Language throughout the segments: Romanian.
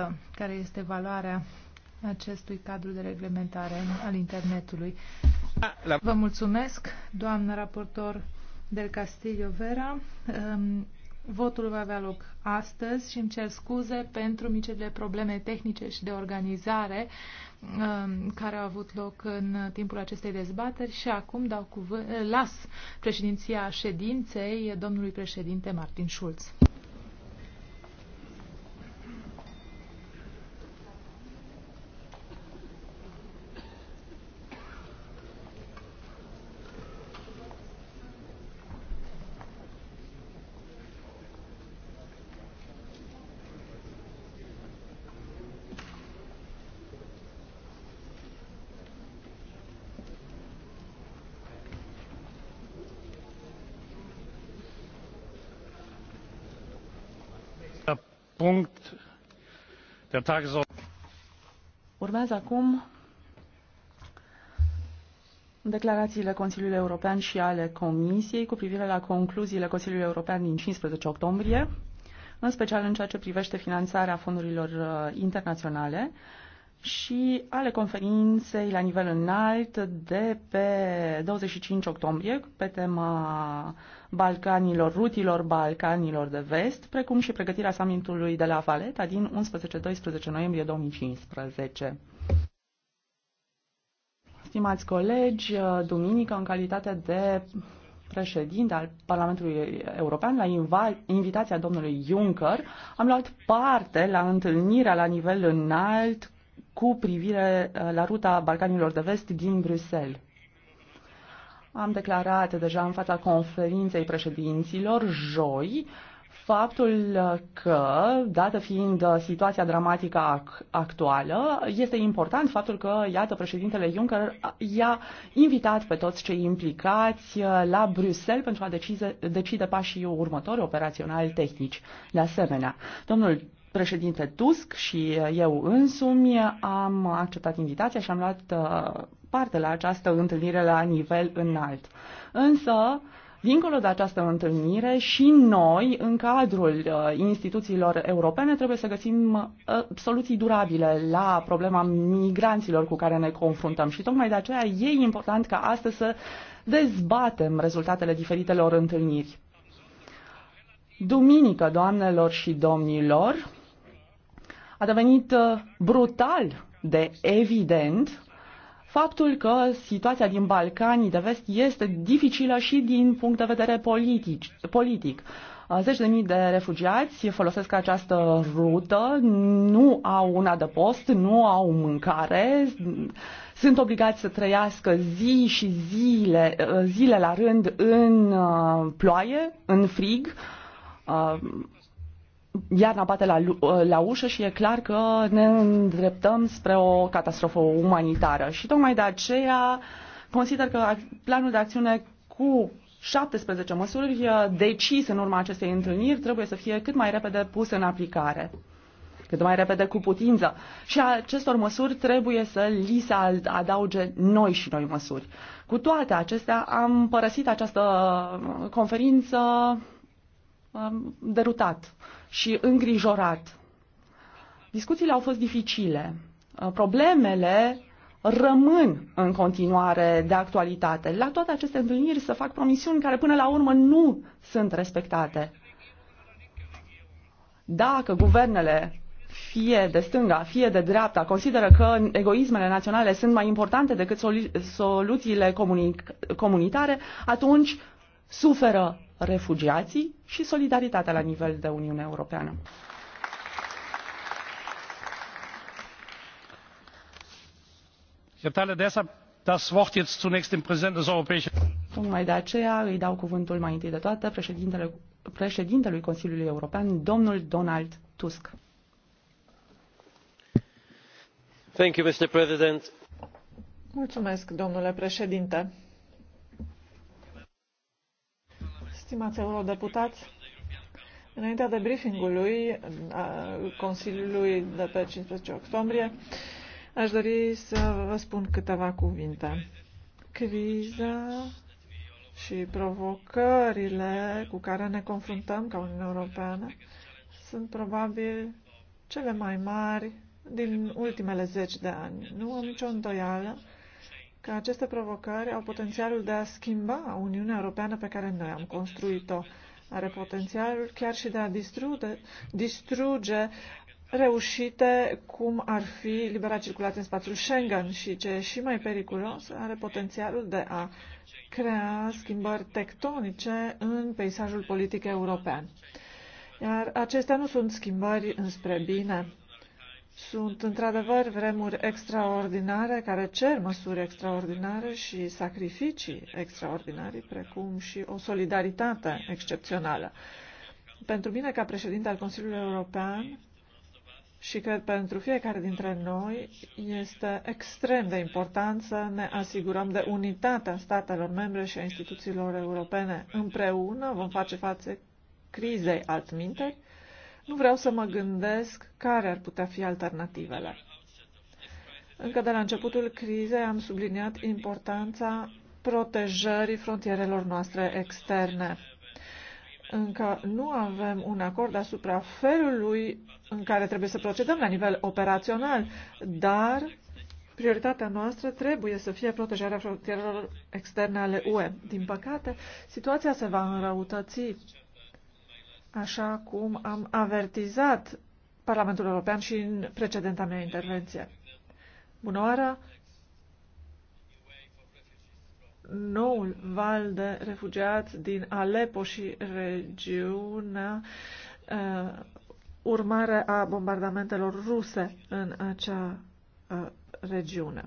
arată care este valoarea acestui cadru de reglementare al internetului. Vă mulțumesc, doamnă raportor del Castillo Vera. Ehm, votul va avea loc astăzi și îmi cer scuze pentru micile probleme tehnice și de organizare ehm, care au avut loc în timpul acestei dezbateri și acum dau cuvânt, las președinția ședinței domnului președinte Martin Schulz. Urmează acum declarațiile Consiliului European și ale Comisiei cu privire la concluziile Consiliului European din 15 octombrie, în special în ceea ce privește finanțarea fondurilor uh, internaționale și ale conferinței la nivel înalt de pe 25 octombrie pe tema Balcanilor, rutilor Balcanilor de vest, precum și pregătirea summitului de la Valeta din 11-12 noiembrie 2015. Stimați colegi, duminică, în calitate de președinte al Parlamentului European, la invitația domnului Juncker, am luat parte la întâlnirea la nivel înalt cu privire uh, la ruta Balcanilor de Vest din Bruxelles. Am declarat deja în fața conferinței președinților joi faptul uh, că, dată fiind uh, situația dramatică actuală, este important faptul că, iată, președintele Juncker i-a invitat pe toți cei implicați la Bruxelles pentru a decide, decide pașii următori operaționali tehnici. De asemenea, domnul președinte Tusk și eu însumi am acceptat invitația și am luat uh, parte la această întâlnire la nivel înalt. Însă, dincolo de această întâlnire, și noi, în cadrul uh, instituțiilor europene, trebuie să găsim uh, soluții durabile la problema migranților cu care ne confruntăm. Și tocmai de aceea e important ca astăzi să dezbatem rezultatele diferitelor întâlniri. Duminică, doamnelor și domnilor, a devenit uh, brutal de evident faptul că situația din Balcanii de vest este dificilă și din punct de vedere politic. politic. Uh, zeci de mii de refugiați folosesc această rută, nu au un adăpost, nu au mâncare, sunt obligați să trăiască zi și zile, uh, zile la rând în ploaie, în frig, iarna bate la, la ușă și e clar că ne îndreptăm spre o catastrofă umanitară. Și tocmai de aceea consider că planul de acțiune cu 17 măsuri decis în urma acestei întâlniri trebuie să fie cât mai repede pus în aplicare cât mai repede cu putință. Și acestor măsuri trebuie să li se adauge noi și noi măsuri. Cu toate acestea, am părăsit această uh, conferință uh, derutat și îngrijorat. Discuțiile au fost dificile. Uh, problemele rămân în continuare de actualitate. La toate aceste întâlniri se fac promisiuni care până la urmă nu sunt respectate. Dacă guvernele fie de stânga, fie de dreapta, consideră că egoismele naționale sunt mai importante decât soluțiile comunitare, atunci suferă refugiații și solidaritatea la nivel de Uniune Europeană. das Wort jetzt zunächst dem Präsidenten Tocmai de aceea îi dau cuvântul mai întâi de toate președintele, președintelui Consiliului European, domnul Donald Tusk. Thank you, Mr. President. Mulțumesc, domnule președinte Stimați eurodeputați, înaintea de briefingului Consiliului de pe 15 octombrie, aș dori să vă spun câteva cuvinte. Criza și provocările cu care ne confruntăm ca Uniunea Europeană sunt probabil cele mai mari din ultimele zeci de ani. Nu am nicio îndoială că aceste provocări au potențialul de a schimba Uniunea Europeană pe care noi am construit-o. Are potențialul chiar și de a distruge, distruge reușite cum ar fi libera circulație în spațiul Schengen și ce e și mai periculos, are potențialul de a crea schimbări tectonice în peisajul politic european. Iar acestea nu sunt schimbări înspre bine. Sunt într-adevăr vremuri extraordinare care cer măsuri extraordinare și sacrificii extraordinare, precum și o solidaritate excepțională. Pentru mine, ca președinte al Consiliului European, și cred pentru fiecare dintre noi este extrem de important să ne asigurăm de unitatea statelor membre și a instituțiilor europene. Împreună vom face față crizei altminteri nu vreau să mă gândesc care ar putea fi alternativele. Încă de la începutul crizei am subliniat importanța protejării frontierelor noastre externe. Încă nu avem un acord asupra felului în care trebuie să procedăm la nivel operațional, dar prioritatea noastră trebuie să fie protejarea frontierelor externe ale UE. Din păcate, situația se va înrăutăți așa cum am avertizat Parlamentul European și în precedenta mea intervenție. Bună oară! Noul val de refugiați din Alepo și regiunea uh, urmare a bombardamentelor ruse în acea uh, regiune.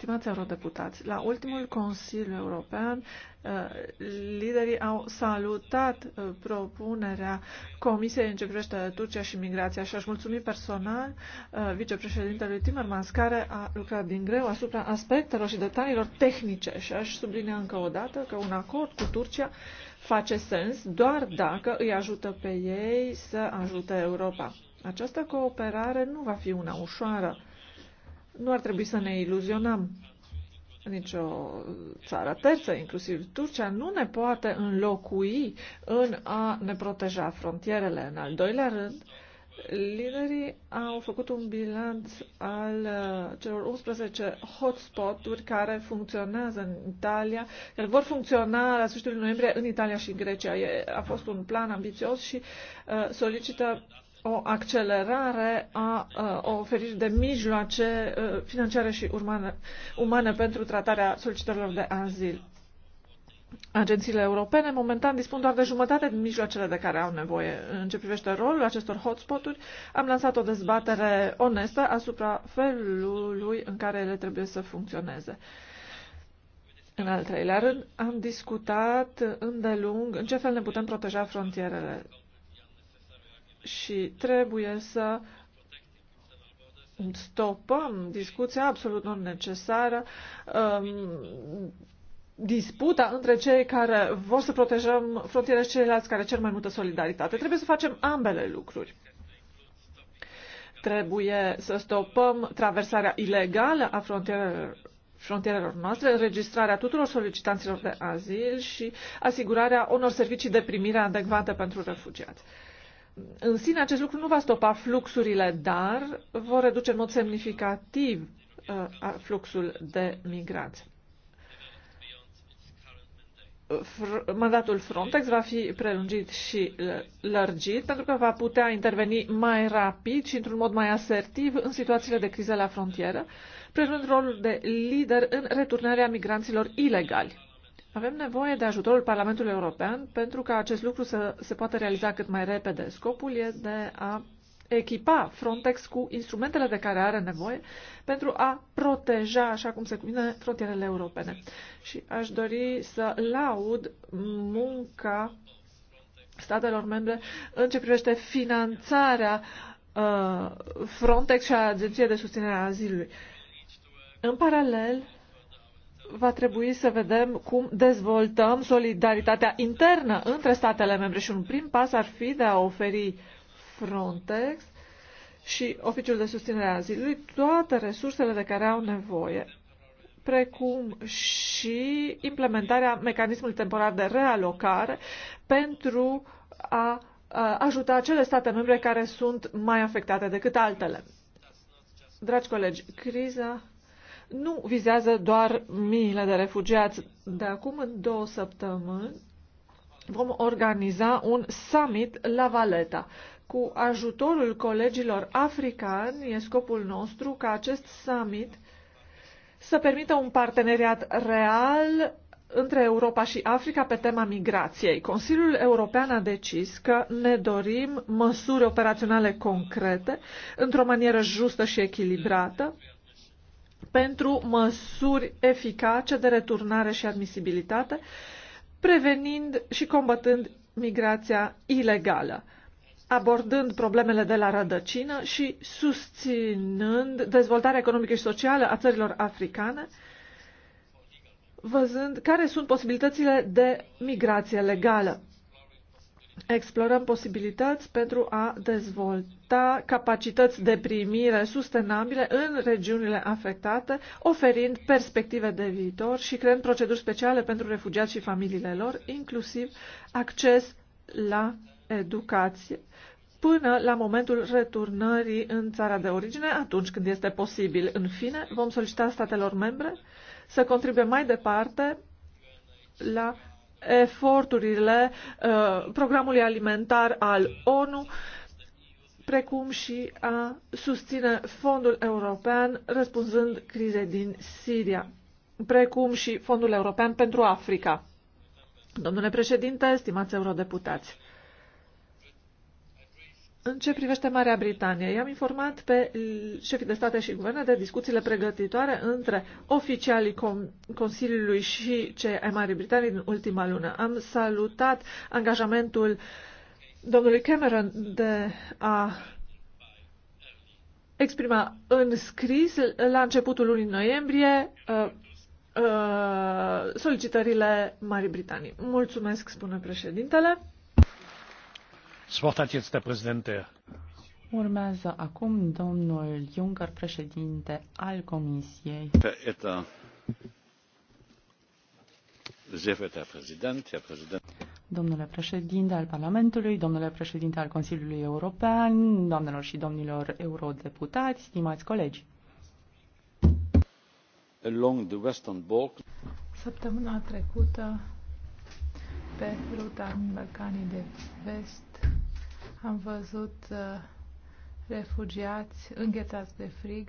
Stimați eurodeputați, la ultimul Consiliu European, uh, liderii au salutat uh, propunerea Comisiei în ce privește Turcia și migrația și aș mulțumi personal uh, vicepreședintelui Timmermans, care a lucrat din greu asupra aspectelor și detaliilor tehnice și aș sublinea încă o dată că un acord cu Turcia face sens doar dacă îi ajută pe ei să ajute Europa. Această cooperare nu va fi una ușoară nu ar trebui să ne iluzionăm. Nicio țară terță, inclusiv Turcia, nu ne poate înlocui în a ne proteja frontierele. În al doilea rând, liderii au făcut un bilanț al uh, celor 11 hotspot-uri care funcționează în Italia, care vor funcționa la sfârșitul noiembrie în Italia și în Grecia. a fost un plan ambițios și uh, solicită o accelerare a, a oferirii de mijloace financiare și umane, umane pentru tratarea solicitărilor de azil. Agențiile europene momentan dispun doar de jumătate din mijloacele de care au nevoie. În ce privește rolul acestor hotspoturi, am lansat o dezbatere onestă asupra felului în care ele trebuie să funcționeze. În al treilea rând, am discutat îndelung în ce fel ne putem proteja frontierele și trebuie să stopăm discuția absolut non necesară, um, disputa între cei care vor să protejăm frontierele și ceilalți care cer mai multă solidaritate. Trebuie să facem ambele lucruri. Trebuie să stopăm traversarea ilegală a frontierelor frontierelor noastre, înregistrarea tuturor solicitanților de azil și asigurarea unor servicii de primire adecvate pentru refugiați în sine acest lucru nu va stopa fluxurile, dar vor reduce în mod semnificativ uh, fluxul de Fr- Mandatul Frontex va fi prelungit și uh, lărgit pentru că va putea interveni mai rapid și într-un mod mai asertiv în situațiile de criză la frontieră, preluând rolul de lider în returnarea migranților ilegali. Avem nevoie de ajutorul Parlamentului European pentru ca acest lucru să se poată realiza cât mai repede. Scopul e de a echipa Frontex cu instrumentele de care are nevoie pentru a proteja, așa cum se cuvine, frontierele europene. Și aș dori să laud munca statelor membre în ce privește finanțarea uh, Frontex și a Agenției de Susținere a Azilului. În paralel, va trebui să vedem cum dezvoltăm solidaritatea internă între statele membre și un prim pas ar fi de a oferi Frontex și Oficiul de Susținere a Azilului toate resursele de care au nevoie, precum și implementarea mecanismului temporar de realocare pentru a ajuta acele state membre care sunt mai afectate decât altele. Dragi colegi, criza nu vizează doar miile de refugiați. De acum în două săptămâni vom organiza un summit la Valeta. Cu ajutorul colegilor africani e scopul nostru ca acest summit să permită un parteneriat real între Europa și Africa pe tema migrației. Consiliul European a decis că ne dorim măsuri operaționale concrete, într-o manieră justă și echilibrată, pentru măsuri eficace de returnare și admisibilitate, prevenind și combătând migrația ilegală, abordând problemele de la rădăcină și susținând dezvoltarea economică și socială a țărilor africane, văzând care sunt posibilitățile de migrație legală explorăm posibilități pentru a dezvolta capacități de primire sustenabile în regiunile afectate, oferind perspective de viitor și creând proceduri speciale pentru refugiați și familiile lor, inclusiv acces la educație până la momentul returnării în țara de origine, atunci când este posibil. În fine, vom solicita statelor membre să contribuie mai departe la eforturile uh, programului alimentar al ONU, precum și a susține fondul european răspunzând crizei din Siria, precum și fondul european pentru Africa. Domnule președinte, stimați eurodeputați, în ce privește Marea Britanie, i-am informat pe șefii de state și guverne de discuțiile pregătitoare între oficialii Consiliului și cei ai Marii Britanii din ultima lună. Am salutat angajamentul domnului Cameron de a exprima în scris la începutul lunii noiembrie uh, uh, solicitările Marii Britanii. Mulțumesc, spune președintele. Urmează acum domnul Juncker, președinte al Comisiei. Domnule președinte al Parlamentului, domnule președinte al Consiliului European, doamnelor și domnilor eurodeputați, stimați colegi. Săptămâna trecută, pe ruta în Balcanii de Vest, am văzut uh, refugiați înghețați de frig.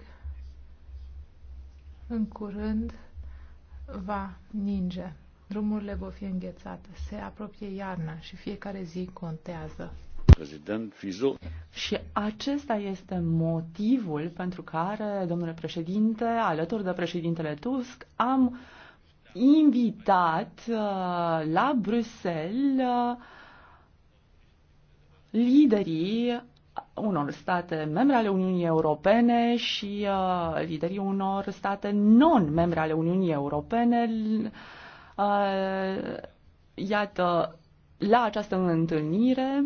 În curând va ninge. Drumurile vor fi înghețate. Se apropie iarna și fiecare zi contează. Prezident Fizu. Și acesta este motivul pentru care, domnule președinte, alături de președintele Tusk, am invitat uh, la Bruxelles uh, liderii unor state membre ale Uniunii Europene și uh, liderii unor state non-membre ale Uniunii Europene. Uh, iată, la această întâlnire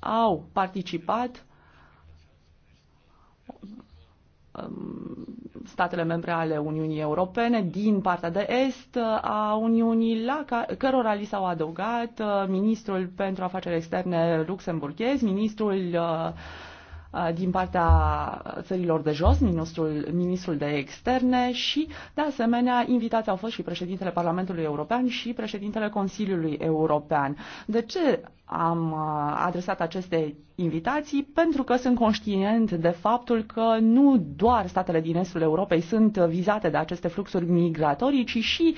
au participat um, statele membre ale Uniunii Europene din partea de est a Uniunii, la cărora li s-au adăugat uh, ministrul pentru afaceri externe luxemburghez, ministrul uh, Uh, din partea țărilor de jos, ministrul, ministrul de externe și, de asemenea, invitați au fost și președintele Parlamentului European și președintele Consiliului European. De ce am uh, adresat aceste invitații pentru că sunt conștient de faptul că nu doar statele din estul Europei sunt vizate de aceste fluxuri migratorii, ci și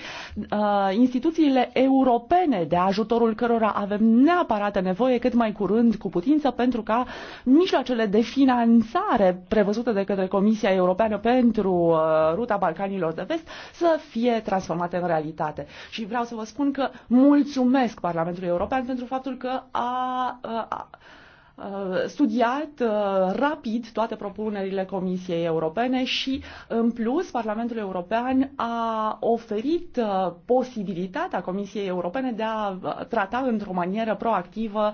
uh, instituțiile europene de ajutorul cărora avem neapărat nevoie cât mai curând cu putință pentru ca mijloacele de finanțare prevăzută de către Comisia Europeană pentru uh, ruta Balcanilor de Vest să fie transformate în realitate. Și vreau să vă spun că mulțumesc Parlamentului European pentru faptul că a, uh, a, a uh, studiat uh, rapid toate propunerile Comisiei Europene și, în plus, Parlamentul European a oferit uh, posibilitatea Comisiei Europene de a trata într-o manieră proactivă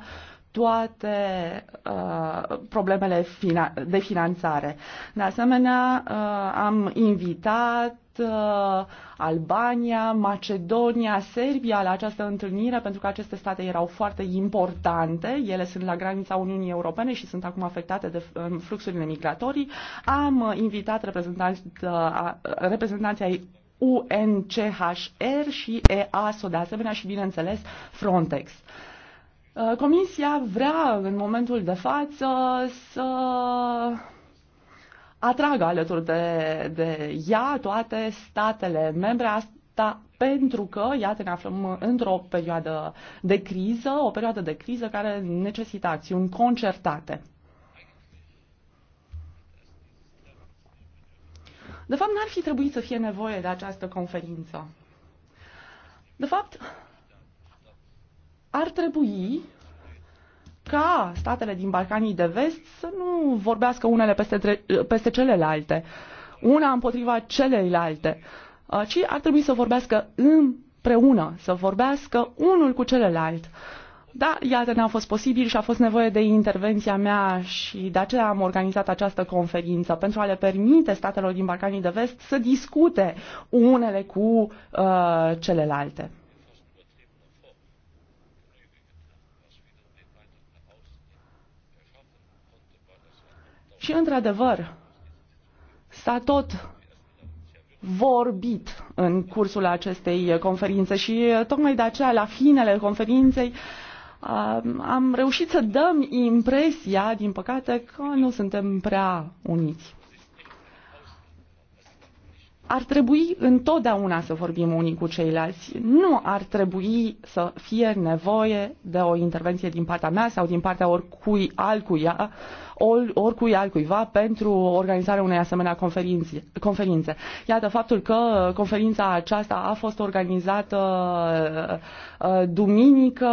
toate uh, problemele fina- de finanțare. De asemenea, uh, am invitat uh, Albania, Macedonia, Serbia la această întâlnire, pentru că aceste state erau foarte importante. Ele sunt la granița Uniunii Europene și sunt acum afectate de fluxurile migratorii. Am invitat uh, reprezentanții ai UNCHR și EASO, de asemenea, și, bineînțeles, Frontex. Uh, Uh, comisia vrea în momentul de față să atragă alături de, de ea toate statele membre, asta pentru că, iată, ne aflăm într-o perioadă de criză, o perioadă de criză care necesită acțiuni concertate. De fapt, n-ar fi trebuit să fie nevoie de această conferință. De fapt, ar trebui ca statele din Balcanii de Vest să nu vorbească unele peste, peste celelalte, una împotriva celeilalte, uh, ci ar trebui să vorbească împreună, să vorbească unul cu celălalt. Da, iată, ne-a fost posibil și a fost nevoie de intervenția mea și de aceea am organizat această conferință, pentru a le permite statelor din Balcanii de Vest să discute unele cu uh, celelalte. Și, într-adevăr, s-a tot vorbit în cursul acestei conferințe și uh, tocmai de aceea, la finele conferinței, uh, am reușit să dăm impresia, din păcate, că nu suntem prea uniți. Ar trebui întotdeauna să vorbim unii cu ceilalți. Nu ar trebui să fie nevoie de o intervenție din partea mea sau din partea oricui altcuia uh, or, oricui altcuiva pentru organizarea unei asemenea conferințe. conferințe. Iată faptul că conferința aceasta a fost organizată uh, uh, duminică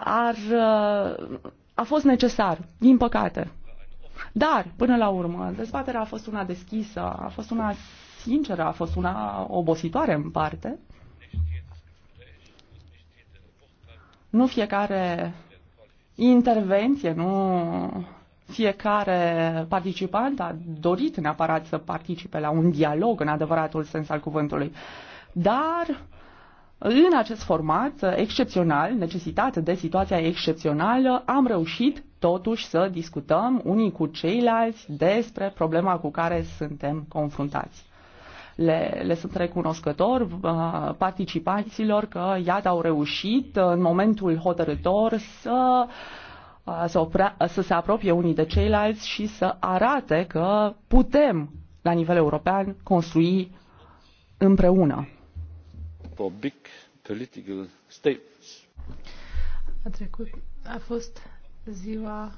ar, uh, a fost necesar, din păcate. Dar, până la urmă, dezbaterea a fost una deschisă, a fost una sinceră, a fost una obositoare în parte. Nu fiecare intervenție, nu fiecare participant a dorit neapărat să participe la un dialog în adevăratul sens al cuvântului. Dar în acest format excepțional, necesitat de situația excepțională, am reușit totuși să discutăm unii cu ceilalți despre problema cu care suntem confruntați le, le sunt recunoscător uh, participanților că, iată, au reușit uh, în momentul hotărător să uh, să, oprea, să se apropie unii de ceilalți și să arate că putem, la nivel european, construi împreună. For big political statements. A trecut, a fost ziua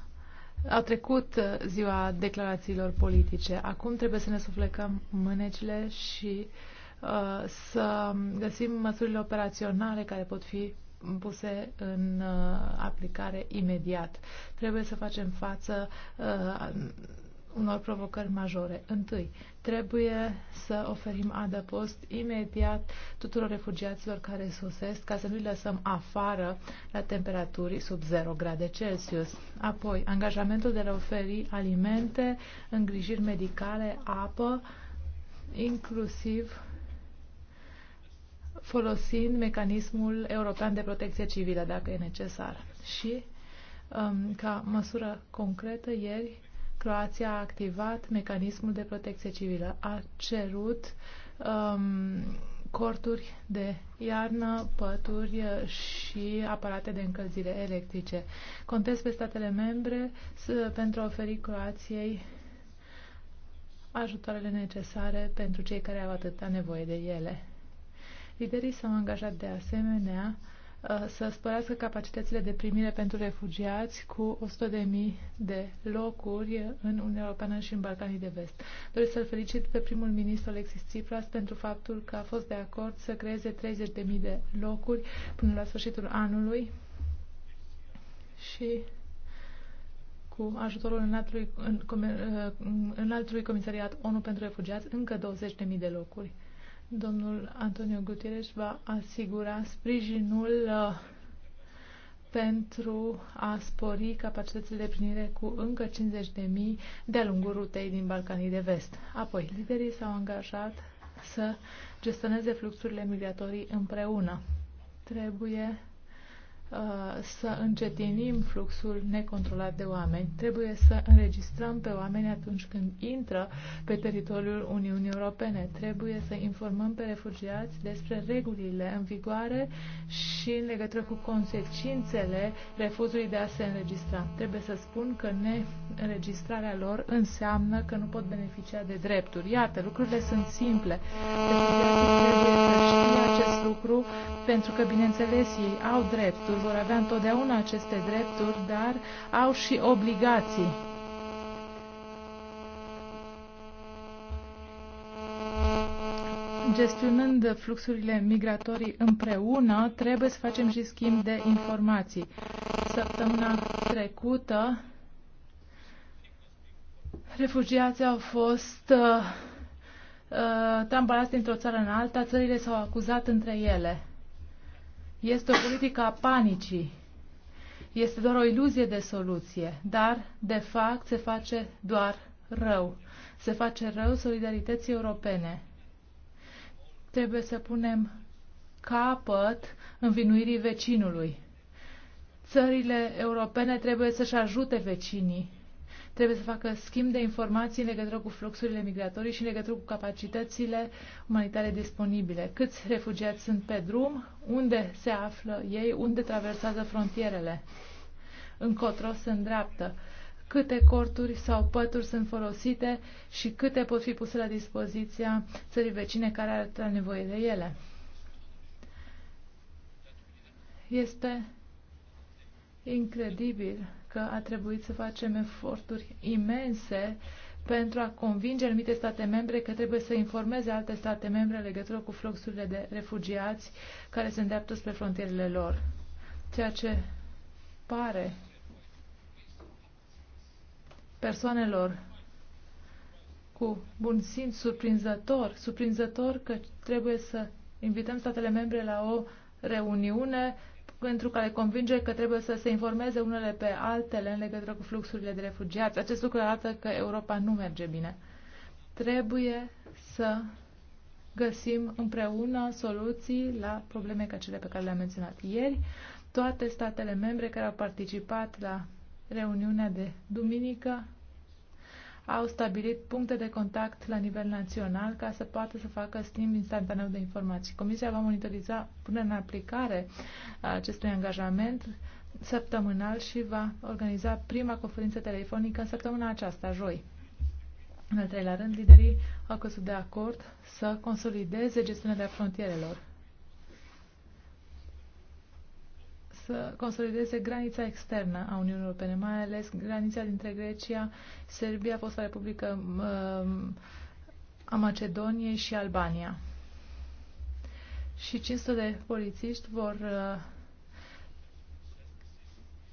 a trecut uh, ziua declarațiilor politice. Acum trebuie să ne suflecăm mânecile și uh, să găsim măsurile operaționale care pot fi puse în uh, aplicare imediat. Trebuie să facem față uh, unor provocări majore. Întâi, trebuie să oferim adăpost imediat tuturor refugiaților care sosesc ca să nu-i lăsăm afară la temperaturi sub 0 grade Celsius. Apoi, angajamentul de a oferi alimente, îngrijiri medicale, apă, inclusiv folosind mecanismul european de protecție civilă, dacă e necesar. Și, um, ca măsură concretă, ieri Croația a activat mecanismul de protecție civilă, a cerut um, corturi de iarnă, pături și aparate de încălzire electrice. Contez pe statele membre pentru a oferi Croației ajutoarele necesare pentru cei care au atâta nevoie de ele. Liderii s-au angajat de asemenea Uh, să spărească capacitățile de primire pentru refugiați cu 100.000 de locuri în Uniunea Europeană și în Balcanii de Vest. Doresc să-l felicit pe primul ministru Alexis Tsipras pentru faptul că a fost de acord să creeze 30.000 de locuri până la sfârșitul anului și cu ajutorul înaltului, în, în, uh, înaltului comisariat ONU pentru refugiați încă 20.000 de locuri domnul Antonio Guterres va asigura sprijinul uh, pentru a spori capacitățile de primire cu încă 50.000 de-a lungul rutei din Balcanii de Vest. Apoi, liderii s-au angajat să gestioneze fluxurile migratorii împreună. Trebuie Uh, să încetinim fluxul necontrolat de oameni. Trebuie să înregistrăm pe oameni atunci când intră pe teritoriul Uniunii Europene. Trebuie să informăm pe refugiați despre regulile în vigoare și în legătură cu consecințele refuzului de a se înregistra. Trebuie să spun că neînregistrarea lor înseamnă că nu pot beneficia de drepturi. Iată, lucrurile sunt simple. Refugiații trebuie să știe acest lucru pentru că, bineînțeles, ei au drepturi vor avea întotdeauna aceste drepturi, dar au și obligații. Gestionând fluxurile migratorii împreună, trebuie să facem și schimb de informații. Săptămâna trecută, refugiații au fost uh, uh, trambalați dintr-o țară în alta, țările s-au acuzat între ele. Este o politică a panicii. Este doar o iluzie de soluție, dar, de fapt, se face doar rău. Se face rău solidarității europene. Trebuie să punem capăt învinuirii vecinului. Țările europene trebuie să-și ajute vecinii trebuie să facă schimb de informații în legătură cu fluxurile migratorii și în legătură cu capacitățile umanitare disponibile. Câți refugiați sunt pe drum, unde se află ei, unde traversează frontierele, încotro se îndreaptă câte corturi sau pături sunt folosite și câte pot fi puse la dispoziția țării vecine care ar atâta nevoie de ele. Este incredibil că a trebuit să facem eforturi imense pentru a convinge anumite state membre că trebuie să informeze alte state membre în legătură cu fluxurile de refugiați care se îndreaptă spre frontierele lor. Ceea ce pare persoanelor cu bun simț surprinzător, surprinzător că trebuie să invităm statele membre la o reuniune pentru că le convinge că trebuie să se informeze unele pe altele în legătură cu fluxurile de refugiați. Acest lucru arată că Europa nu merge bine. Trebuie să găsim împreună soluții la probleme ca cele pe care le-am menționat ieri. Toate statele membre care au participat la reuniunea de duminică au stabilit puncte de contact la nivel național ca să poată să facă schimb instantaneu de informații. Comisia va monitoriza până în aplicare a acestui angajament săptămânal și va organiza prima conferință telefonică în săptămâna aceasta, joi. În al treilea rând, liderii au căzut de acord să consolideze gestiunea de frontierelor să consolideze granița externă a Uniunii Europene, mai ales granița dintre Grecia, Serbia, fosta Republică um, a Macedoniei și Albania. Și 500 de polițiști vor uh,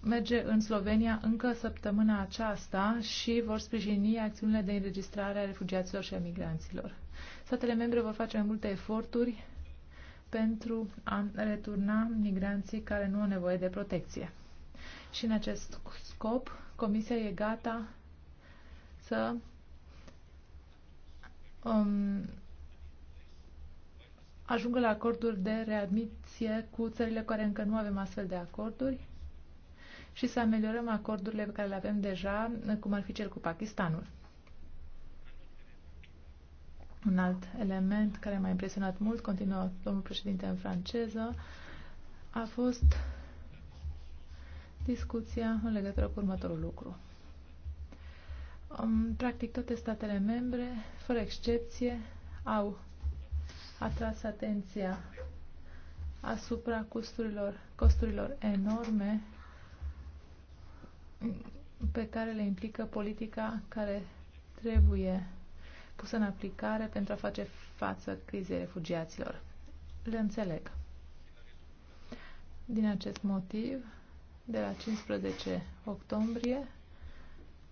merge în Slovenia încă săptămâna aceasta și vor sprijini acțiunile de înregistrare a refugiaților și a migranților. Statele membre vor face mai multe eforturi pentru a returna migranții care nu au nevoie de protecție. Și în acest scop, Comisia e gata să um, ajungă la acorduri de readmisie cu țările care încă nu avem astfel de acorduri și să ameliorăm acordurile pe care le avem deja, cum ar fi cel cu Pakistanul. Un alt element care m-a impresionat mult, continuă domnul președinte în franceză, a fost discuția în legătură cu următorul lucru. Practic toate statele membre, fără excepție, au atras atenția asupra costurilor, costurilor enorme pe care le implică politica care trebuie pusă în aplicare pentru a face față crizei refugiaților. Le înțeleg. Din acest motiv, de la 15 octombrie,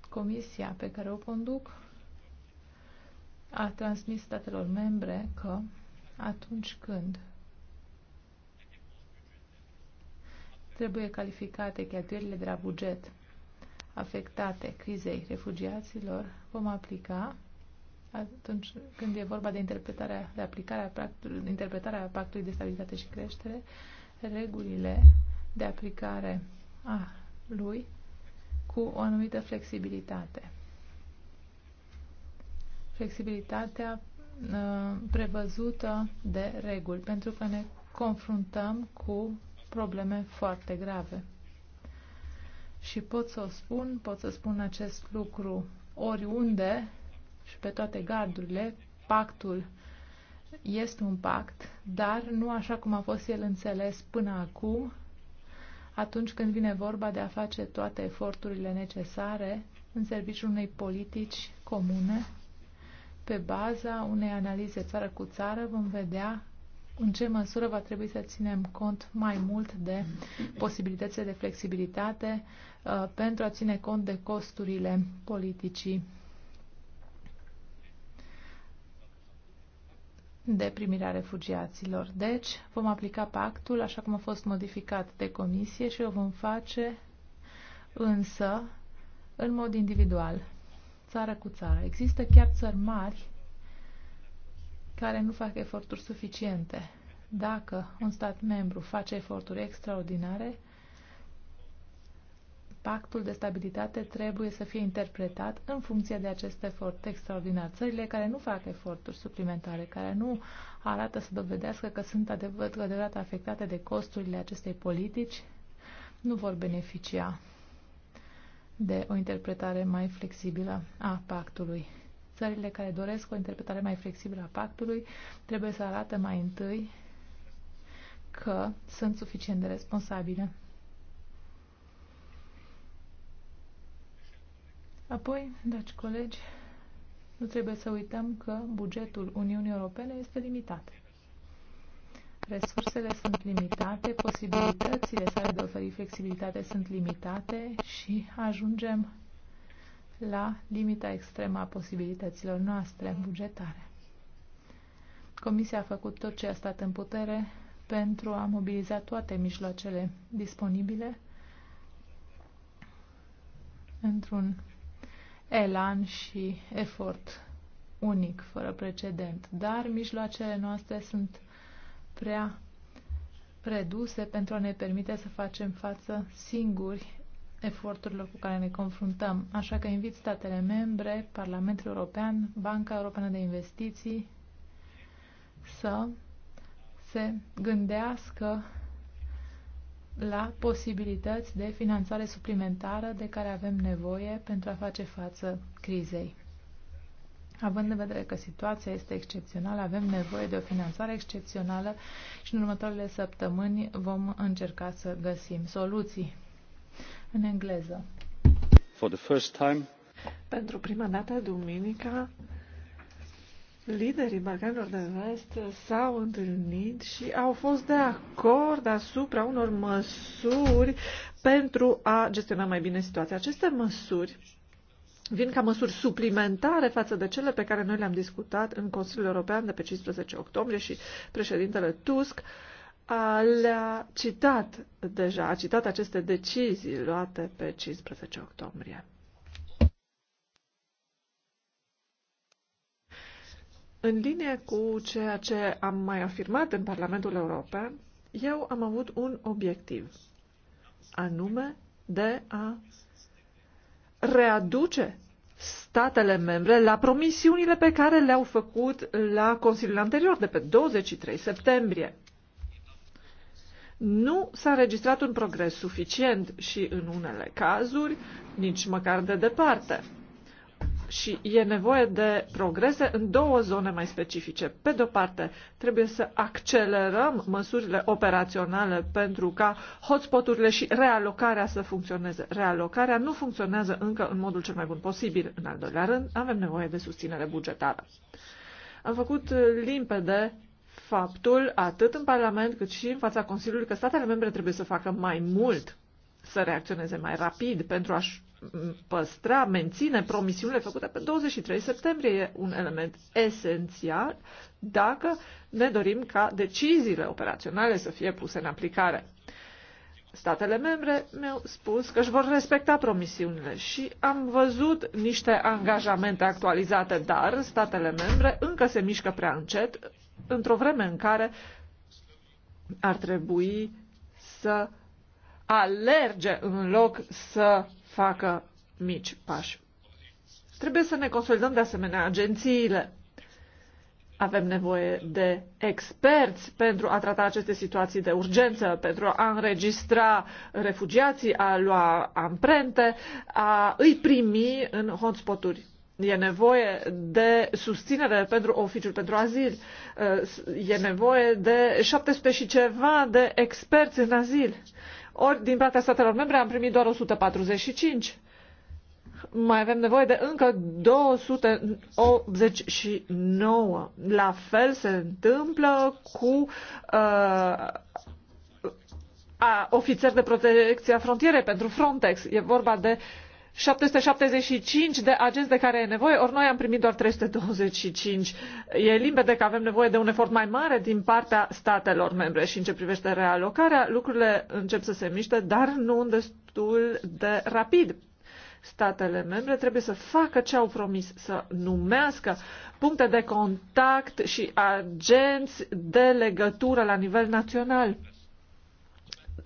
comisia pe care o conduc a transmis statelor membre că atunci când trebuie calificate cheltuielile de la buget afectate crizei refugiaților, vom aplica atunci când e vorba de interpretarea, de aplicarea pactului, interpretarea pactului de stabilitate și creștere, regulile de aplicare a lui cu o anumită flexibilitate. Flexibilitatea ă, prevăzută de reguli, pentru că ne confruntăm cu probleme foarte grave. Și pot să o spun, pot să spun acest lucru oriunde și pe toate gardurile. Pactul este un pact, dar nu așa cum a fost el înțeles până acum, atunci când vine vorba de a face toate eforturile necesare în serviciul unei politici comune. Pe baza unei analize țară cu țară vom vedea în ce măsură va trebui să ținem cont mai mult de posibilitățile de flexibilitate uh, pentru a ține cont de costurile politicii de primirea refugiaților. Deci, vom aplica pactul așa cum a fost modificat de comisie și o vom face însă în mod individual, țară cu țară. Există chiar țări mari care nu fac eforturi suficiente. Dacă un stat membru face eforturi extraordinare, pactul de stabilitate trebuie să fie interpretat în funcție de acest efort extraordinar. Țările care nu fac eforturi suplimentare, care nu arată să dovedească că sunt adevărat, adevărat afectate de costurile acestei politici, nu vor beneficia de o interpretare mai flexibilă a pactului. Țările care doresc o interpretare mai flexibilă a pactului trebuie să arate mai întâi că sunt suficient de responsabile. Apoi, dragi colegi, nu trebuie să uităm că bugetul Uniunii Europene este limitat. Resursele sunt limitate, posibilitățile sale de oferi flexibilitate sunt limitate și ajungem la limita extremă a posibilităților noastre bugetare. Comisia a făcut tot ce a stat în putere pentru a mobiliza toate mijloacele disponibile într-un elan și efort unic, fără precedent. Dar mijloacele noastre sunt prea reduse pentru a ne permite să facem față singuri eforturilor cu care ne confruntăm. Așa că invit statele membre, Parlamentul European, Banca Europeană de Investiții să se gândească la posibilități de finanțare suplimentară de care avem nevoie pentru a face față crizei. Având în vedere că situația este excepțională, avem nevoie de o finanțare excepțională și în următoarele săptămâni vom încerca să găsim soluții. În engleză. For the first time... Pentru prima dată, duminica, Liderii Balcanilor de Vest s-au întâlnit și au fost de acord asupra unor măsuri pentru a gestiona mai bine situația. Aceste măsuri vin ca măsuri suplimentare față de cele pe care noi le-am discutat în Consiliul European de pe 15 octombrie și președintele Tusk le-a citat deja, a citat aceste decizii luate pe 15 octombrie. În linie cu ceea ce am mai afirmat în Parlamentul European, eu am avut un obiectiv, anume de a readuce statele membre la promisiunile pe care le-au făcut la Consiliul anterior, de pe 23 septembrie. Nu s-a registrat un progres suficient și, în unele cazuri, nici măcar de departe și e nevoie de progrese în două zone mai specifice. Pe de-o parte, trebuie să accelerăm măsurile operaționale pentru ca hotspoturile și realocarea să funcționeze. Realocarea nu funcționează încă în modul cel mai bun posibil. În al doilea rând, avem nevoie de susținere bugetară. Am făcut limpede faptul, atât în Parlament cât și în fața Consiliului, că statele membre trebuie să facă mai mult să reacționeze mai rapid pentru a-și păstra, menține promisiunile făcute pe 23 septembrie. E un element esențial dacă ne dorim ca deciziile operaționale să fie puse în aplicare. Statele membre mi-au spus că își vor respecta promisiunile și am văzut niște angajamente actualizate, dar statele membre încă se mișcă prea încet într-o vreme în care ar trebui să alerge în loc să facă mici pași. Trebuie să ne consolidăm de asemenea agențiile. Avem nevoie de experți pentru a trata aceste situații de urgență, pentru a înregistra refugiații, a lua amprente, a îi primi în hotspoturi. E nevoie de susținere pentru oficiul pentru azil. E nevoie de 700 și ceva de experți în azil ori din partea statelor membre am primit doar 145. Mai avem nevoie de încă 289. La fel se întâmplă cu uh, a ofițeri de protecție a frontierei pentru Frontex. E vorba de uh, 775 de agenți de care e nevoie, ori noi am primit doar 325. E limpede că avem nevoie de un efort mai mare din partea statelor membre și în ce privește realocarea, lucrurile încep să se miște, dar nu destul de rapid statele membre trebuie să facă ce au promis, să numească puncte de contact și agenți de legătură la nivel național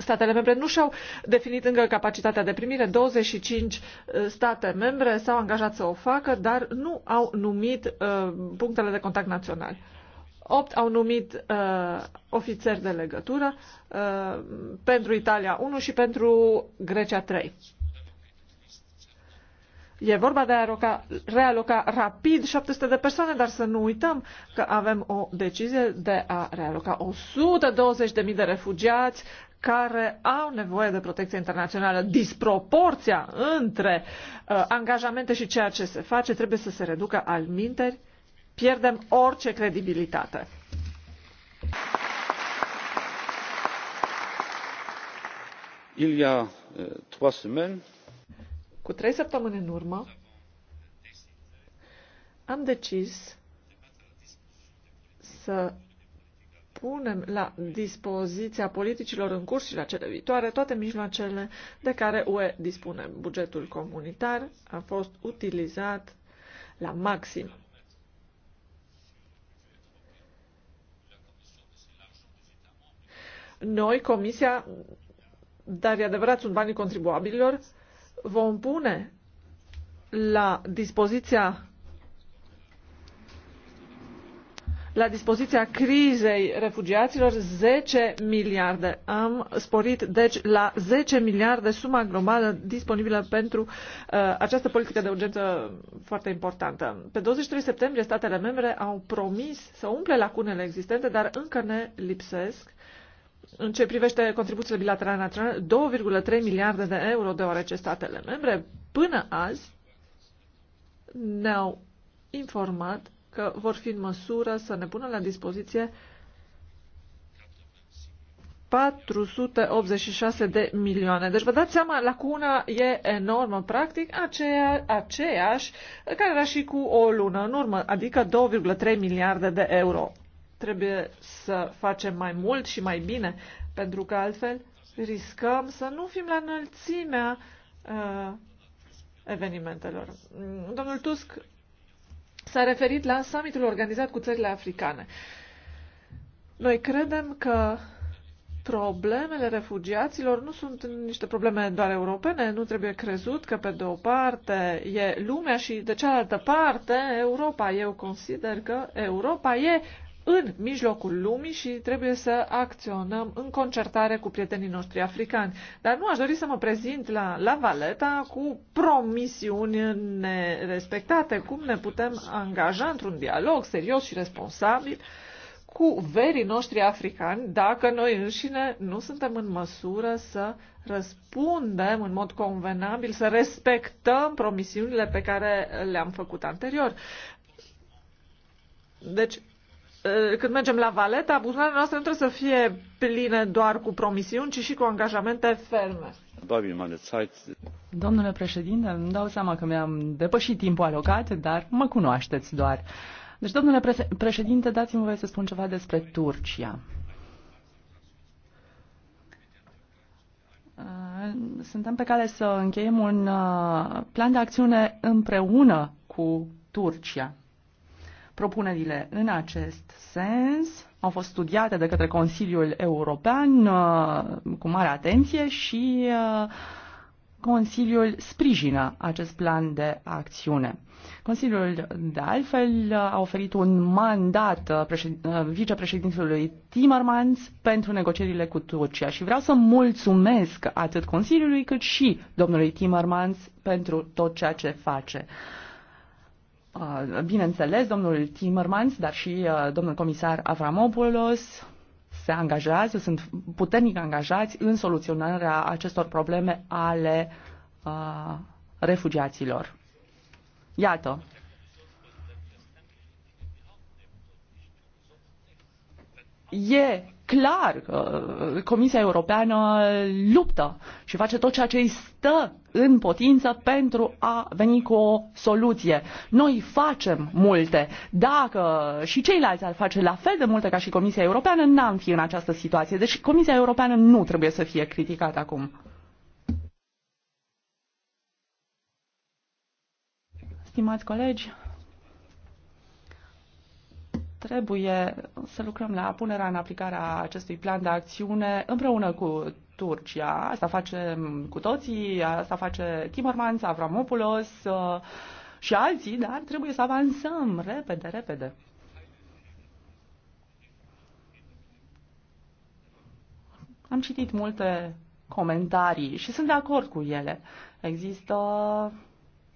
statele membre nu și-au definit încă capacitatea de primire. 25 uh, state membre s-au angajat să o facă, dar nu au numit uh, punctele de contact naționale. 8 au numit uh, ofițeri de legătură uh, pentru Italia 1 și pentru Grecia 3. E vorba de a aloca, realoca rapid 700 de persoane, dar să nu uităm că avem o decizie de a realoca 120.000 de refugiați care au nevoie de protecție internațională. Disproporția între uh, angajamente și ceea ce se face trebuie să se reducă al minteri. Pierdem orice credibilitate. Ilia, uh, cu trei săptămâni în urmă, am decis să punem la dispoziția politicilor în curs și la cele viitoare toate mijloacele de care UE dispune. Bugetul comunitar a fost utilizat la maxim. Noi, Comisia, dar e adevărat, sunt banii contribuabililor, vom pune la dispoziția la dispoziția crizei refugiaților 10 miliarde. Am sporit, deci, la 10 miliarde suma globală disponibilă pentru uh, această politică de urgență foarte importantă. Pe 23 septembrie, statele membre au promis să umple lacunele existente, dar încă ne lipsesc. În ce privește contribuțiile bilaterale naționale, 2,3 miliarde de euro, deoarece statele membre până azi ne-au informat că vor fi în măsură să ne pună la dispoziție 486 de milioane. Deci vă dați seama, lacuna e enormă, practic aceea, aceeași care era și cu o lună în urmă, adică 2,3 miliarde de euro. Trebuie să facem mai mult și mai bine, pentru că altfel riscăm să nu fim la înălțimea uh, evenimentelor. Domnul Tusk s-a referit la summitul organizat cu țările africane. Noi credem că problemele refugiaților nu sunt niște probleme doar europene, nu trebuie crezut că pe de o parte e lumea și de cealaltă parte Europa. Eu consider că Europa e în mijlocul lumii și trebuie să acționăm în concertare cu prietenii noștri africani. Dar nu aș dori să mă prezint la, la Valeta cu promisiuni nerespectate, cum ne putem angaja într-un dialog serios și responsabil cu verii noștri africani dacă noi înșine nu suntem în măsură să răspundem în mod convenabil, să respectăm promisiunile pe care le-am făcut anterior. Deci, Eh, când mergem la valeta, buzunarele noastre nu trebuie să fie pline doar cu promisiuni, ci și cu angajamente ferme. Domnule președinte, îmi dau seama că mi-am depășit timpul alocat, dar mă cunoașteți doar. Deci, domnule președinte, dați-mi voie să spun ceva despre Turcia. Eh, suntem pe cale să încheiem un eh, plan de acțiune împreună cu Turcia. Propunerile în acest sens au fost studiate de către Consiliul European uh, cu mare atenție și uh, Consiliul sprijină acest plan de acțiune. Consiliul, de altfel, uh, a oferit un mandat vicepreședintelui Timmermans pentru negocierile cu Turcia și vreau să mulțumesc atât Consiliului cât și domnului Timmermans pentru tot ceea ce face. Uh, Uh, bineînțeles, domnul Timmermans, dar și uh, domnul comisar Avramopoulos se angajează, sunt puternic angajați în soluționarea acestor probleme ale uh, refugiaților. Iată. E clar că Comisia Europeană luptă și face tot ceea ce îi stă în potință pentru a veni cu o soluție. Noi facem multe. Dacă și ceilalți ar face la fel de multe ca și Comisia Europeană, n-am fi în această situație. Deci Comisia Europeană nu trebuie să fie criticată acum. Stimați colegi, Trebuie să lucrăm la punerea în aplicare a acestui plan de acțiune împreună cu Turcia. Asta facem cu toții, asta face Timmermans, Avramopoulos uh, și alții, dar trebuie să avansăm repede, repede. Am citit multe comentarii și sunt de acord cu ele. Există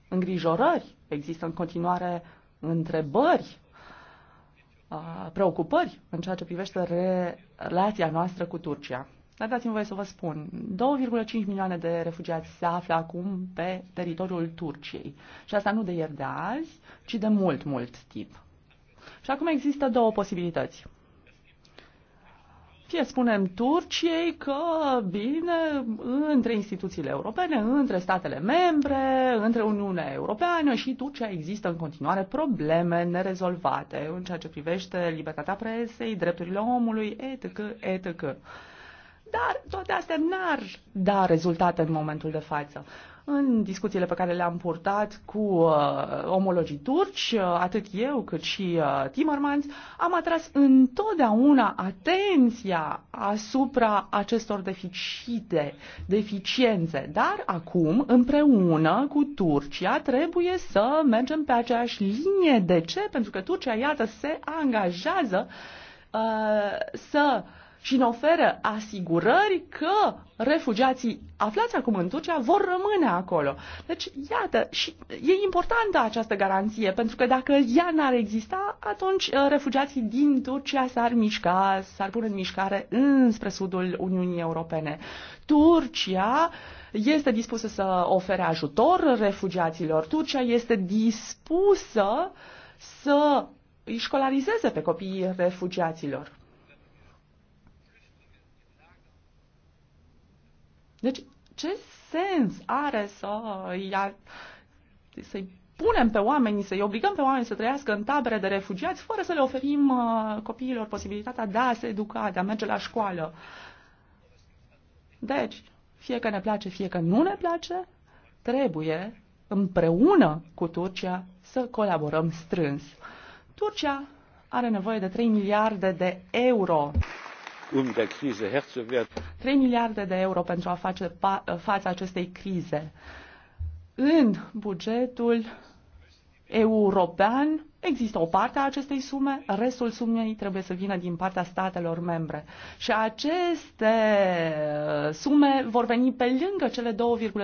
îngrijorări, există în continuare întrebări preocupări în ceea ce privește relația noastră cu Turcia. Dar dați-mi voie să vă spun, 2,5 milioane de refugiați se află acum pe teritoriul Turciei. Și asta nu de ieri de azi, ci de mult, mult timp. Și acum există două posibilități fie spunem Turciei că, bine, între instituțiile europene, între statele membre, între Uniunea Europeană și Turcia există în continuare probleme nerezolvate în ceea ce privește libertatea presei, drepturile omului, etc., etc. Dar toate astea n-ar da rezultate în momentul de față. În discuțiile pe care le-am purtat cu uh, omologii turci, uh, atât eu cât și uh, Timmermans, am atras întotdeauna atenția asupra acestor deficite, deficiențe. Dar acum, împreună cu Turcia, trebuie să mergem pe aceeași linie. De ce? Pentru că Turcia, iată, se angajează uh, să uh, și ne oferă asigurări că refugiații aflați acum în Turcia vor rămâne acolo. Deci, iată, și e importantă această garanție, pentru că dacă ea n-ar exista, atunci uh, refugiații din Turcia s-ar mișca, s-ar pune în mișcare înspre sudul Uniunii Europene. Turcia este dispusă să ofere ajutor refugiaților. Turcia este dispusă să îi școlarizeze pe copiii refugiaților. Deci, ce sens are să ia, să-i punem pe oameni, să-i obligăm pe oameni să trăiască în tabere de refugiați fără să le oferim uh, copiilor posibilitatea de a se educa, de a merge la școală. Deci, fie că ne place, fie că nu ne place, trebuie împreună cu Turcia să colaborăm strâns. Turcia are nevoie de 3 miliarde de euro um der Krise Herr zu werden. 3 miliarde de euro pentru a face față acestei crize. În bugetul european Există o parte a acestei sume, restul sumei trebuie să vină din partea statelor membre. Și aceste uh, sume vor veni pe lângă cele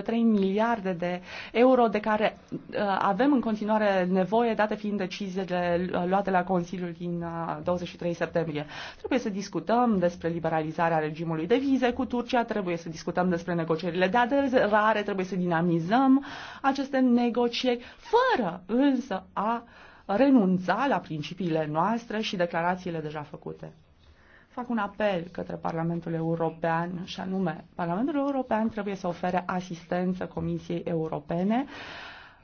2,3 miliarde de euro de care uh, avem în continuare nevoie, date fiind deciziile uh, luate la Consiliul din 23 septembrie. Trebuie să discutăm despre liberalizarea regimului de vize cu Turcia, trebuie să discutăm despre negocierile de aderare, trebuie să dinamizăm aceste negocieri, fără însă a renunța la principiile noastre și declarațiile deja făcute. Fac un apel către Parlamentul European și anume, Parlamentul European trebuie să ofere asistență Comisiei Europene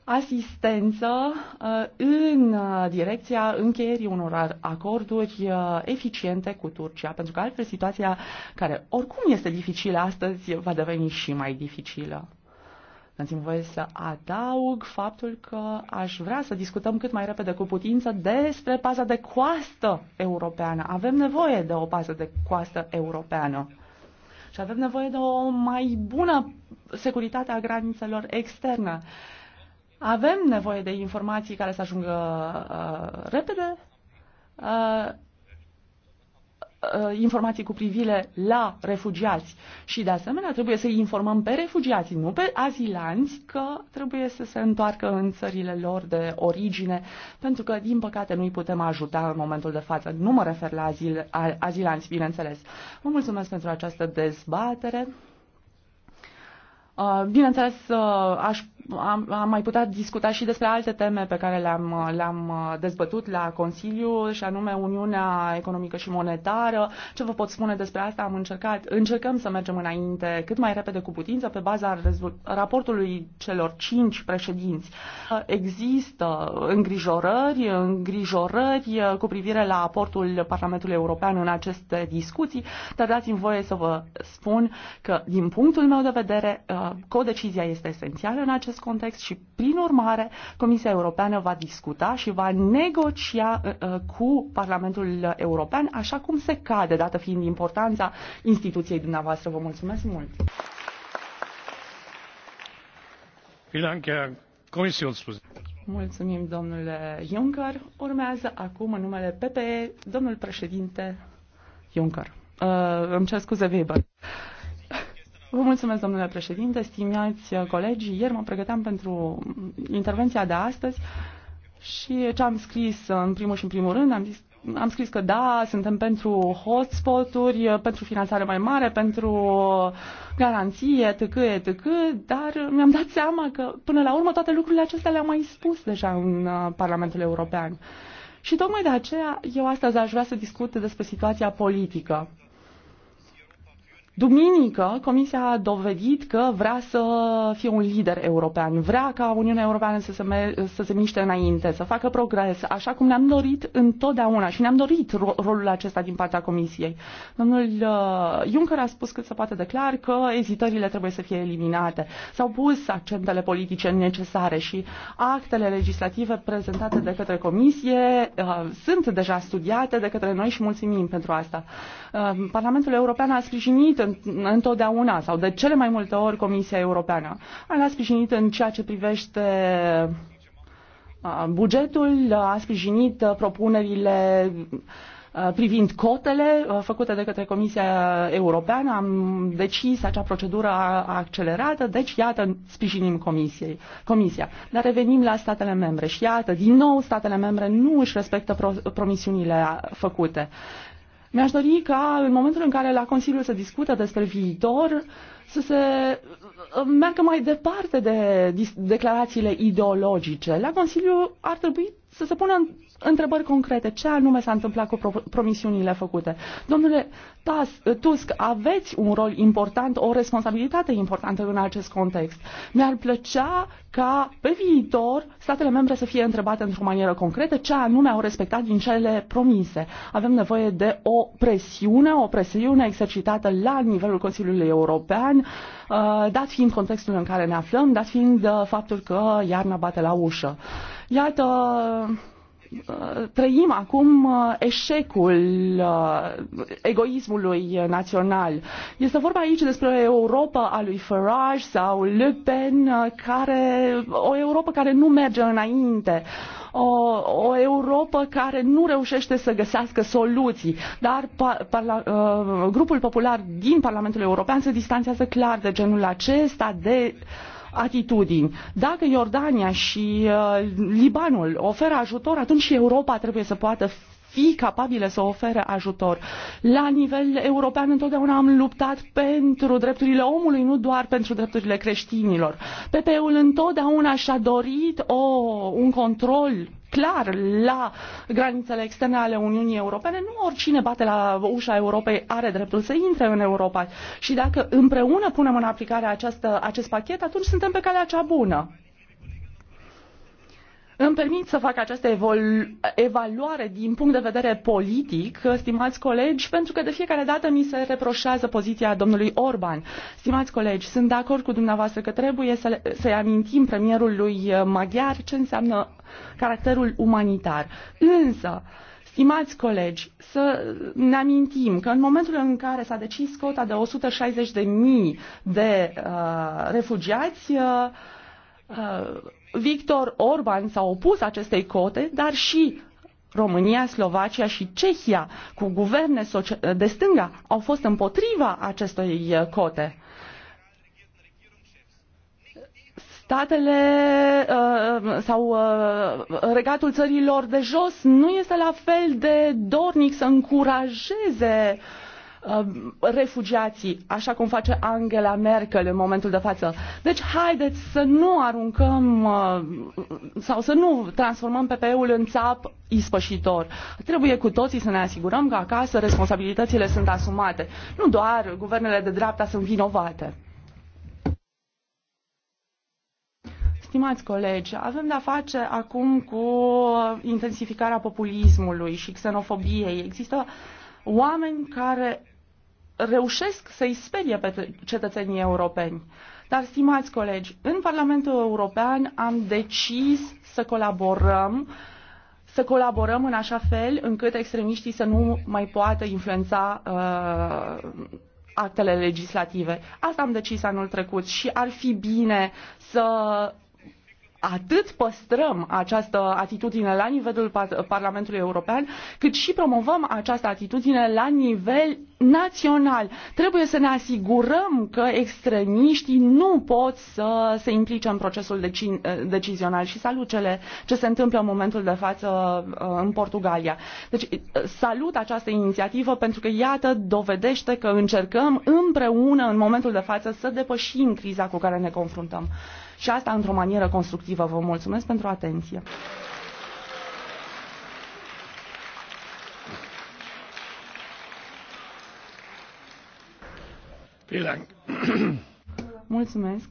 asistență uh, în uh, direcția încheierii unor acorduri uh, eficiente cu Turcia, pentru că altfel situația care oricum este dificilă astăzi va deveni și mai dificilă. Dați-mi voie să adaug faptul că aș vrea să discutăm cât mai repede cu putință despre paza de coastă europeană. Avem nevoie de o pază de coastă europeană și avem nevoie de o mai bună securitate a granițelor externe. Avem nevoie de informații care să ajungă uh, repede uh, Uh, informații cu privire la refugiați și de asemenea trebuie să i informăm pe refugiați, nu pe azilanți, că trebuie să se întoarcă în țările lor de origine, pentru că din păcate nu îi putem ajuta în momentul de față. Nu mă refer la azil, a, azilanți, bineînțeles. Vă mulțumesc pentru această dezbatere. Uh, bineînțeles, uh, aș am, am mai putea discuta și despre alte teme pe care le-am, le-am uh, dezbătut la Consiliu, și anume Uniunea Economică și Monetară. Ce vă pot spune despre asta? Am încercat, încercăm să mergem înainte cât mai repede cu putință pe baza raportului celor cinci președinți. Există îngrijorări, îngrijorări uh, cu privire la aportul Parlamentului European în aceste discuții, dar dați-mi voie să vă spun că, din punctul meu de vedere, uh, codecizia este esențială în acest acest context și, prin urmare, Comisia Europeană va discuta și va negocia uh, uh, cu Parlamentul European așa cum se cade, dată fiind importanța instituției dumneavoastră. Vă mulțumesc mult! Mulțumim, domnule Juncker. Urmează acum, în numele PPE, domnul președinte Juncker. Uh, îmi cer scuze, Weber. Vă mulțumesc, domnule președinte, stimați colegi. Ieri mă pregăteam pentru intervenția de astăzi și ce am scris în primul și în primul rând, am zis am scris că da, suntem pentru hotspot-uri, pentru finanțare mai mare, pentru garanție, etc., etc., dar mi-am dat seama că până la urmă toate lucrurile acestea le-am mai spus deja în uh, Parlamentul European. Și tocmai de aceea eu astăzi aș vrea să discut despre situația politică. Duminică, Comisia a dovedit că vrea să fie un lider european, vrea ca Uniunea Europeană să se, me- să se miște înainte, să facă progres, așa cum ne-am dorit întotdeauna și ne-am dorit ro- rolul acesta din partea Comisiei. Domnul uh, Juncker a spus cât se poate declar că ezitările trebuie să fie eliminate. S-au pus accentele politice necesare și actele legislative prezentate de către Comisie uh, sunt deja studiate de către noi și mulțumim pentru asta. Uh, Parlamentul European a sprijinit întotdeauna sau de cele mai multe ori Comisia Europeană. A sprijinit în ceea ce privește bugetul, a sprijinit uh, propunerile uh, privind cotele uh, făcute de către Comisia Europeană. Am decis acea procedură accelerată, deci iată, sprijinim comisiei, Comisia. Dar revenim la statele membre și iată, din nou statele membre nu își respectă promisiunile făcute. Mi-aș dori ca în momentul în care la Consiliu se discută despre viitor să se uh, uh, meargă mai departe de declarațiile ideologice. La Consiliu ar trebui să se pună întrebări concrete. Ce anume s-a întâmplat cu promisiunile făcute? Domnule Tusk, aveți un rol important, o responsabilitate importantă în acest context. Mi-ar plăcea ca pe viitor statele membre să fie întrebate într-o manieră concretă ce anume au respectat din cele promise. Avem nevoie de o presiune, o presiune exercitată la nivelul Consiliului European, uh, dat fiind contextul în care ne aflăm, dat fiind uh, faptul că iarna bate la ușă. Iată, Uh, trăim acum uh, eșecul uh, egoismului național. Este vorba aici despre Europa a lui Farage sau Le Pen, care, o Europa care nu merge înainte. O, o Europa care nu reușește să găsească soluții, dar pa, parla, uh, grupul popular din Parlamentul European se distanțează clar de genul acesta de uh, atitudini. Dacă Iordania și uh, Libanul oferă ajutor, atunci și Europa trebuie să poată fi capabile să ofere ajutor. La nivel european întotdeauna am luptat pentru drepturile omului, nu doar pentru drepturile creștinilor. PP-ul întotdeauna și-a dorit o, un control clar la granițele externe ale Uniunii Europene. Nu oricine bate la ușa Europei are dreptul să intre în Europa. Și dacă împreună punem în aplicare această, acest pachet, atunci suntem pe calea cea bună. Îmi permit să fac această evaluare din punct de vedere politic, stimați colegi, pentru că de fiecare dată mi se reproșează poziția domnului Orban. Stimați colegi, sunt de acord cu dumneavoastră că trebuie să, să-i amintim premierului uh, maghiar ce înseamnă caracterul umanitar. Însă, Stimați colegi, să ne amintim că în momentul în care s-a decis cota de 160.000 de uh, refugiați, uh, uh Victor Orban s-a opus acestei cote, dar și România, Slovacia și Cehia, cu guverne de stânga, au fost împotriva acestei uh, cote. Statele uh, uh, sau regatul țărilor de jos nu este la fel de dornic să încurajeze uh, Um, refugiații, așa cum face Angela Merkel în momentul de față. Deci haideți să nu aruncăm uh, sau să nu transformăm PPE-ul în țap ispășitor. Trebuie cu toții să ne asigurăm că acasă responsabilitățile sunt asumate. Nu doar guvernele de dreapta sunt vinovate. Stimați colegi, avem de-a face acum cu intensificarea populismului și xenofobiei. Există oameni care reușesc să-i sperie pe cetățenii europeni. Dar, stimați colegi, în Parlamentul European am decis să colaborăm să colaborăm în așa fel încât extremiștii să nu mai poată influența uh, actele legislative. Asta am decis anul trecut și ar fi bine să atât păstrăm această atitudine la nivelul Parlamentului European, cât și promovăm această atitudine la nivel național. Trebuie să ne asigurăm că extremiștii nu pot să se implice în procesul deci decizional și salut cele ce se întâmplă în momentul de față eh, în Portugalia. Deci eh, salut această inițiativă pentru că iată dovedește că încercăm împreună în momentul de față să depășim criza cu care ne confruntăm și asta într-o manieră constructivă. Vă mulțumesc pentru atenție. Mulțumesc.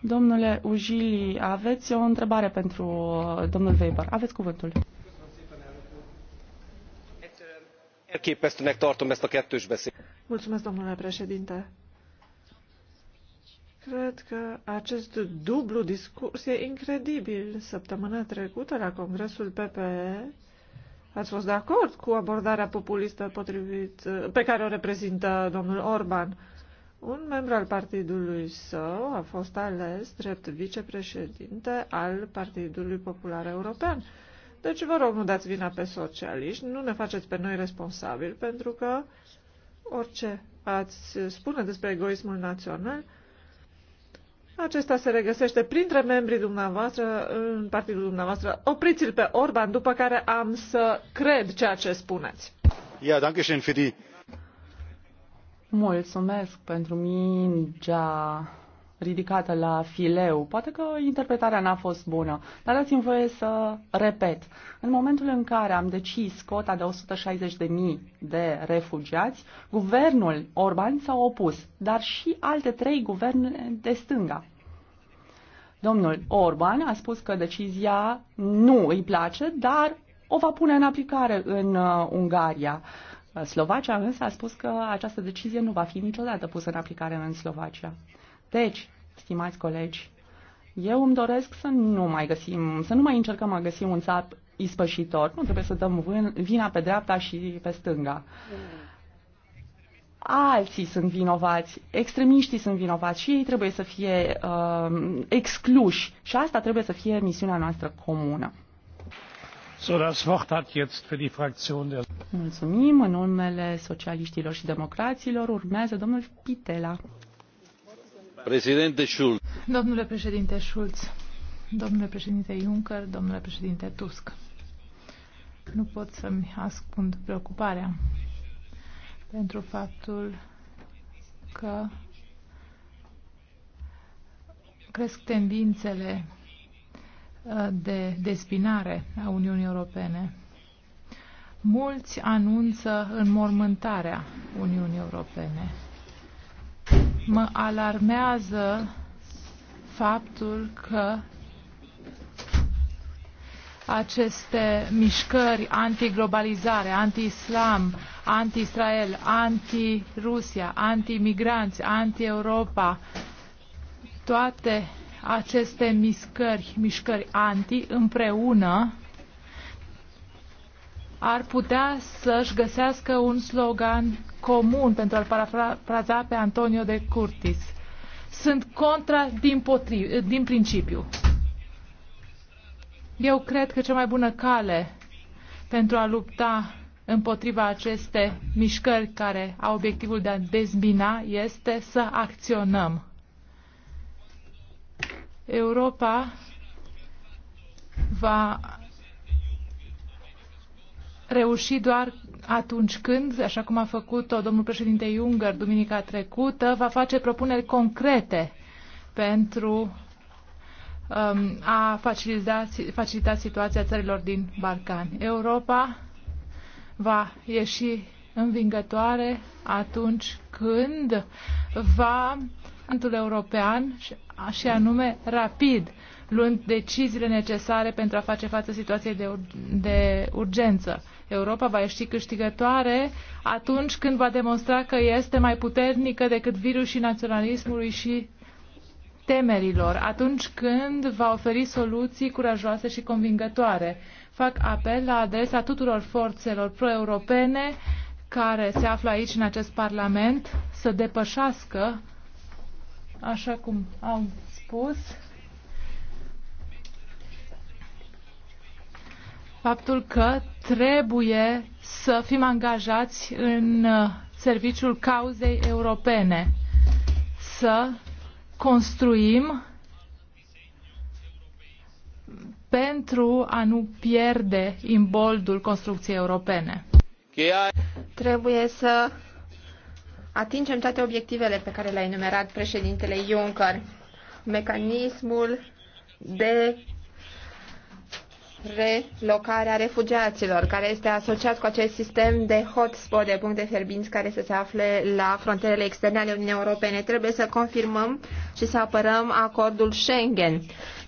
Domnule Ujili, aveți o întrebare pentru uh, domnul Weber. Aveți cuvântul. elképesztőnek tartom ezt a kettős beszédet. Mulțumesc, domnule președinte. Cred că acest dublu discurs e incredibil. Săptămâna trecută, la Congresul PPE, ați fost de acord cu abordarea populistă potrivit, pe care o reprezintă domnul Orban. Un membru al partidului său a fost ales drept vicepreședinte al Partidului Popular European deci vă rog, nu dați vina pe socialiști, nu ne faceți pe noi responsabili, pentru că orice ați spune despre egoismul național, acesta se regăsește printre membrii dumneavoastră, în partidul dumneavoastră. Opriți-l pe Orban, după care am să cred ceea ce spuneți. Ia, danke schön für die. Mulțumesc pentru mingea ridicată la fileu. Poate că interpretarea n-a fost bună, dar dați-mi voie să repet. În momentul în care am decis cota de 160.000 de refugiați, guvernul Orban s-a opus, dar și alte trei guverne de stânga. Domnul Orban a spus că decizia nu îi place, dar o va pune în aplicare în uh, Ungaria. Slovacia însă a spus că această decizie nu va fi niciodată pusă în aplicare în Slovacia. Deci, stimați colegi, eu îmi doresc să nu mai găsim, să nu mai încercăm a găsi un țap ispășitor. Nu trebuie să dăm vina pe dreapta și pe stânga. Alții sunt vinovați, extremiștii sunt vinovați și ei trebuie să fie uh, excluși. Și asta trebuie să fie misiunea noastră comună. So, das Wort hat jetzt für die Fraktion der... Mulțumim. În numele socialiștilor și democraților urmează domnul Pitela. Schulz. domnule președinte schulz domnule președinte juncker domnule președinte tusk nu pot să mi ascund preocuparea pentru faptul că cresc tendințele uh, de despinare a Uniunii Europene. Mulți anunță înmormântarea Uniunii Europene Mă alarmează faptul că aceste mișcări antiglobalizare, anti-islam, anti-Israel, anti-Rusia, anti-migranți, anti-Europa, toate aceste mișcări, mișcări anti împreună ar putea să-și găsească un slogan comun, pentru a-l parafraza pe Antonio de Curtis. Sunt contra din, potri, din principiu. Eu cred că cea mai bună cale pentru a lupta împotriva aceste mișcări care au obiectivul de a dezbina este să acționăm. Europa va reuși doar atunci când, așa cum a făcut-o domnul președinte Juncker duminica trecută, va face propuneri concrete pentru um, a facilita, facilita situația țărilor din Balcani. Europa va ieși învingătoare atunci când va antul european și anume rapid, luând deciziile necesare pentru a face față situației de, de urgență. Europa va ieși câștigătoare atunci când va demonstra că este mai puternică decât virusul naționalismului și temerilor, atunci când va oferi soluții curajoase și convingătoare. Fac apel la adresa tuturor forțelor pro-europene care se află aici în acest Parlament să depășească, așa cum am spus, faptul că trebuie să fim angajați în uh, serviciul cauzei europene, să construim pentru a nu pierde imboldul construcției europene. Trebuie să atingem toate obiectivele pe care le-a enumerat președintele Juncker. Mecanismul de relocarea refugiaților, care este asociat cu acest sistem de hotspot, de puncte fierbinți care să se afle la frontierele externe ale Uniunii Europene. Trebuie să confirmăm și să apărăm acordul Schengen.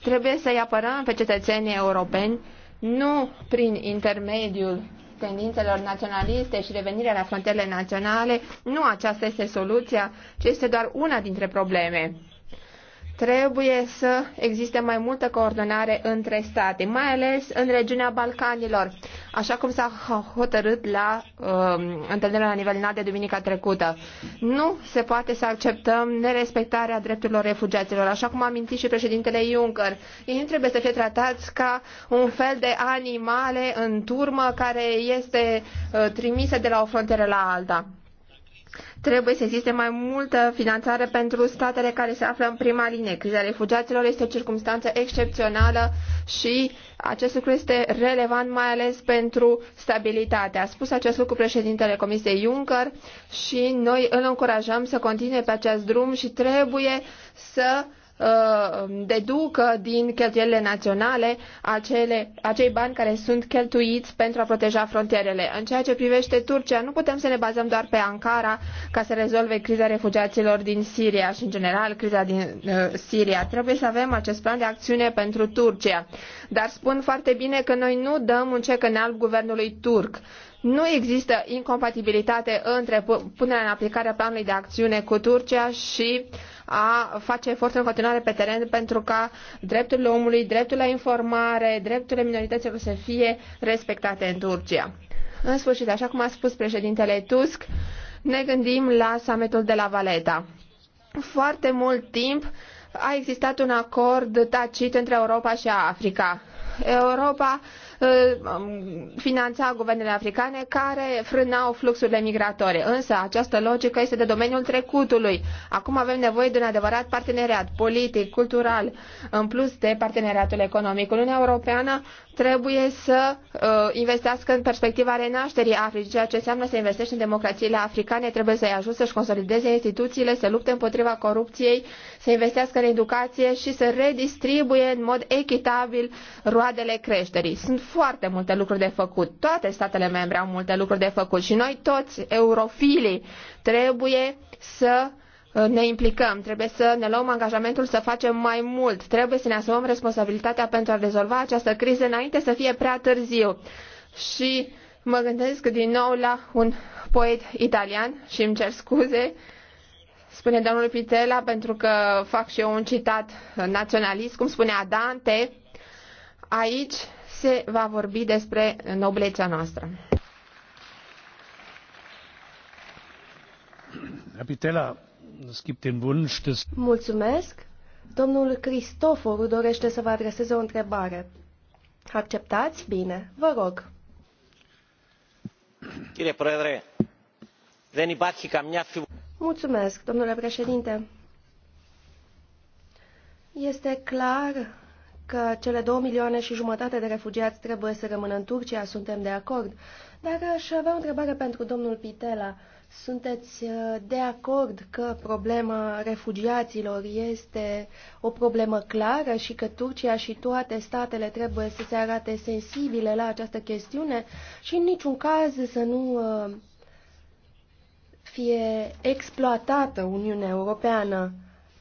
Trebuie să-i apărăm pe cetățenii europeni, nu prin intermediul tendințelor naționaliste și revenirea la frontierele naționale, nu aceasta este soluția, ci este doar una dintre probleme. Trebuie să existe mai multă coordonare între state, mai ales în regiunea Balcanilor, așa cum s-a hotărât la uh, întâlnirea la nivel înalt de duminica trecută. Nu se poate să acceptăm nerespectarea drepturilor refugiaților, așa cum a amintit și președintele Juncker. Ei nu trebuie să fie tratați ca un fel de animale în turmă care este uh, trimisă de la o frontieră la alta. Trebuie să existe mai multă finanțare pentru statele care se află în prima linie. Criza refugiaților este o circunstanță excepțională și acest lucru este relevant mai ales pentru stabilitate. A spus acest lucru președintele Comisiei Juncker și noi îl încurajăm să continue pe acest drum și trebuie să Uh, deducă din cheltuielile naționale acele, acei bani care sunt cheltuiți pentru a proteja frontierele. În ceea ce privește Turcia, nu putem să ne bazăm doar pe Ankara ca să rezolve criza refugiaților din Siria și, în general, criza din uh, Siria. Trebuie să avem acest plan de acțiune pentru Turcia. Dar spun foarte bine că noi nu dăm un cec în alb guvernului turc. Nu există incompatibilitate între punerea în aplicare a planului de acțiune cu Turcia și uh, a face eforturi în continuare pe teren pentru ca drepturile omului, dreptul la informare, drepturile minorităților să fie respectate în Turcia. În sfârșit, așa cum a spus președintele Tusk, ne gândim la summitul de la Valeta. Foarte mult timp a existat un acord tacit între Europa și Africa. Europa Uh, um, finanța guvernele africane care frânau fluxurile migratorii. Însă această logică este de domeniul trecutului. Acum avem nevoie de un adevărat parteneriat politic, cultural, în plus de parteneriatul economic. Uniunea Europeană trebuie să uh, investească în perspectiva renașterii Africii, ceea ce înseamnă să investești în democrațiile africane, trebuie să-i ajute să-și consolideze instituțiile, să lupte împotriva corupției, să investească în educație și să redistribuie în mod echitabil roadele creșterii. Sunt foarte multe lucruri de făcut. Toate statele membre au multe lucruri de făcut și noi toți, eurofilii, trebuie să uh, ne implicăm, trebuie să ne luăm angajamentul să facem mai mult, trebuie să ne asumăm responsabilitatea pentru a rezolva această criză înainte să fie prea târziu. Și mă gândesc din nou la un poet italian și îmi cer scuze, spune domnul Pitela, pentru că fac și eu un citat naționalist, cum spunea Dante, aici se va vorbi despre noblețea noastră. Pitela, Mulțumesc. Domnul Cristoforu dorește să vă adreseze o întrebare. Acceptați? Bine. Vă rog. Mulțumesc, domnule președinte. Este clar că cele două milioane și jumătate de refugiați trebuie să rămână în Turcia, suntem de acord. Dar aș avea o întrebare pentru domnul Pitela. Sunteți uh, de acord că problema refugiaților este o problemă clară și că Turcia și toate statele trebuie să se arate sensibile la această chestiune și în niciun caz să nu uh, fie exploatată Uniunea Europeană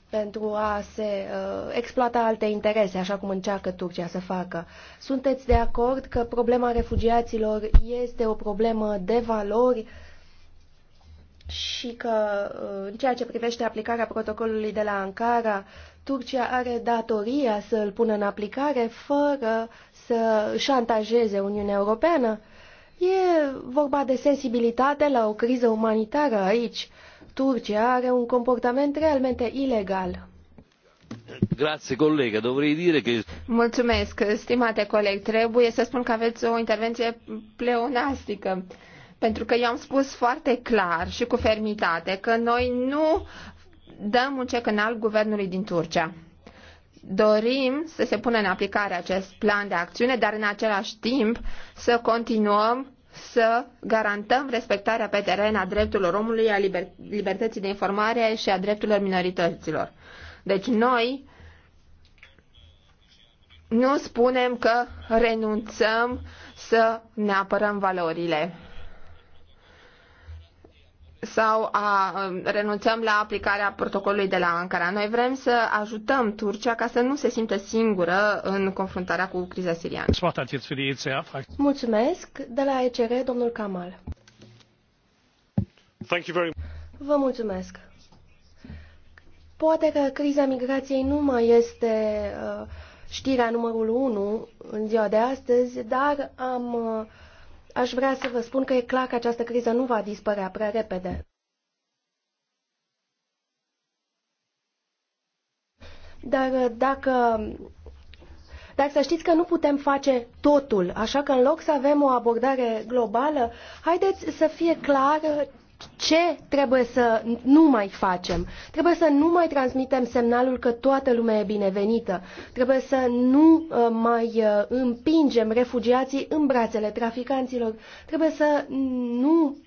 pentru a se uh, exploata alte interese, așa cum încearcă Turcia să facă. Sunteți de acord că problema refugiaților este o problemă de valori uh, și că uh, în ceea ce privește aplicarea protocolului de la Ankara, Turcia are datoria să îl pună în aplicare fără să șantajeze Uniunea Europeană. E vorba de sensibilitate la o criză umanitară aici. Turcia are un comportament realmente ilegal. Grazie, colega. Dovrei dire che... Mulțumesc, stimate coleg. Trebuie să spun că aveți o intervenție pleonastică pentru că eu am spus foarte clar și cu fermitate că noi nu dăm un cec în alt guvernului din Turcia. Dorim să se pună în aplicare acest plan de acțiune, dar în același timp să continuăm să garantăm respectarea pe teren a drepturilor omului, a liber- libertății de informare și a drepturilor minorităților. Deci noi nu spunem că renunțăm să ne apărăm valorile sau a um, renunțăm la aplicarea protocolului de la Ankara. Noi vrem să ajutăm Turcia ca să nu se simtă singură în confruntarea cu criza siriană. Mulțumesc. De la ECR, domnul Kamal. Vă mulțumesc. Poate că criza migrației nu mai este uh, știrea numărul unu în ziua de astăzi, dar am uh, aș vrea să vă spun că e clar că această criză nu va dispărea prea repede. Dar uh, dacă dar să știți că nu putem face totul, așa că în loc să avem o abordare globală, haideți să fie clar ce trebuie să nu mai facem. Trebuie să nu mai transmitem semnalul că toată lumea e binevenită. Trebuie să nu uh, mai uh, împingem refugiații în brațele traficanților. Trebuie să nu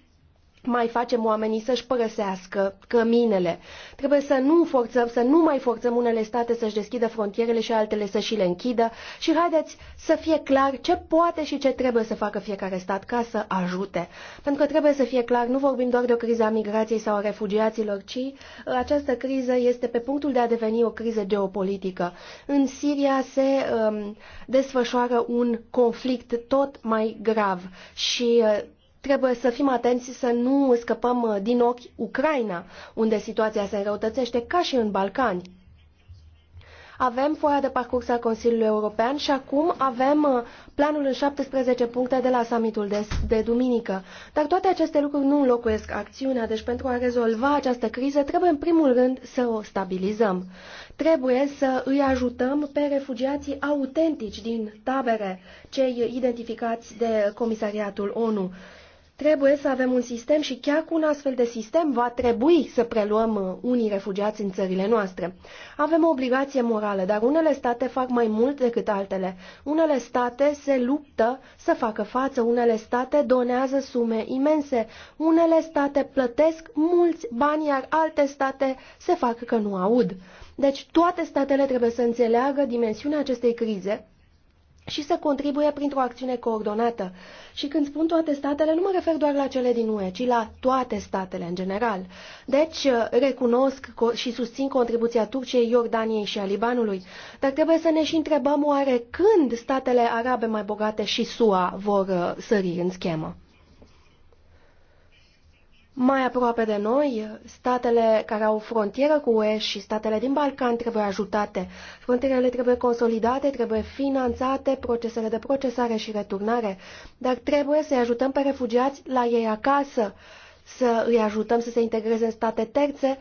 mai facem oamenii să-și părăsească căminele. Trebuie să nu forțăm, să nu mai forțăm unele state să-și deschidă frontierele și altele să și le închidă și haideți să fie clar ce poate și ce trebuie să facă fiecare stat ca să ajute. Pentru că trebuie să fie clar, nu vorbim doar de o criză a migrației sau a refugiaților, ci uh, această criză este pe punctul de a deveni o criză geopolitică. În Siria se um, desfășoară un conflict tot mai grav și uh, Trebuie să fim atenți să nu scăpăm uh, din ochi Ucraina, unde situația se înrăutățește ca și în Balcani. Avem foaia de parcurs a Consiliului European și acum avem uh, planul în 17 puncte de la summitul de, de duminică. Dar toate aceste lucruri nu înlocuiesc acțiunea, deci pentru a rezolva această criză trebuie în primul rând să o stabilizăm. Trebuie să îi ajutăm pe refugiații autentici din tabere, cei identificați de Comisariatul ONU Trebuie să avem un sistem și chiar cu un astfel de sistem va trebui să preluăm uh, unii refugiați în țările noastre. Avem o obligație morală, dar unele state fac mai mult decât altele. Unele state se luptă să facă față, unele state donează sume imense, unele state plătesc mulți bani, iar alte state se fac că nu aud. Deci toate statele trebuie să înțeleagă dimensiunea acestei crize și să contribuie printr-o acțiune coordonată. Și când spun toate statele, nu mă refer doar la cele din UE, ci la toate statele în general. Deci, uh, recunosc și susțin contribuția Turciei, Iordaniei și a Libanului, dar trebuie să ne și întrebăm oare când statele arabe mai bogate și SUA vor uh, sări în schemă. Mai aproape de noi, statele care au frontieră cu UE și statele din Balcan trebuie ajutate. Frontierele trebuie consolidate, trebuie finanțate, procesele de procesare și returnare, dar trebuie să-i ajutăm pe refugiați la ei acasă, să îi ajutăm să se integreze în state terțe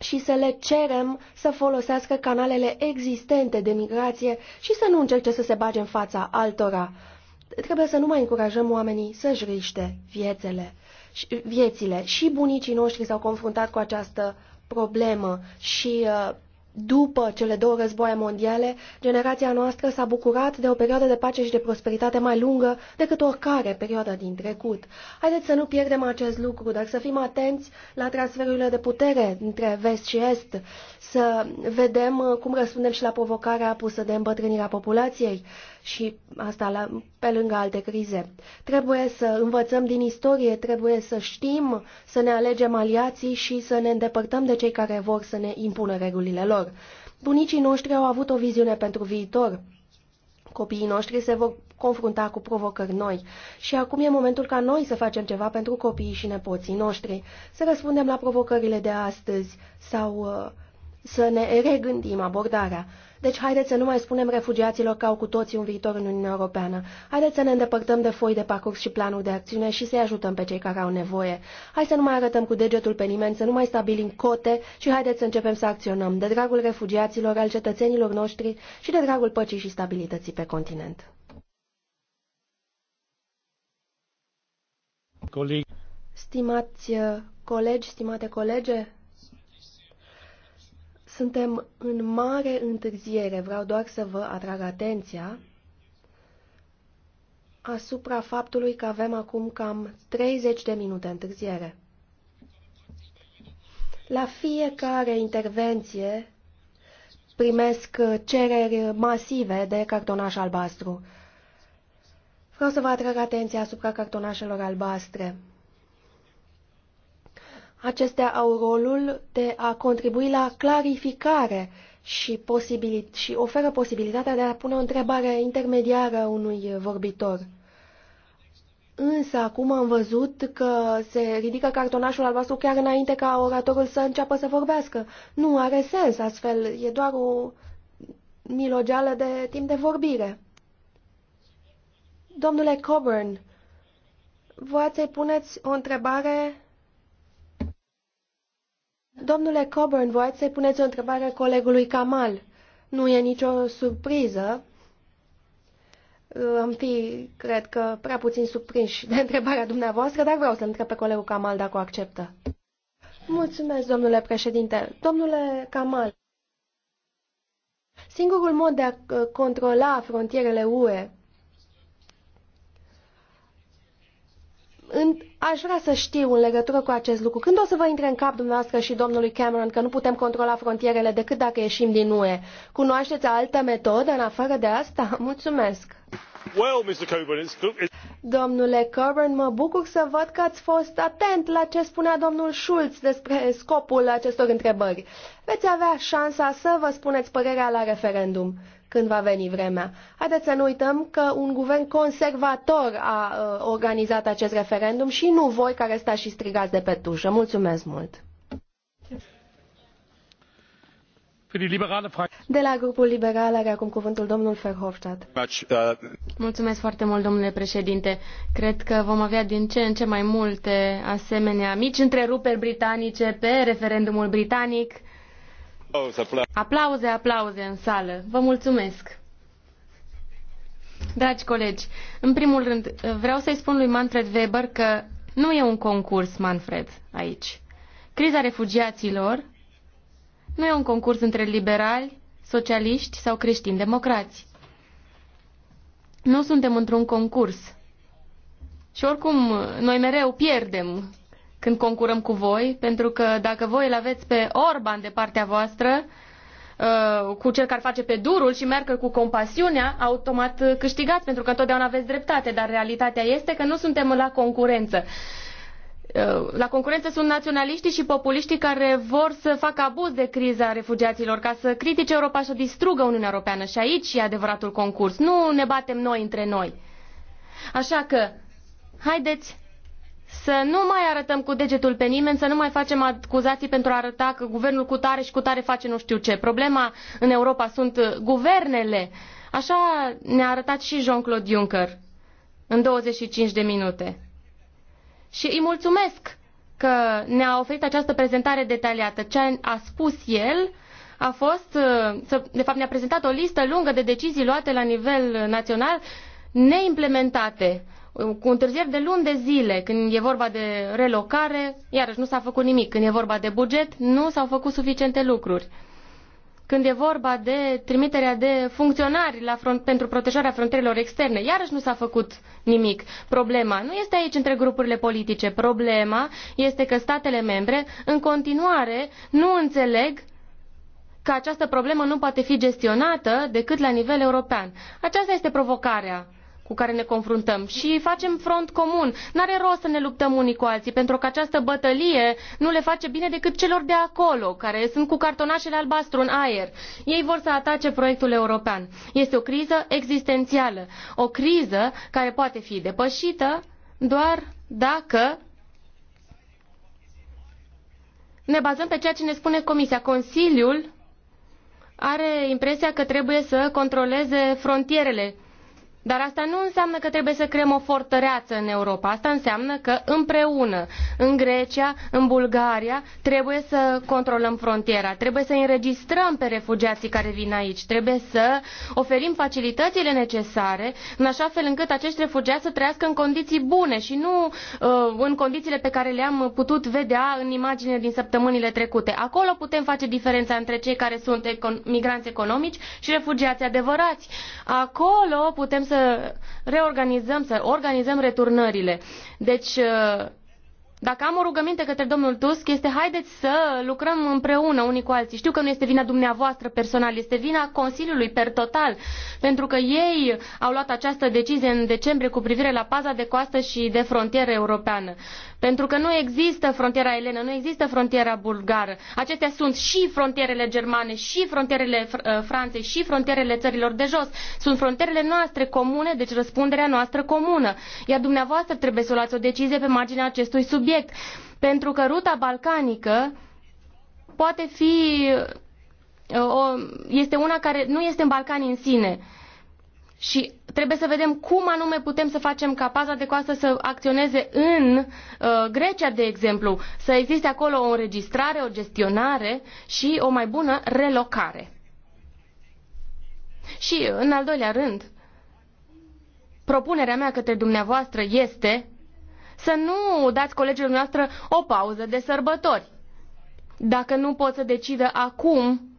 și să le cerem să folosească canalele existente de migrație și să nu încerce să se bage în fața altora. Trebuie să nu mai încurajăm oamenii să-și riște viețele viețile. Și bunicii noștri s-au confruntat cu această problemă și uh, după cele două războaie mondiale, generația noastră s-a bucurat de o perioadă de pace și de prosperitate mai lungă decât oricare perioadă din trecut. Haideți să nu pierdem acest lucru, dar să fim atenți la transferurile de putere între vest și est, să vedem uh, cum răspundem și la provocarea pusă de îmbătrânirea populației, și asta la, pe lângă alte crize. Trebuie să învățăm din istorie, trebuie să știm, să ne alegem aliații și să ne îndepărtăm de cei care vor să ne impună regulile lor. Bunicii noștri au avut o viziune pentru viitor. Copiii noștri se vor confrunta cu provocări noi și acum e momentul ca noi să facem ceva pentru copiii și nepoții noștri, să răspundem la provocările de astăzi sau uh, să ne regândim abordarea. Deci haideți să nu mai spunem refugiaților că au cu toții un viitor în Uniunea Europeană. Haideți să ne îndepărtăm de foi de parcurs și planuri de acțiune și să-i ajutăm pe cei care au nevoie. Hai să nu mai arătăm cu degetul pe nimeni, să nu mai stabilim cote și haideți să începem să acționăm de dragul refugiaților, al cetățenilor noștri și de dragul păcii și stabilității pe continent. Coleg. Stimați uh, colegi, stimate colege, suntem în mare întârziere. Vreau doar să vă atrag atenția asupra faptului că avem acum cam 30 de minute întârziere. La fiecare intervenție primesc cereri masive de cartonaș albastru. Vreau să vă atrag atenția asupra cartonașelor albastre. Acestea au rolul de a contribui la clarificare și, posibil, și oferă posibilitatea de a pune o întrebare intermediară unui vorbitor. Însă acum am văzut că se ridică cartonașul albastru chiar înainte ca oratorul să înceapă să vorbească. Nu are sens astfel, e doar o nilogeală de timp de vorbire. Domnule Coburn, voiați să-i puneți o întrebare Domnule Coburn, voiați să-i puneți o întrebare colegului Kamal. Nu e nicio surpriză. Am fi, cred că, prea puțin surprinși de întrebarea dumneavoastră, dar vreau să întreb pe colegul Kamal dacă o acceptă. Mulțumesc, domnule președinte. Domnule Kamal, singurul mod de a controla frontierele UE în, aș vrea să știu în legătură cu acest lucru. Când o să vă intre în cap dumneavoastră și domnului Cameron că nu putem controla frontierele decât dacă ieșim din UE? Cunoașteți altă metodă în afară de asta? Mulțumesc! Well, Mr. Coburn, it's... Domnule Coburn, mă bucur să văd că ați fost atent la ce spunea domnul Schulz despre scopul acestor întrebări. Veți avea șansa să vă spuneți părerea la referendum când va veni vremea. Haideți să nu uităm că un guvern conservator a uh, organizat acest referendum și nu voi care stați și strigați de pe tușă. Mulțumesc mult! De la grupul liberal are acum cuvântul domnul Ferhofstadt. Uh, Mulțumesc foarte mult, domnule președinte. Cred că vom avea din ce în ce mai multe asemenea mici întreruperi britanice pe referendumul britanic Aplauze, aplauze în sală. Vă mulțumesc. Dragi colegi, în primul rând vreau să-i spun lui Manfred Weber că nu e un concurs, Manfred, aici. Criza refugiaților nu e un concurs între liberali, socialiști sau creștini-democrați. Nu suntem într-un concurs. Și oricum, noi mereu pierdem când concurăm cu voi, pentru că dacă voi îl aveți pe Orban de partea voastră, uh, cu cel care face pe durul și merge cu compasiunea, automat câștigați, pentru că întotdeauna aveți dreptate, dar realitatea este că nu suntem la concurență. Uh, la concurență sunt naționaliștii și populiștii care vor să facă abuz de criza refugiaților ca să critique Europa și să distrugă Uniunea Europeană. Și aici e adevăratul concurs. Nu ne batem noi între noi. Așa că, haideți să nu mai arătăm cu degetul pe nimeni, să nu mai facem acuzații pentru a arăta că guvernul cu tare și cu tare face nu știu ce. Problema în Europa sunt uh, guvernele. Așa ne-a arătat și Jean-Claude Juncker în 25 de minute. Și îi mulțumesc că ne-a oferit această prezentare detaliată. Ce a spus el a fost, uh, de fapt ne-a prezentat o listă lungă de decizii luate la nivel național neimplementate cu întârzieri de luni de zile. Când e vorba de relocare, iarăși nu s-a făcut nimic. Când e vorba de buget, nu s-au făcut suficiente lucruri. Când e vorba de trimiterea de funcționari la front, pentru protejarea frontierelor externe, iarăși nu s-a făcut nimic. Problema nu este aici între grupurile politice. Problema este că statele membre în continuare nu înțeleg că această problemă nu poate fi gestionată decât la nivel european. Aceasta este provocarea cu care ne confruntăm și facem front comun. N-are rost să ne luptăm unii cu alții, pentru că această bătălie nu le face bine decât celor de acolo, care sunt cu cartonașele albastru în aer. Ei vor să atace proiectul european. Este o criză existențială, o criză care poate fi depășită doar dacă ne bazăm pe ceea ce ne spune Comisia. Consiliul are impresia că trebuie să controleze frontierele dar asta nu înseamnă că trebuie să creăm o fortăreață în Europa. Asta înseamnă că împreună, în Grecia, în Bulgaria, trebuie să controlăm frontiera, trebuie să înregistrăm pe refugiații care vin aici, trebuie să oferim facilitățile necesare, în așa fel încât acești refugiați să trăiască în condiții bune și nu uh, în condițiile pe care le-am putut vedea în imaginile din săptămânile trecute. Acolo putem face diferența între cei care sunt econ- migranți economici și refugiați adevărați. Acolo putem să să reorganizăm, să organizăm returnările. Deci, uh, dacă am o rugăminte către domnul Tusk, este haideți să lucrăm împreună unii cu alții. Știu că nu este vina dumneavoastră personal, este vina Consiliului per total, pentru că ei au luat această decizie în decembrie cu privire la paza de coastă și de frontieră europeană. Pentru că nu există frontiera elenă, nu există frontiera bulgară. Acestea sunt și frontierele germane, și frontierele uh, Franței, și frontierele țărilor de jos. Sunt frontierele noastre comune, deci răspunderea noastră comună. Iar dumneavoastră trebuie să luați o decizie pe marginea acestui subiect. Pentru că ruta balcanică poate fi uh, este una care nu este în Balcani în sine. Și trebuie să vedem cum anume putem să facem ca paza de coastă să acționeze în uh, Grecia, de exemplu, să existe acolo o înregistrare, o gestionare și o mai bună relocare. Și, în al doilea rând, propunerea mea către dumneavoastră este să nu dați colegilor noastre o pauză de sărbători. Dacă nu pot să decidă acum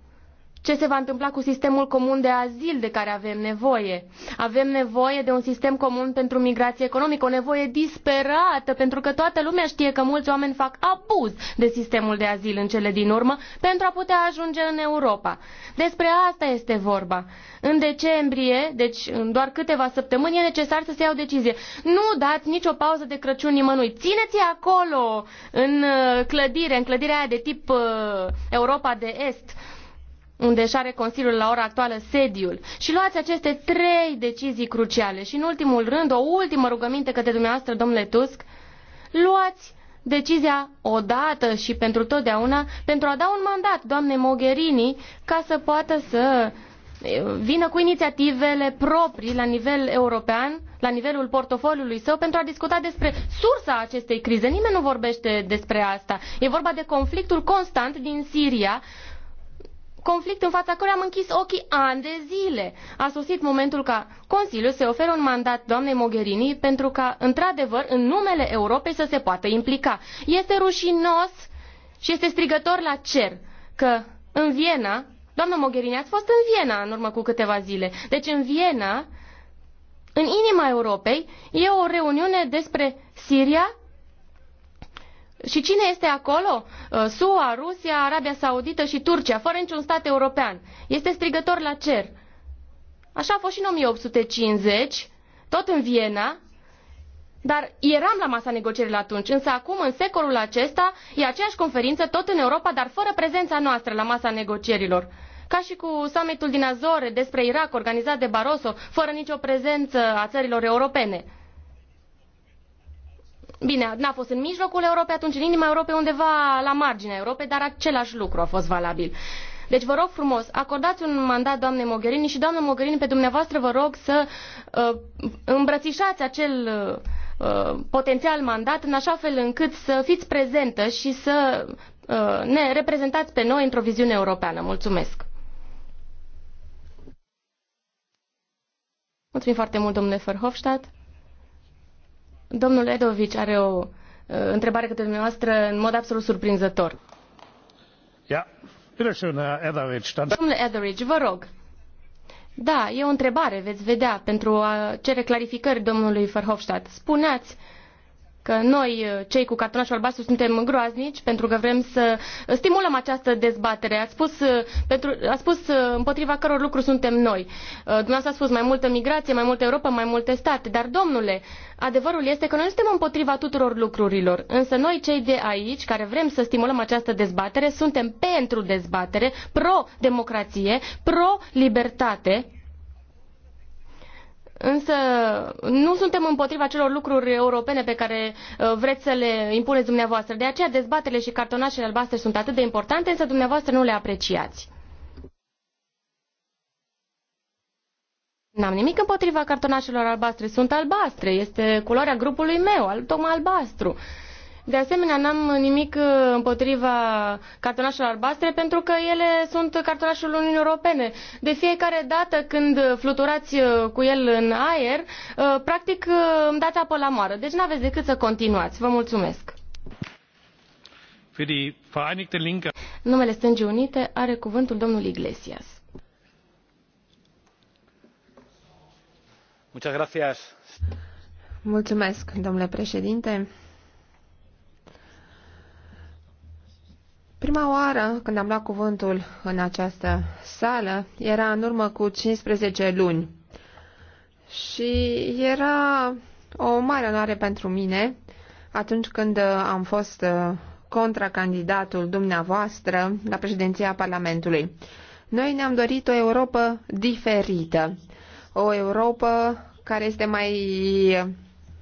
ce se va întâmpla cu sistemul comun de azil de care avem nevoie. Avem nevoie de un sistem comun pentru migrație economică, o nevoie disperată, pentru că toată lumea știe că mulți oameni fac abuz de sistemul de azil în cele din urmă pentru a putea ajunge în Europa. Despre asta este vorba. În decembrie, deci în doar câteva săptămâni, e necesar să se ia o decizie. Nu dați nicio pauză de Crăciun nimănui. Țineți-i acolo, în uh, clădire, în clădirea aia de tip uh, Europa de Est, unde își are Consiliul la ora actuală sediul și luați aceste trei decizii cruciale. Și în ultimul rând, o ultimă rugăminte către dumneavoastră, domnule Tusk, luați decizia odată și pentru totdeauna pentru a da un mandat doamnei Mogherini ca să poată să vină cu inițiativele proprii la nivel european, la nivelul portofoliului său, pentru a discuta despre sursa acestei crize. Nimeni nu vorbește despre asta. E vorba de conflictul constant din Siria, conflict în fața căruia am închis ochii ani de zile. A sosit momentul ca Consiliul să oferă un mandat doamnei Mogherini pentru ca, într-adevăr, în numele Europei să se poată implica. Este rușinos și este strigător la cer că în Viena, doamna Mogherini, ați fost în Viena în urmă cu câteva zile. Deci în Viena, în inima Europei, e o reuniune despre Siria și cine este acolo? Uh, SUA, Rusia, Arabia Saudită și Turcia, fără niciun stat european. Este strigător la cer. Așa a fost și în 1850, tot în Viena, dar eram la masa negocierilor atunci, însă acum, în secolul acesta, e aceeași conferință, tot în Europa, dar fără prezența noastră la masa negocierilor. Ca și cu summitul din Azore despre Irak, organizat de Barroso, fără nicio prezență a țărilor europene. Bine, n-a fost în mijlocul Europei, atunci în inima Europei, undeva la marginea Europei, dar același lucru a fost valabil. Deci vă rog frumos, acordați un mandat doamnei Mogherini și doamnă Mogherini, pe dumneavoastră vă rog să uh, îmbrățișați acel uh, potențial mandat în așa fel încât să fiți prezentă și să uh, ne reprezentați pe noi într-o viziune europeană. Mulțumesc! Mulțumim foarte mult, domnule Verhofstadt. Domnul Edovici are o uh, întrebare către dumneavoastră în mod absolut surprinzător. Ja. Domnule Edovici, vă rog. Da, e o întrebare, veți vedea, pentru a cere clarificări domnului Verhofstadt. Spuneați că noi, uh, cei cu cartonașul albastru, suntem groaznici pentru că vrem să stimulăm această dezbatere. Ați spus, uh, pentru, ați spus uh, împotriva căror lucruri suntem noi. Dumneavoastră a spus mai multă migrație, mai multă Europa, mai multe state. Dar, domnule, adevărul este că noi nu suntem împotriva tuturor lucrurilor. Însă noi, cei de aici, care vrem să stimulăm această dezbatere, suntem pentru dezbatere, pro-democrație, pro-libertate Însă nu suntem împotriva celor lucruri europene pe care uh, vreți să le impuneți dumneavoastră. De aceea dezbatele și cartonașele albastre sunt atât de importante, însă dumneavoastră nu le apreciați. N-am nimic împotriva cartonașelor albastre. Sunt albastre. Este culoarea grupului meu, al, tocmai albastru. De asemenea, n-am nimic uh, împotriva cartonașelor albastre pentru că ele sunt cartonașul Uniunii Europene. De fiecare dată când fluturați uh, cu el în aer, uh, practic îmi dați apă la moară. Deci n-aveți decât să continuați. Vă mulțumesc. Numele Stângii Unite are cuvântul domnul Iglesias. Mulțumesc, domnule președinte. Prima oară când am luat cuvântul în această sală era în urmă cu 15 luni și era o mare onoare pentru mine atunci când am fost uh, contracandidatul dumneavoastră la președinția Parlamentului. Noi ne-am dorit o Europa diferită, o Europa care este mai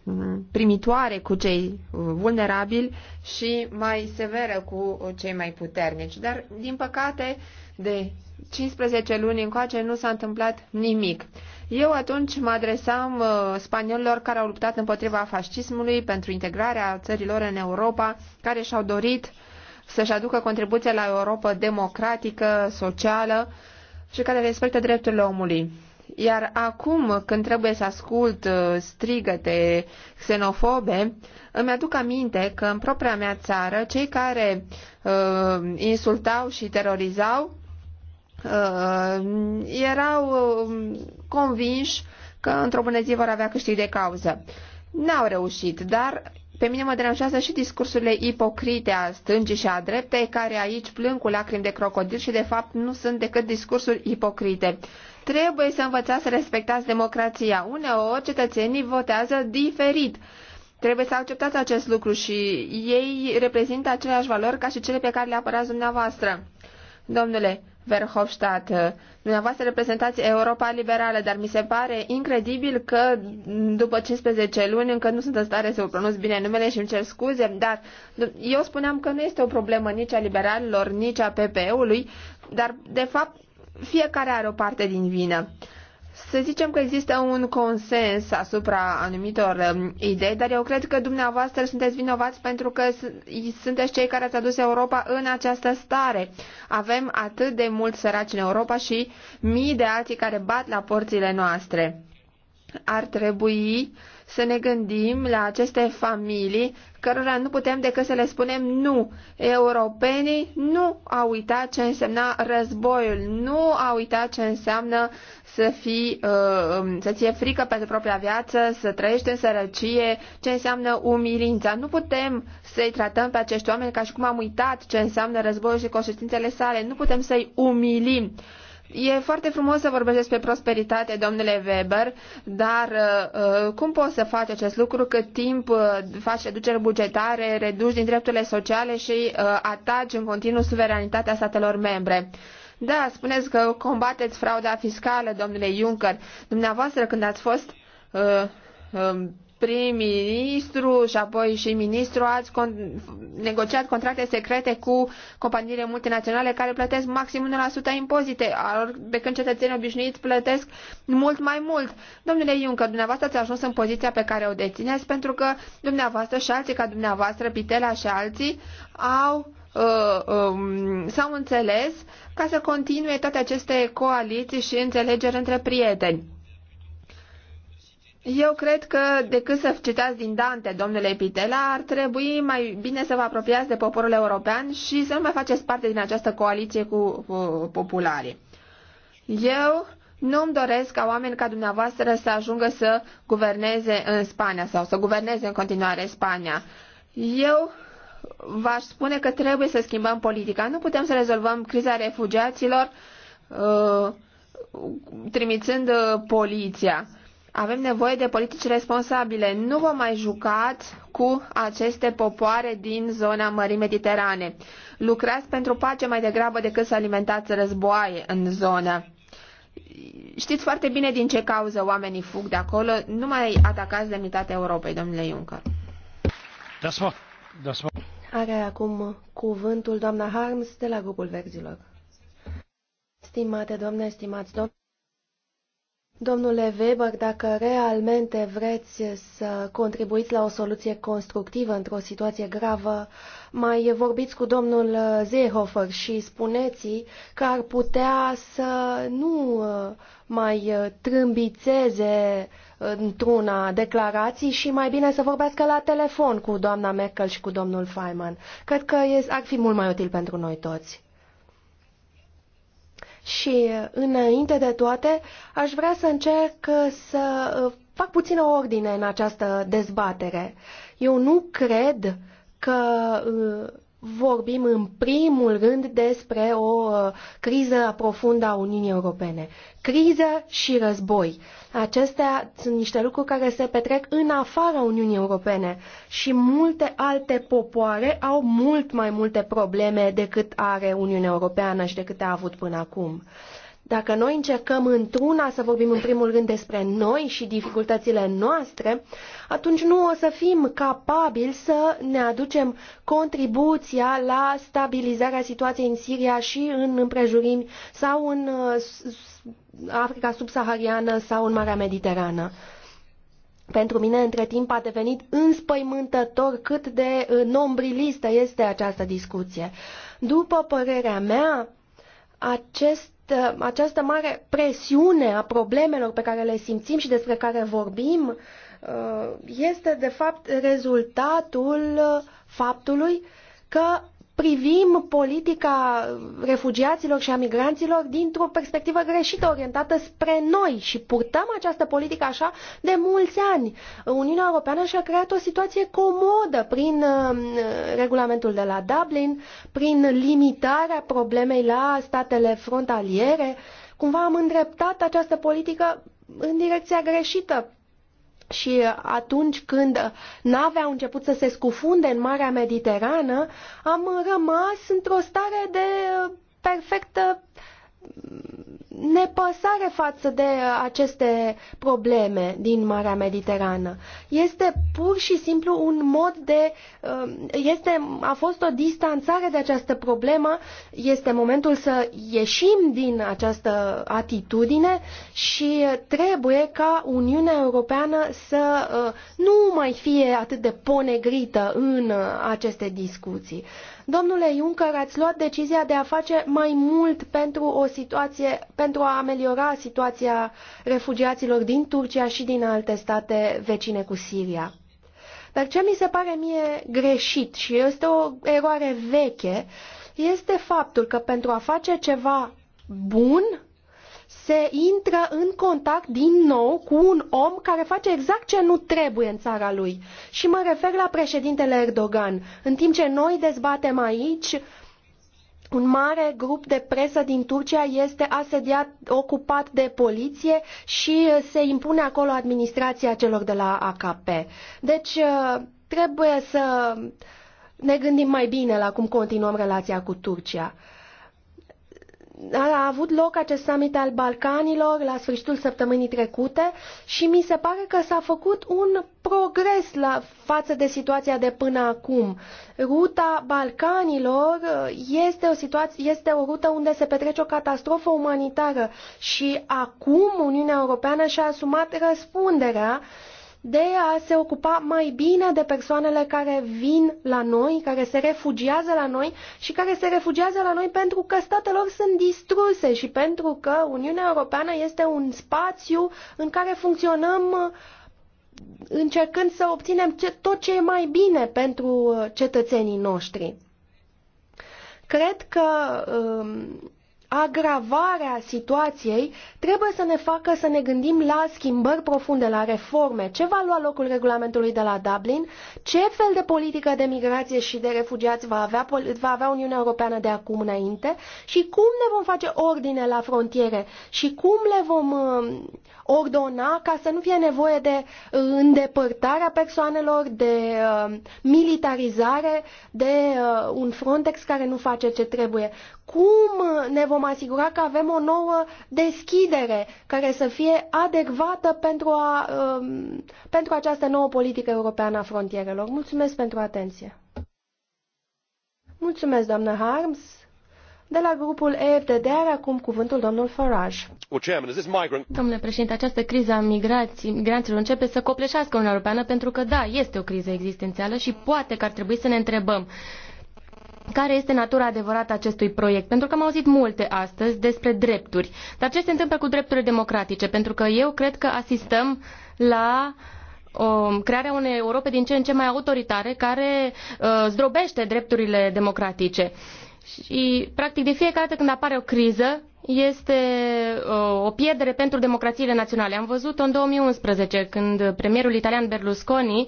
Mm, primitoare cu cei vulnerabili și mai severă cu cei mai puternici. Dar, din păcate, de 15 luni încoace nu s-a întâmplat nimic. Eu atunci mă adresam uh, spaniolilor care au luptat împotriva fascismului pentru integrarea țărilor în Europa, care și-au dorit să-și aducă contribuția la Europa democratică, socială și care respectă drepturile omului. Iar acum, când trebuie să ascult uh, strigăte xenofobe, îmi aduc aminte că în propria mea țară, cei care uh, insultau și terorizau uh, erau uh, convinși că într-o bună zi vor avea câștig de cauză. N-au reușit, dar pe mine mă deranjează și discursurile ipocrite a stângii și a dreptei, care aici plâng cu lacrimi de crocodil și de fapt nu sunt decât discursuri ipocrite. Trebuie să învățați să respectați democrația. Uneori cetățenii votează diferit. Trebuie să acceptați acest lucru și ei reprezintă aceleași valori ca și cele pe care le apărați dumneavoastră. Domnule Verhofstadt, dumneavoastră reprezentați Europa liberală, dar mi se pare incredibil că după 15 luni încă nu sunt în stare să vă pronunț bine numele și îmi cer scuze, dar eu spuneam că nu este o problemă nici a liberalilor, nici a PPE-ului, dar de fapt fiecare are o parte din vină. Să zicem că există un consens asupra anumitor um, idei, dar eu cred că dumneavoastră sunteți vinovați pentru că sunteți cei care ați adus Europa în această stare. Avem atât de mulți săraci în Europa și mii de alții care bat la porțile noastre. Ar trebui să ne gândim la aceste familii cărora nu putem decât să le spunem nu. Europenii nu au uitat ce însemna războiul, nu au uitat ce înseamnă să, fii, uh, să ție frică pentru propria viață, să trăiești în sărăcie, ce înseamnă umilința. Nu putem să-i tratăm pe acești oameni ca și cum am uitat ce înseamnă războiul și consecințele sale. Nu putem să-i umilim. E foarte frumos să vorbești despre prosperitate, domnule Weber, dar uh, cum poți să faci acest lucru cât timp uh, faci reduceri bugetare, reduci din drepturile sociale și uh, ataci în continuu suveranitatea statelor membre? Da, spuneți că combateți frauda fiscală, domnule Juncker. Dumneavoastră, când ați fost uh, uh, prim-ministru și apoi și ministru ați con- negociat contracte secrete cu companiile multinaționale care plătesc maxim 1% impozite, de când cetățenii obișnuiți plătesc mult mai mult. Domnule Iuncă, dumneavoastră ați ajuns în poziția pe care o dețineți pentru că dumneavoastră și alții ca dumneavoastră, Pitela și alții, au uh, um, s-au înțeles ca să continue toate aceste coaliții și înțelegeri între prieteni. Eu cred că decât să citați din Dante, domnule Epitela, ar trebui mai bine să vă apropiați de poporul european și să nu mai faceți parte din această coaliție cu, cu popularii. Eu nu îmi doresc ca oameni ca dumneavoastră să ajungă să guverneze în Spania sau să guverneze în continuare Spania. Eu v-aș spune că trebuie să schimbăm politica. Nu putem să rezolvăm criza refugiaților uh, trimițând uh, poliția. Avem nevoie de politici responsabile. Nu vă mai jucați cu aceste popoare din zona Mării Mediterane. Lucrați pentru pace mai degrabă decât să alimentați războaie în zonă. Știți foarte bine din ce cauză oamenii fug de acolo. Nu mai atacați demnitatea Europei, domnule Juncker. Das war, das war. Are acum cuvântul doamna Harms de la grupul verzilor. Stimate doamne, stimați domnule. Domnule Weber, dacă realmente vreți să contribuiți la o soluție constructivă într-o situație gravă, mai vorbiți cu domnul Zehofer și spuneți că ar putea să nu mai trâmbițeze într-una declarații și mai bine să vorbească la telefon cu doamna Merkel și cu domnul Feynman. Cred că ar fi mult mai util pentru noi toți. Și înainte de toate, aș vrea să încerc să uh, fac puțină ordine în această dezbatere. Eu nu cred că uh, vorbim în primul rând despre o uh, criză profundă a Uniunii Europene. Criză și război. Acestea sunt niște lucruri care se petrec în afara Uniunii Europene și multe alte popoare au mult mai multe probleme decât are Uniunea Europeană și decât a avut până acum. Dacă noi încercăm într-una să vorbim în primul rând despre noi și dificultățile noastre, atunci nu o să fim capabili să ne aducem contribuția la stabilizarea situației în Siria și în împrejurimi sau în Africa subsahariană sau în Marea Mediterană. Pentru mine, între timp, a devenit înspăimântător cât de nombrilistă este această discuție. După părerea mea, acest, această mare presiune a problemelor pe care le simțim și despre care vorbim uh, este, de fapt, rezultatul faptului că privim politica refugiaților și a migranților dintr-o perspectivă greșită, orientată spre noi și purtăm această politică așa de mulți ani. Uniunea Europeană și-a creat o situație comodă prin uh, regulamentul de la Dublin, prin limitarea problemei la statele frontaliere. Cumva am îndreptat această politică în direcția greșită și atunci când navea a început să se scufunde în Marea Mediterană, am rămas într-o stare de perfectă nepăsare față de aceste probleme din Marea Mediterană. Este pur și simplu un mod de... Um, este, a fost o distanțare de această problemă, este momentul să ieșim din această atitudine și trebuie ca Uniunea Europeană să uh, nu mai fie atât de ponegrită în uh, aceste discuții. Domnule Juncker, ați luat decizia de a face mai mult pentru, o situație, pentru a ameliora situația refugiaților din Turcia și din alte state vecine cu Siria. Dar ce mi se pare mie greșit și este o eroare veche, este faptul că pentru a face ceva bun, se intră în contact din nou cu un om care face exact ce nu trebuie în țara lui. Și mă refer la președintele Erdogan. În timp ce noi dezbatem aici, un mare grup de presă din Turcia este asediat, ocupat de poliție și uh, se impune acolo administrația celor de la AKP. Deci uh, trebuie să ne gândim mai bine la cum continuăm relația cu Turcia a avut loc acest summit al Balcanilor la sfârșitul săptămânii trecute și mi se pare că s-a făcut un progres la față de situația de până acum. Ruta Balcanilor este o, situație, este o rută unde se petrece o catastrofă umanitară și acum Uniunea Europeană și-a asumat răspunderea uh, de a se ocupa mai bine de persoanele care vin la noi, care se refugiază la noi și care se refugiază la noi pentru că statele lor sunt distruse și pentru că Uniunea Europeană este un spațiu în care funcționăm încercând să obținem tot ce e mai bine pentru cetățenii noștri. Cred că um, agravarea situației trebuie să ne facă să ne gândim la schimbări profunde, la reforme. Ce va lua locul regulamentului de la Dublin? Ce fel de politică de migrație și de refugiați va avea, va avea Uniunea Europeană de acum înainte? Și cum ne vom face ordine la frontiere? Și cum le vom ordona ca să nu fie nevoie de uh, îndepărtarea persoanelor, de uh, militarizare, de uh, un Frontex care nu face ce trebuie. Cum ne vom asigura că avem o nouă deschidere care să fie adecvată pentru, a, um, pentru această nouă politică europeană a frontierelor? Mulțumesc pentru atenție. Mulțumesc, doamnă Harms. De la grupul EFDD are acum cuvântul domnul Farage. Domnule președinte, această criză a migrației, migranților începe să copleșească Uniunea Europeană pentru că, da, este o criză existențială și poate că ar trebui să ne întrebăm care este natura adevărată acestui proiect, pentru că am auzit multe astăzi despre drepturi. Dar ce se întâmplă cu drepturile democratice? Pentru că eu cred că asistăm la o, um, crearea unei Europe din ce în ce mai autoritare care uh, zdrobește drepturile democratice. Uh, și, practic, de fiecare dată când apare o criză, este uh, o pierdere pentru democrațiile naționale. Am văzut-o în 2011, când premierul italian Berlusconi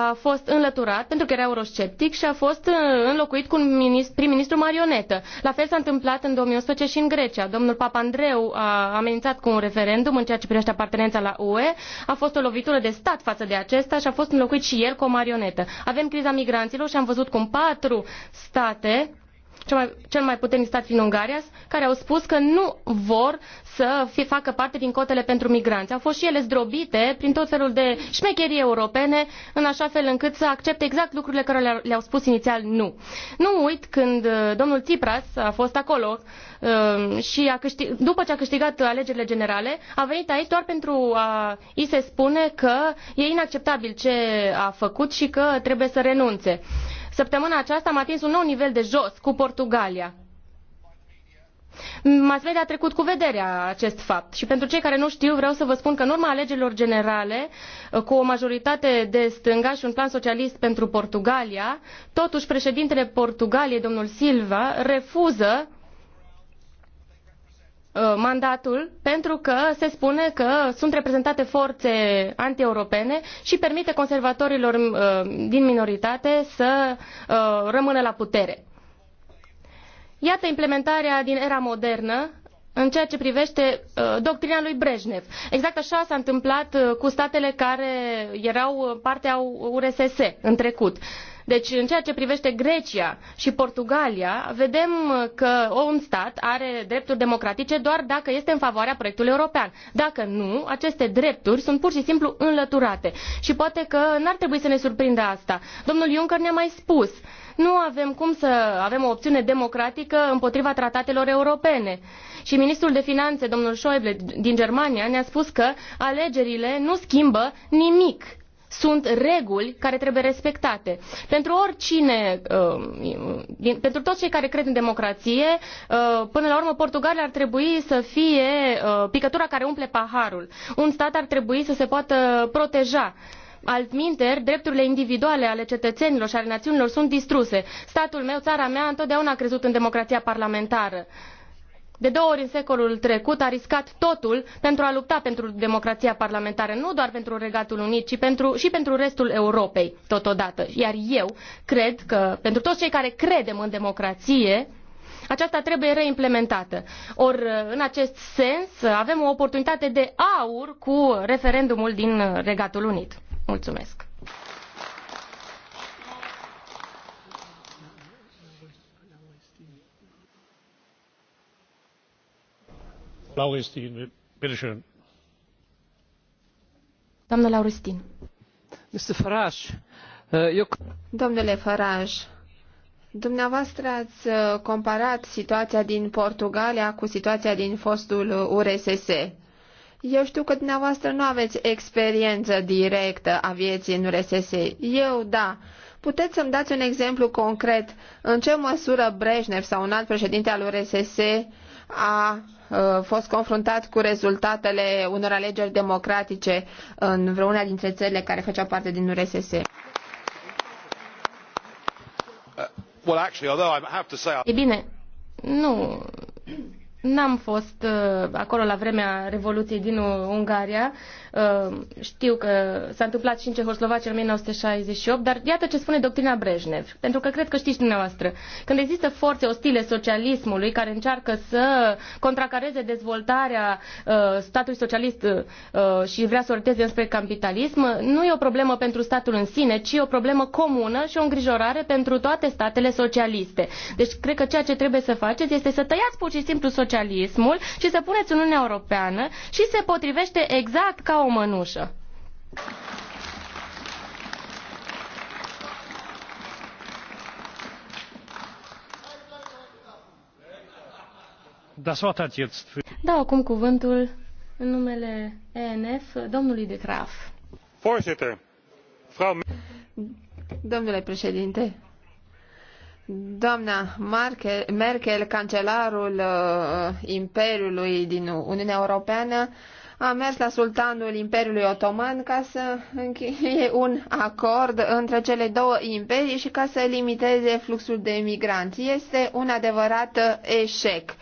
a fost înlăturat pentru că era eurosceptic și a fost uh, înlocuit cu un prim-ministru marionetă. La fel s-a întâmplat în 2011 și în Grecia. Domnul Papandreou a amenințat cu un referendum în ceea ce privește apartenența la UE, a fost o lovitură de stat față de acesta și a fost înlocuit și el cu o marionetă. Avem criza migranților și am văzut cum patru state cel mai, cel mai puternic stat din Ungaria, care au spus că nu vor să fie, facă parte din cotele pentru migranți. Au fost și ele zdrobite prin tot felul de șmecherii europene, în așa fel încât să accepte exact lucrurile care le-au spus inițial nu. Nu uit când uh, domnul Tsipras a fost acolo uh, și a câștig, după ce a câștigat alegerile generale, a venit aici doar pentru a i se spune că e inacceptabil ce a făcut și că trebuie să renunțe. Săptămâna aceasta am atins un nou nivel de jos cu Portugalia. Mass media a trecut cu vederea acest fapt și pentru cei care nu știu vreau să vă spun că în urma alegerilor generale cu o majoritate de stânga și un plan socialist pentru Portugalia, totuși președintele Portugaliei, domnul Silva, refuză Uh, mandatul pentru că se spune că sunt reprezentate forțe antieuropene și permite conservatorilor uh, din minoritate să uh, rămână la putere. Iată implementarea din era modernă în ceea ce privește doctrina lui Brejnev. Exact așa s-a întâmplat cu statele care erau parte a URSS în trecut. Uh, deci, în ceea ce privește Grecia și Portugalia, vedem că un stat are drepturi democratice doar dacă este în favoarea proiectului european. Dacă nu, aceste drepturi sunt pur și simplu înlăturate. Și poate că n-ar trebui să ne surprindă asta. Domnul Juncker ne-a mai spus nu avem cum să avem o opțiune democratică împotriva tratatelor europene. Și ministrul de finanțe, domnul Schäuble din Germania, ne-a spus că alegerile nu schimbă nimic sunt reguli care trebuie respectate. Pentru oricine, uh, pentru toți cei care cred în democrație, uh, până la urmă Portugalia ar trebui să fie uh, picătura care umple paharul. Un stat ar trebui să se poată proteja altminteri drepturile individuale ale cetățenilor și ale națiunilor sunt distruse. Statul meu, țara mea, întotdeauna a crezut în democrația parlamentară de două ori în secolul trecut a riscat totul pentru a lupta pentru democrația parlamentară, nu doar pentru Regatul Unit, ci pentru, și pentru restul Europei totodată. Iar eu cred că, pentru toți cei care credem în democrație, aceasta trebuie reimplementată. Or, în acest sens, avem o oportunitate de aur cu referendumul din Regatul Unit. Mulțumesc! Lauristin, bitte uh, Domnule Farage, Dumneavoastră ați uh, comparat situația din Portugalia cu situația din fostul URSS. Eu știu că dumneavoastră nu aveți experiență directă a vieții în URSS. Eu da. Puteți să-mi dați un exemplu concret în ce măsură Brejnev sau un alt președinte al URSS a Uh, fost confruntat cu rezultatele unor alegeri democratice în vreuna dintre țările care făceau parte din URSS. Uh, well, actually, I have to say... E bine, nu N-am fost uh, acolo la vremea Revoluției din Ungaria. Uh, știu că s-a întâmplat și în Cehoslovacia în 1968, dar iată ce spune doctrina Brejnev, pentru că cred că știți dumneavoastră. Când există forțe ostile socialismului care încearcă să contracareze dezvoltarea uh, statului socialist uh, și vrea să orteze înspre capitalism, nu e o problemă pentru statul în sine, ci e o problemă comună și o îngrijorare pentru toate statele socialiste. Deci cred că ceea ce trebuie să faceți este să tăiați pur și simplu socialismul socialismul și să puneți Uniunea Europeană și se potrivește exact ca o mănușă. Dau acum cuvântul în numele ENF domnului de Graaf. Domnule președinte, Doamna Merkel, Merkel, cancelarul uh, uh, Imperiului din Uniunea Europeană, a mers la sultanul Imperiului Otoman ca să încheie un acord între cele două imperii și ca să limiteze fluxul de migranți. Este un adevărat eșec.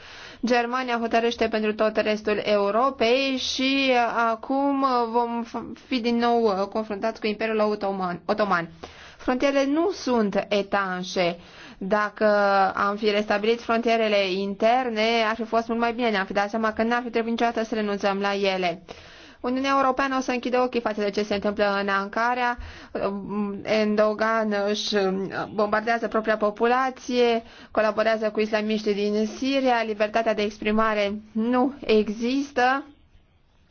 Germania hotărăște pentru tot restul Europei și acum vom fi din nou confruntați cu Imperiul Otoman. Otoman. Frontierele nu sunt etanșe. Uh, dacă am fi restabilit frontierele interne, ar fi fost mult mai bine, ne-am fi dat seama că n-ar fi trebuit niciodată să renunțăm la ele. Uniunea Europeană o să închide ochii față de ce se întâmplă în Ankara. Endogan își bombardează propria populație, colaborează cu islamiștii din Siria, libertatea de exprimare nu există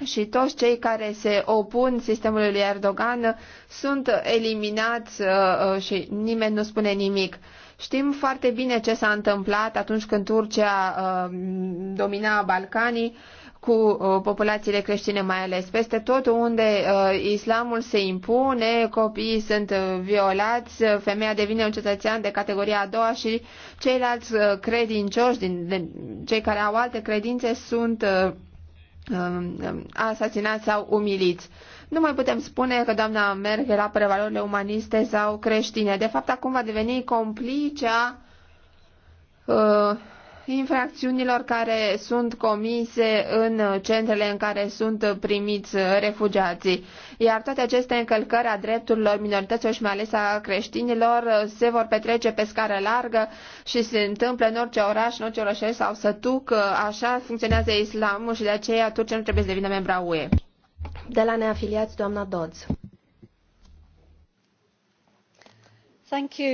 și toți cei care se opun sistemului lui Erdogan sunt eliminați uh, uh, și nimeni nu spune nimic. Știm foarte bine ce s-a întâmplat atunci când Turcia uh, domina Balcanii cu uh, populațiile creștine mai ales. Peste tot unde uh, islamul se impune, copiii sunt uh, violați, femeia devine un cetățean de categoria a doua și ceilalți uh, credincioși, din, de, cei care au alte credințe, sunt uh, uh, asasinați sau umiliți. Uh, nu mai putem spune că doamna era pe valorile umaniste sau creștine. De fapt, acum va deveni complicea uh, infracțiunilor care sunt comise în centrele în care sunt primiți refugiații. Iar toate aceste încălcări a drepturilor minorităților și mai ales a creștinilor se vor petrece pe scară largă și se întâmplă în orice oraș, în orice orășel sau sătuc. Așa funcționează islamul și de aceea Turcia nu trebuie să devină membra UE. De la neafiliați, doamna Dodds. Thank you.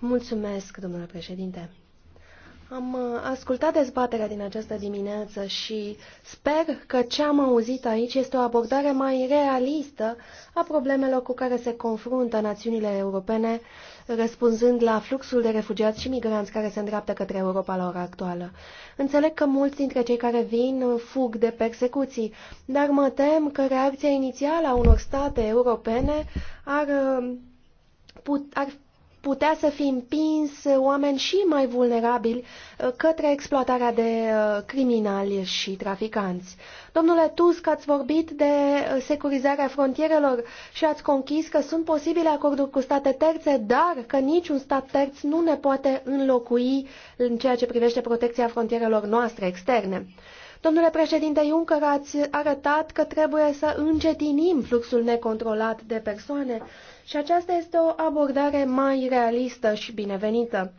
Mulțumesc, domnule președinte. Am uh, ascultat dezbaterea din această dimineață și sper că ce am auzit aici este o abordare mai realistă a problemelor cu care se confruntă națiunile europene răspunzând la fluxul de refugiați și migranți care se îndreaptă către Europa la ora actuală. Înțeleg că mulți dintre cei care vin fug de persecuții, dar mă tem că reacția inițială a unor state europene ar, uh, put, ar putea să fie împins oameni și mai vulnerabili uh, către exploatarea de uh, criminali și traficanți. Domnule Tusk, ați vorbit de securizarea frontierelor și ați conchis că sunt posibile acorduri cu state terțe, dar că niciun stat terț nu ne poate înlocui în ceea ce privește protecția frontierelor noastre externe. Domnule președinte Juncker, ați arătat că trebuie să încetinim fluxul necontrolat de persoane și aceasta este o abordare mai realistă și binevenită.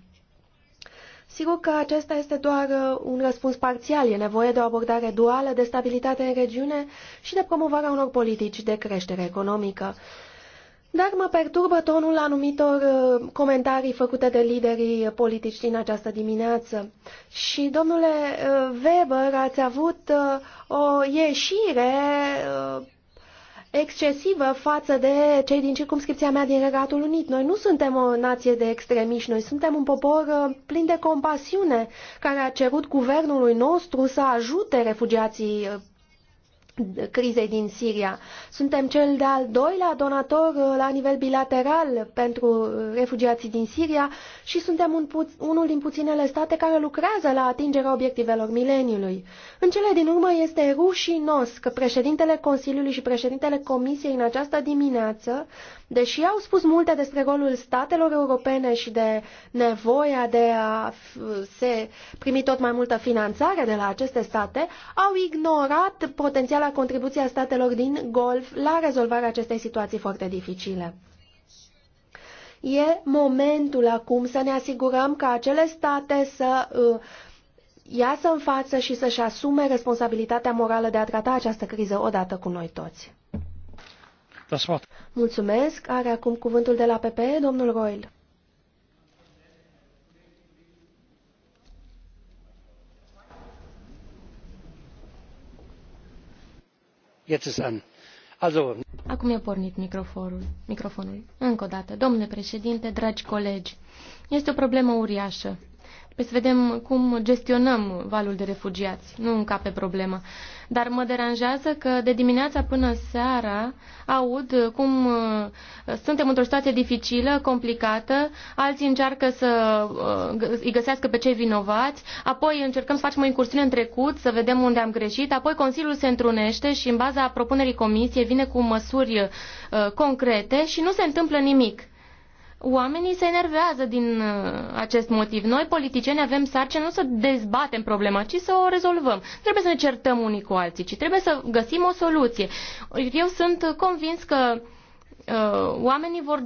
Sigur că acesta este doar uh, un răspuns parțial. E nevoie de o abordare duală de stabilitate în regiune și de promovarea unor politici de creștere economică. Dar mă perturbă tonul anumitor uh, comentarii făcute de liderii politici din această dimineață. Și, domnule uh, Weber, ați avut o ieșire excesivă față de cei din circumscripția mea din Regatul Unit. Noi nu suntem o nație de extremiști, noi suntem un popor uh, plin de compasiune care a cerut guvernului nostru să ajute refugiații uh, crizei din Siria. Suntem cel de-al doilea donator uh, la nivel bilateral pentru uh, refugiații din Siria și suntem un unul din puținele state care lucrează la atingerea obiectivelor mileniului. În cele din urmă este rușinos că președintele Consiliului și președintele Comisiei în această dimineață Deși au spus multe despre rolul statelor europene și de nevoia de a se primi tot mai multă finanțare de la aceste state, au ignorat potențiala contribuție a statelor din Golf la rezolvarea acestei situații foarte dificile. E momentul acum să ne asigurăm că acele state să uh, iasă în față și să-și asume responsabilitatea morală de a trata această criză odată cu noi toți. Das Wort. Mulțumesc. Are acum cuvântul de la PP, domnul Roil. Jetzt ist an. Also... Acum e pornit microfonul. microfonul. Încă o dată. Domnule președinte, dragi colegi, este o problemă uriașă. Trebuie păi să vedem cum gestionăm valul de refugiați, nu încape problema. Dar mă deranjează că de dimineața până seara aud cum uh, suntem într-o situație dificilă, complicată, alții încearcă să uh, îi găsească pe cei vinovați, apoi încercăm să facem o incursiune în trecut, să vedem unde am greșit, apoi Consiliul se întrunește și în baza propunerii Comisiei vine cu măsuri uh, concrete și nu se întâmplă nimic oamenii se enervează din uh, acest motiv. Noi, politicieni, avem sarcină nu să dezbatem problema, ci să o rezolvăm. Trebuie să ne certăm unii cu alții, ci trebuie să găsim o soluție. Eu sunt convins că uh, oamenii vor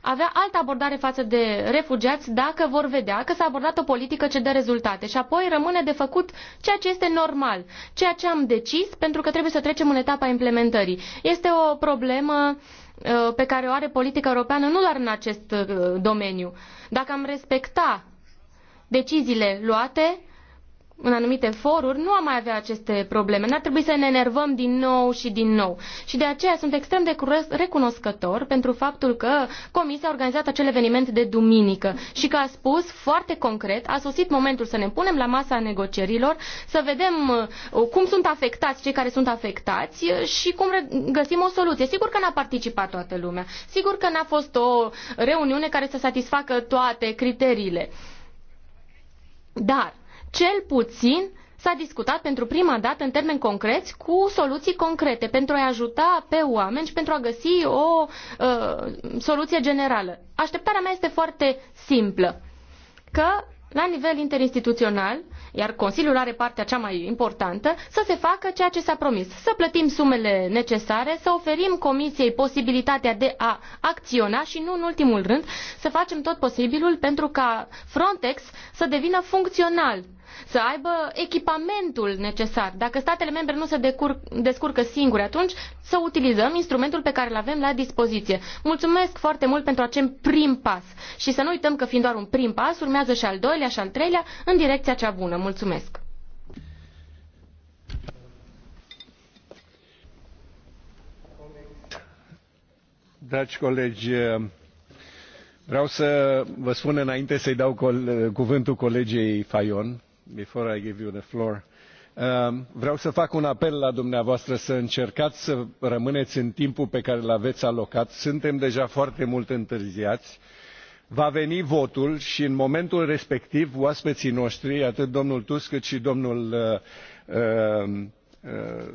avea altă abordare față de refugiați dacă vor vedea că s-a abordat o politică ce dă rezultate și apoi rămâne de făcut ceea ce este normal, ceea ce am decis pentru că trebuie să trecem în etapa implementării. Este o problemă uh, Uh, pe care o are politica europeană nu doar în acest uh, domeniu. Dacă am respecta deciziile luate, în anumite foruri, nu am mai avea aceste probleme. N-ar trebui să ne enervăm din nou și din nou. Și de aceea sunt extrem de recunoscător pentru faptul că Comisia a organizat acel eveniment de duminică și că a spus foarte concret, a sosit momentul să ne punem la masa negocierilor, să vedem uh, cum sunt afectați cei care sunt afectați uh, și cum găsim o soluție. Sigur că n-a participat toată lumea. Sigur că n-a fost o reuniune care să satisfacă toate criteriile. Dar cel puțin s-a discutat pentru prima dată în termeni concreți cu soluții concrete pentru a-i ajuta pe oameni și pentru a găsi o uh, soluție generală. Așteptarea mea este foarte simplă, că la nivel interinstituțional, iar Consiliul are partea cea mai importantă, să se facă ceea ce s-a promis, să plătim sumele necesare, să oferim Comisiei posibilitatea de a acționa și nu în ultimul rând să facem tot posibilul pentru ca Frontex să devină funcțional să aibă echipamentul necesar. Dacă statele membre nu se descurcă singure, atunci să utilizăm instrumentul pe care îl avem la dispoziție. Mulțumesc foarte mult pentru acest prim pas și să nu uităm că fiind doar un prim pas, urmează și al doilea și al treilea în direcția cea bună. Mulțumesc! Dragi colegi, vreau să vă spun înainte să i dau cuvântul colegei Fayon before I give you the floor. Um, vreau să fac un apel la dumneavoastră să încercați să rămâneți în timpul pe care îl aveți alocat. Suntem deja foarte mult întârziați. Va veni votul și în momentul respectiv oaspeții noștri, atât domnul Tusk cât și domnul uh, uh, uh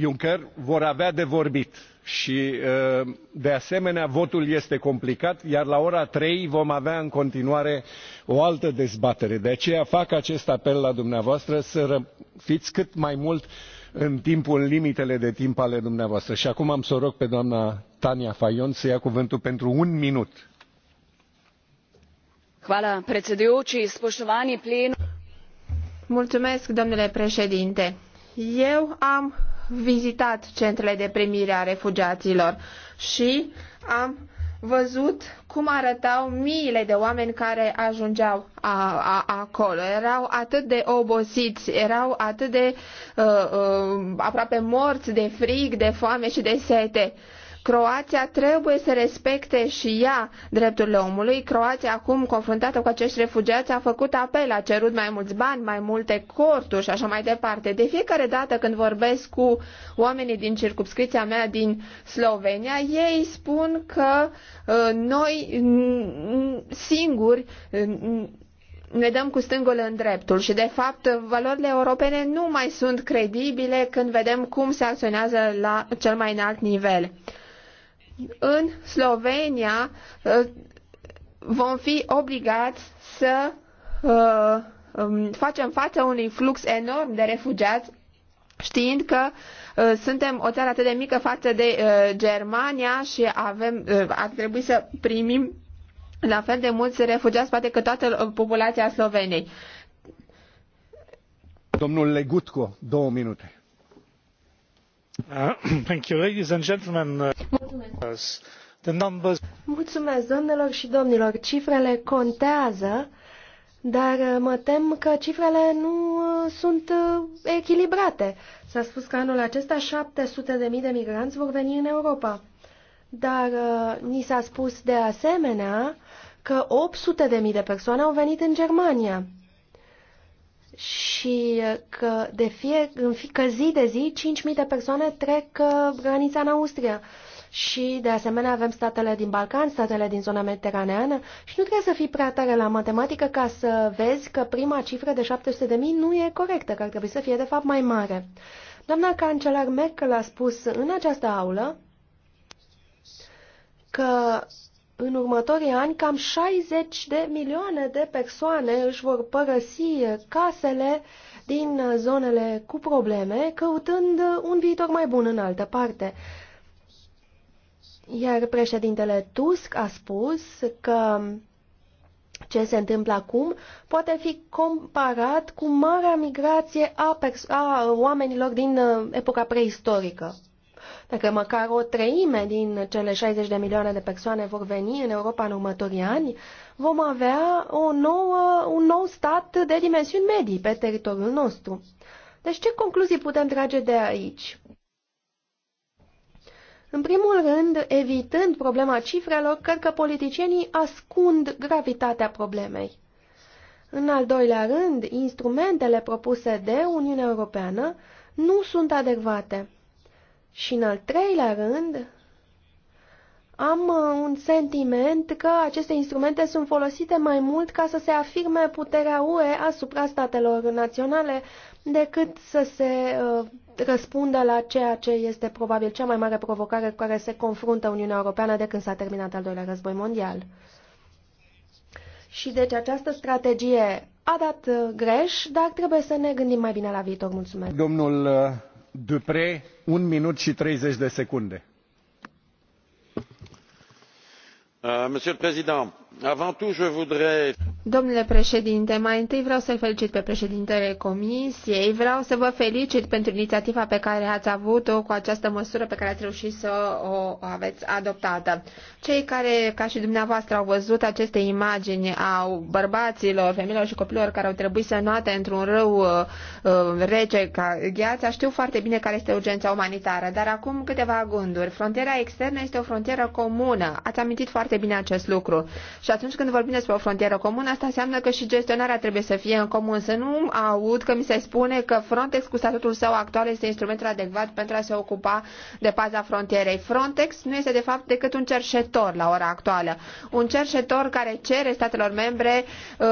Juncker, vor avea de vorbit și ă, de asemenea votul este complicat iar la ora trei vom avea în continuare o altă dezbatere de aceea fac acest apel la dumneavoastră să fiți cât mai mult în timpul limitele de timp ale dumneavoastră și acum am să o rog pe doamna Tania Fajon să ia cuvântul pentru un minut. Mulțumesc, domnule președinte. Eu am vizitat centrele de primire a refugiaților și am văzut cum arătau miile de oameni care ajungeau a, a, acolo. Erau atât de obosiți, erau atât de uh, uh, aproape morți de frig, de foame și de sete. Uh, Croația trebuie să respecte și ea drepturile omului. Croația, acum confruntată cu acești refugiați, a făcut apel, a cerut mai mulți bani, mai multe corturi și așa mai departe. De fiecare dată când vorbesc cu oamenii din circumscripția mea din Slovenia, ei spun că uh, noi singuri uh, ne dăm cu stângul în dreptul și, de fapt, valorile europene nu mai sunt credibile când vedem cum se acționează la cel mai înalt nivel în Slovenia uh, vom fi obligați să uh, um, facem față unui flux enorm de refugiați, știind că uh, suntem o țară atât de mică față de Germania și avem, ar trebui să primim la fel de mulți refugiați, poate că toată populația Sloveniei. Domnul Legutco, două minute. Mulțumesc. Mulțumesc, domnilor și domnilor. Cifrele contează, dar uh, mă tem că cifrele nu uh, sunt uh, echilibrate. S-a spus că anul acesta 700.000 de migranți vor veni în Europa. Dar ni s-a spus de asemenea că 800.000 de persoane au venit în Germania și că de fie, în fie zi de zi 5.000 de persoane trec uh, granița în Austria. Și, de asemenea, avem statele din Balcan, statele din zona mediteraneană și nu trebuie să fii prea tare la matematică ca să vezi că prima cifră de 700.000 nu e corectă, că ar trebui să fie, de fapt, mai mare. Doamna cancelar Merkel a spus în această aulă că în următorii ani cam 60 de milioane de persoane își vor părăsi casele din zonele cu probleme, căutând un viitor mai bun în altă parte. Iar președintele Tusk a spus că ce se întâmplă acum poate fi comparat cu marea migrație a, a oamenilor din epoca preistorică. Dacă măcar o treime din cele 60 de milioane de persoane vor veni în Europa în următorii ani, vom avea o nouă, un nou stat de dimensiuni medii pe teritoriul nostru. Deci ce concluzii putem trage de aici? În primul rând, evitând problema cifrelor, cred că politicienii ascund gravitatea problemei. În al doilea rând, instrumentele propuse de Uniunea Europeană nu sunt adecvate. Și în al treilea rând, am uh, un sentiment că aceste instrumente sunt folosite mai mult ca să se afirme puterea UE asupra statelor naționale decât să se uh, răspundă la ceea ce este probabil cea mai mare provocare cu care se confruntă Uniunea Europeană de când s-a terminat al doilea război mondial. Și deci această strategie a dat uh, greș, dar trebuie să ne gândim mai bine la viitor. Mulțumesc. Domnul uh, Dupre, un minut și 30 de secunde. Uh, Monsieur le Président, avant de je voudrais... Domnule președinte, mai întâi vreau să-l felicit pe președintele Comisiei. Vreau să vă felicit pentru inițiativa pe care ați avut-o cu această măsură pe care ați reușit să o aveți adoptată. Cei care, ca și dumneavoastră, au văzut aceste imagini a bărbaților, femeilor și copilor care au trebuit să noate într-un râu uh, uh, rece ca gheața, știu foarte bine care este urgența umanitară. Dar acum câteva gânduri. Frontiera externă este o frontieră comună. Ați amintit foarte bine acest lucru. Și atunci când vorbim despre o frontieră comună, Asta înseamnă că și gestionarea trebuie să fie în comun. Să nu aud că mi se spune că Frontex cu statutul său actual este instrumentul adecvat pentru a se ocupa de paza frontierei. Frontex nu este de fapt decât un cerșetor la ora actuală. Un cerșetor care cere statelor membre uh,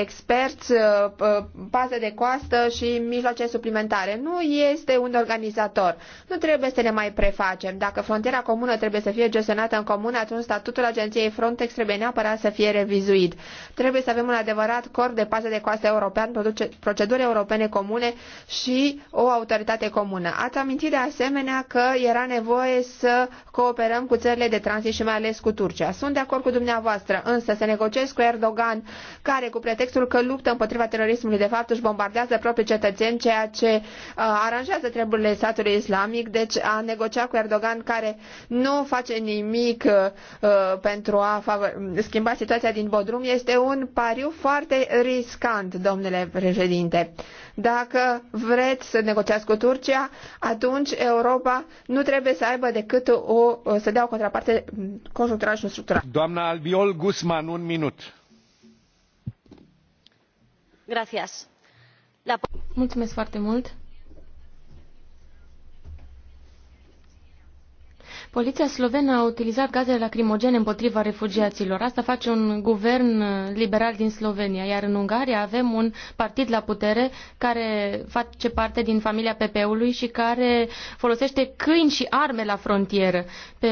experți, uh, uh, pază de coastă și mijloace suplimentare. Nu este un organizator. Nu trebuie să ne mai prefacem. Dacă frontiera comună trebuie să fie gestionată în comun, atunci statutul agenției Frontex trebuie neapărat să fie revizuit. Trebuie să avem un adevărat corp de pază de coastă european, proceduri europene comune și o autoritate comună. Ați amintit de asemenea că era nevoie să cooperăm cu țările de tranzit și mai ales cu Turcia. Sunt de acord cu dumneavoastră, însă să negociez cu Erdogan, care cu pretextul că luptă împotriva terorismului, de fapt își bombardează proprii cetățeni, ceea ce uh, aranjează treburile statului islamic, deci a negocia cu Erdogan, care nu face nimic uh, uh pentru a schimba situația din Bodrum, este un pariu foarte riscant, domnule președinte. Dacă vreți să negociați cu Turcia, atunci Europa nu trebuie să aibă decât o, să dea o contraparte conjuncturală și structurală. Doamna Albiol Guzman, un minut. Gracias. La... Mulțumesc foarte mult. Poliția slovenă a utilizat gaze lacrimogene împotriva refugiaților. Asta face un guvern uh, liberal din Slovenia. Iar în Ungaria avem un partid la putere care face parte din familia PP-ului și care folosește câini și arme la frontieră. Pe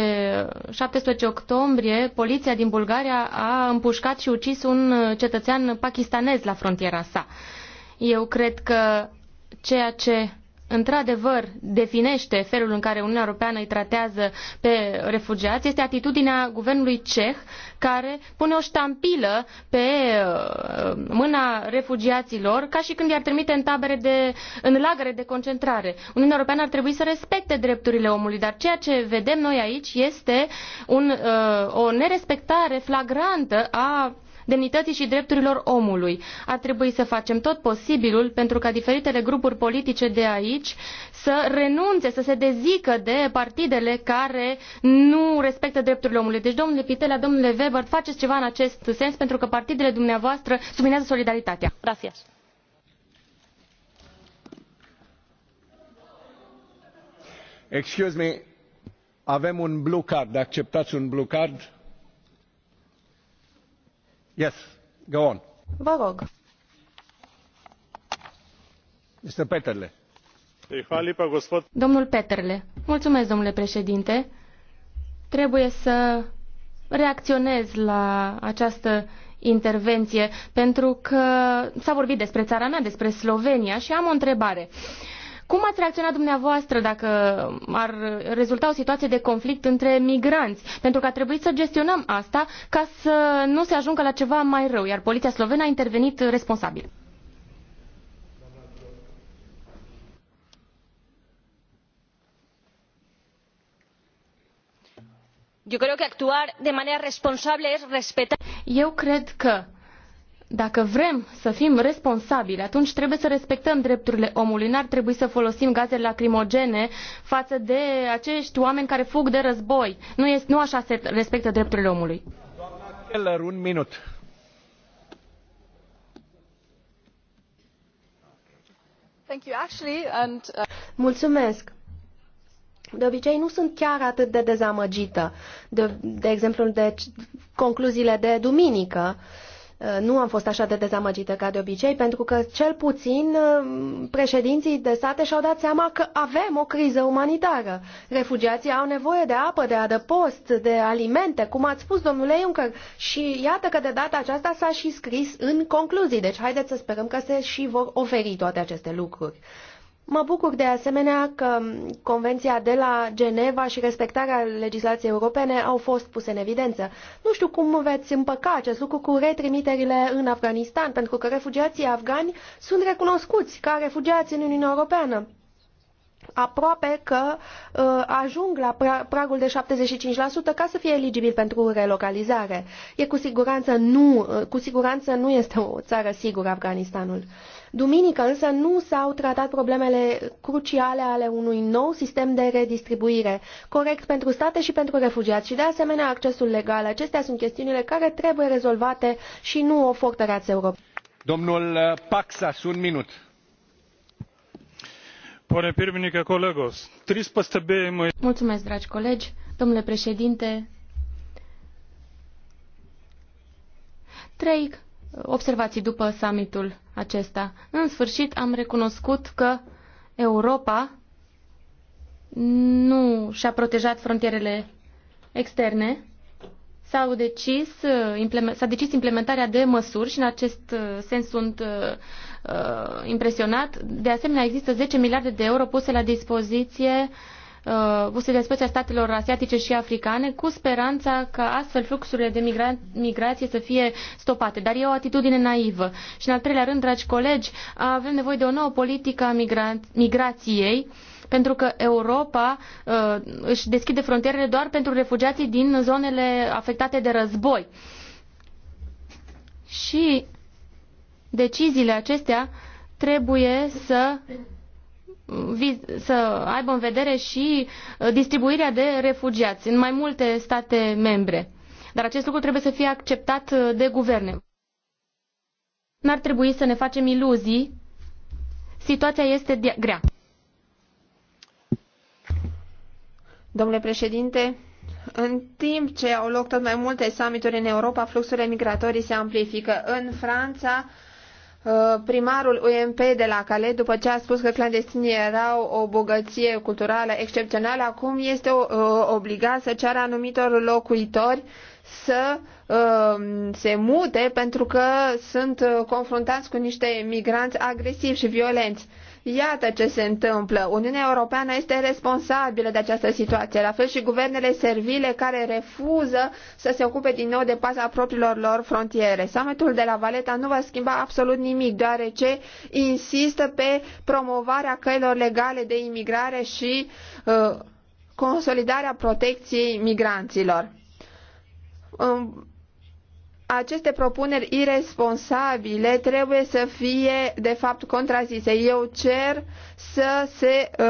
17 octombrie, poliția din Bulgaria a împușcat și ucis un uh, cetățean pakistanez la frontiera sa. Eu cred că ceea ce într-adevăr definește felul în care Uniunea Europeană îi tratează pe refugiați este atitudinea guvernului ceh care pune o ștampilă pe uh, mâna refugiaților ca și când i-ar trimite în, tabere de, în lagăre de concentrare. Uniunea Europeană ar trebui să respecte drepturile omului, dar ceea ce vedem noi aici este un, uh, o nerespectare flagrantă a demnității și drepturilor omului. Ar trebui să facem tot posibilul pentru ca diferitele grupuri politice de aici să renunțe, să se dezică de partidele care nu respectă drepturile omului. Deci, domnule Pitela, domnule Weber, faceți ceva în acest sens pentru că partidele dumneavoastră subminează solidaritatea. Gracias. excuse me avem un blue card acceptați un blue card? Vă rog. Domnul domnule președinte. Trebuie să reacționez la această intervenție pentru că s-a vorbit despre țara mea, despre Slovenia și am o întrebare. Cum ați reacționat dumneavoastră dacă ar rezulta o situație de conflict între migranți? Pentru că a trebuit să gestionăm asta ca să nu se ajungă la ceva mai rău, iar poliția slovenă a intervenit responsabil. Eu cred că actuar de manera responsabilă este respectarea. Eu cred că dacă vrem să fim responsabili, atunci trebuie să respectăm drepturile omului. N-ar trebui să folosim gaze lacrimogene față de acești oameni care fug de război. Nu, este, nu așa se respectă drepturile omului. Doamna Keller, un minut. Uh, Mulțumesc. De obicei nu sunt chiar atât de dezamăgită, de, de exemplu de concluziile de duminică. Uh, Uh, nu am fost așa de dezamăgită ca de obicei, pentru că cel puțin uh, președinții de state și-au dat seama că avem o criză umanitară. Refugiații au nevoie de apă, de adăpost, de alimente, cum ați spus, domnule Juncker. Și iată că de data aceasta s-a și scris în concluzii. Deci haideți să sperăm că se și vor oferi toate aceste lucruri. Mă bucur de asemenea că Convenția de la Geneva și respectarea legislației europene au fost puse în evidență. Nu știu cum veți împăca acest lucru cu retrimiterile în Afganistan, pentru că refugiații afgani sunt recunoscuți ca refugiați în Uniunea Europeană aproape că uh, ajung la pra pragul de 75% ca să fie eligibil pentru relocalizare. E cu siguranță nu, uh, cu siguranță nu este o țară sigură Afganistanul. Uh, Duminică însă nu s-au tratat problemele cruciale ale unui nou sistem de redistribuire, corect pentru state și pentru refugiați și de asemenea accesul legal. Acestea sunt chestiunile care trebuie rezolvate și nu o fortăreață Europa. Domnul uh, Paxas, un minut. Pone pirminică, colegos, tris pastebėjimai. Mulțumesc, dragi colegi. Domnule președinte, trei observații după summitul acesta. În sfârșit am recunoscut că Europa nu și-a protejat frontierele externe. Uh, s-a decis, decis implementarea de măsuri și în acest uh, sens sunt uh, uh, impresionat. De asemenea, există 10 miliarde de euro puse la dispoziție uh, gustului de speția statelor asiatice și africane, cu speranța că astfel fluxurile de migra- migrație să fie stopate. Dar e o atitudine naivă. Și în al treilea rând, dragi colegi, avem nevoie de o nouă politică a migra- migrației pentru că Europa uh, își deschide frontierele doar pentru refugiații din zonele afectate de război. Și deciziile acestea trebuie să să aibă în vedere și uh, distribuirea de refugiați în mai multe state membre. Dar acest lucru trebuie să fie acceptat uh, de guverne. N-ar trebui să ne facem iluzii. Situația este grea. Domnule președinte, în timp ce au loc tot mai multe summituri în Europa, fluxurile migratorii se amplifică. În Franța, Uh, primarul UMP de la Calais, după ce a spus că clandestinii erau o bogăție culturală excepțională, acum este uh, obligat să ceară anumitor locuitori să uh, se mute pentru că sunt confruntați cu niște migranți agresivi și violenți. Iată ce se întâmplă. Uniunea Europeană este responsabilă de această situație, la fel și guvernele servile care refuză să se ocupe din nou de paza propriilor lor frontiere. Summitul de la Valeta nu va schimba absolut nimic, deoarece insistă pe promovarea căilor legale de imigrare și uh, consolidarea protecției migranților. Um, aceste propuneri irresponsabile trebuie să fie, de fapt, contrazise. Eu cer să se uh,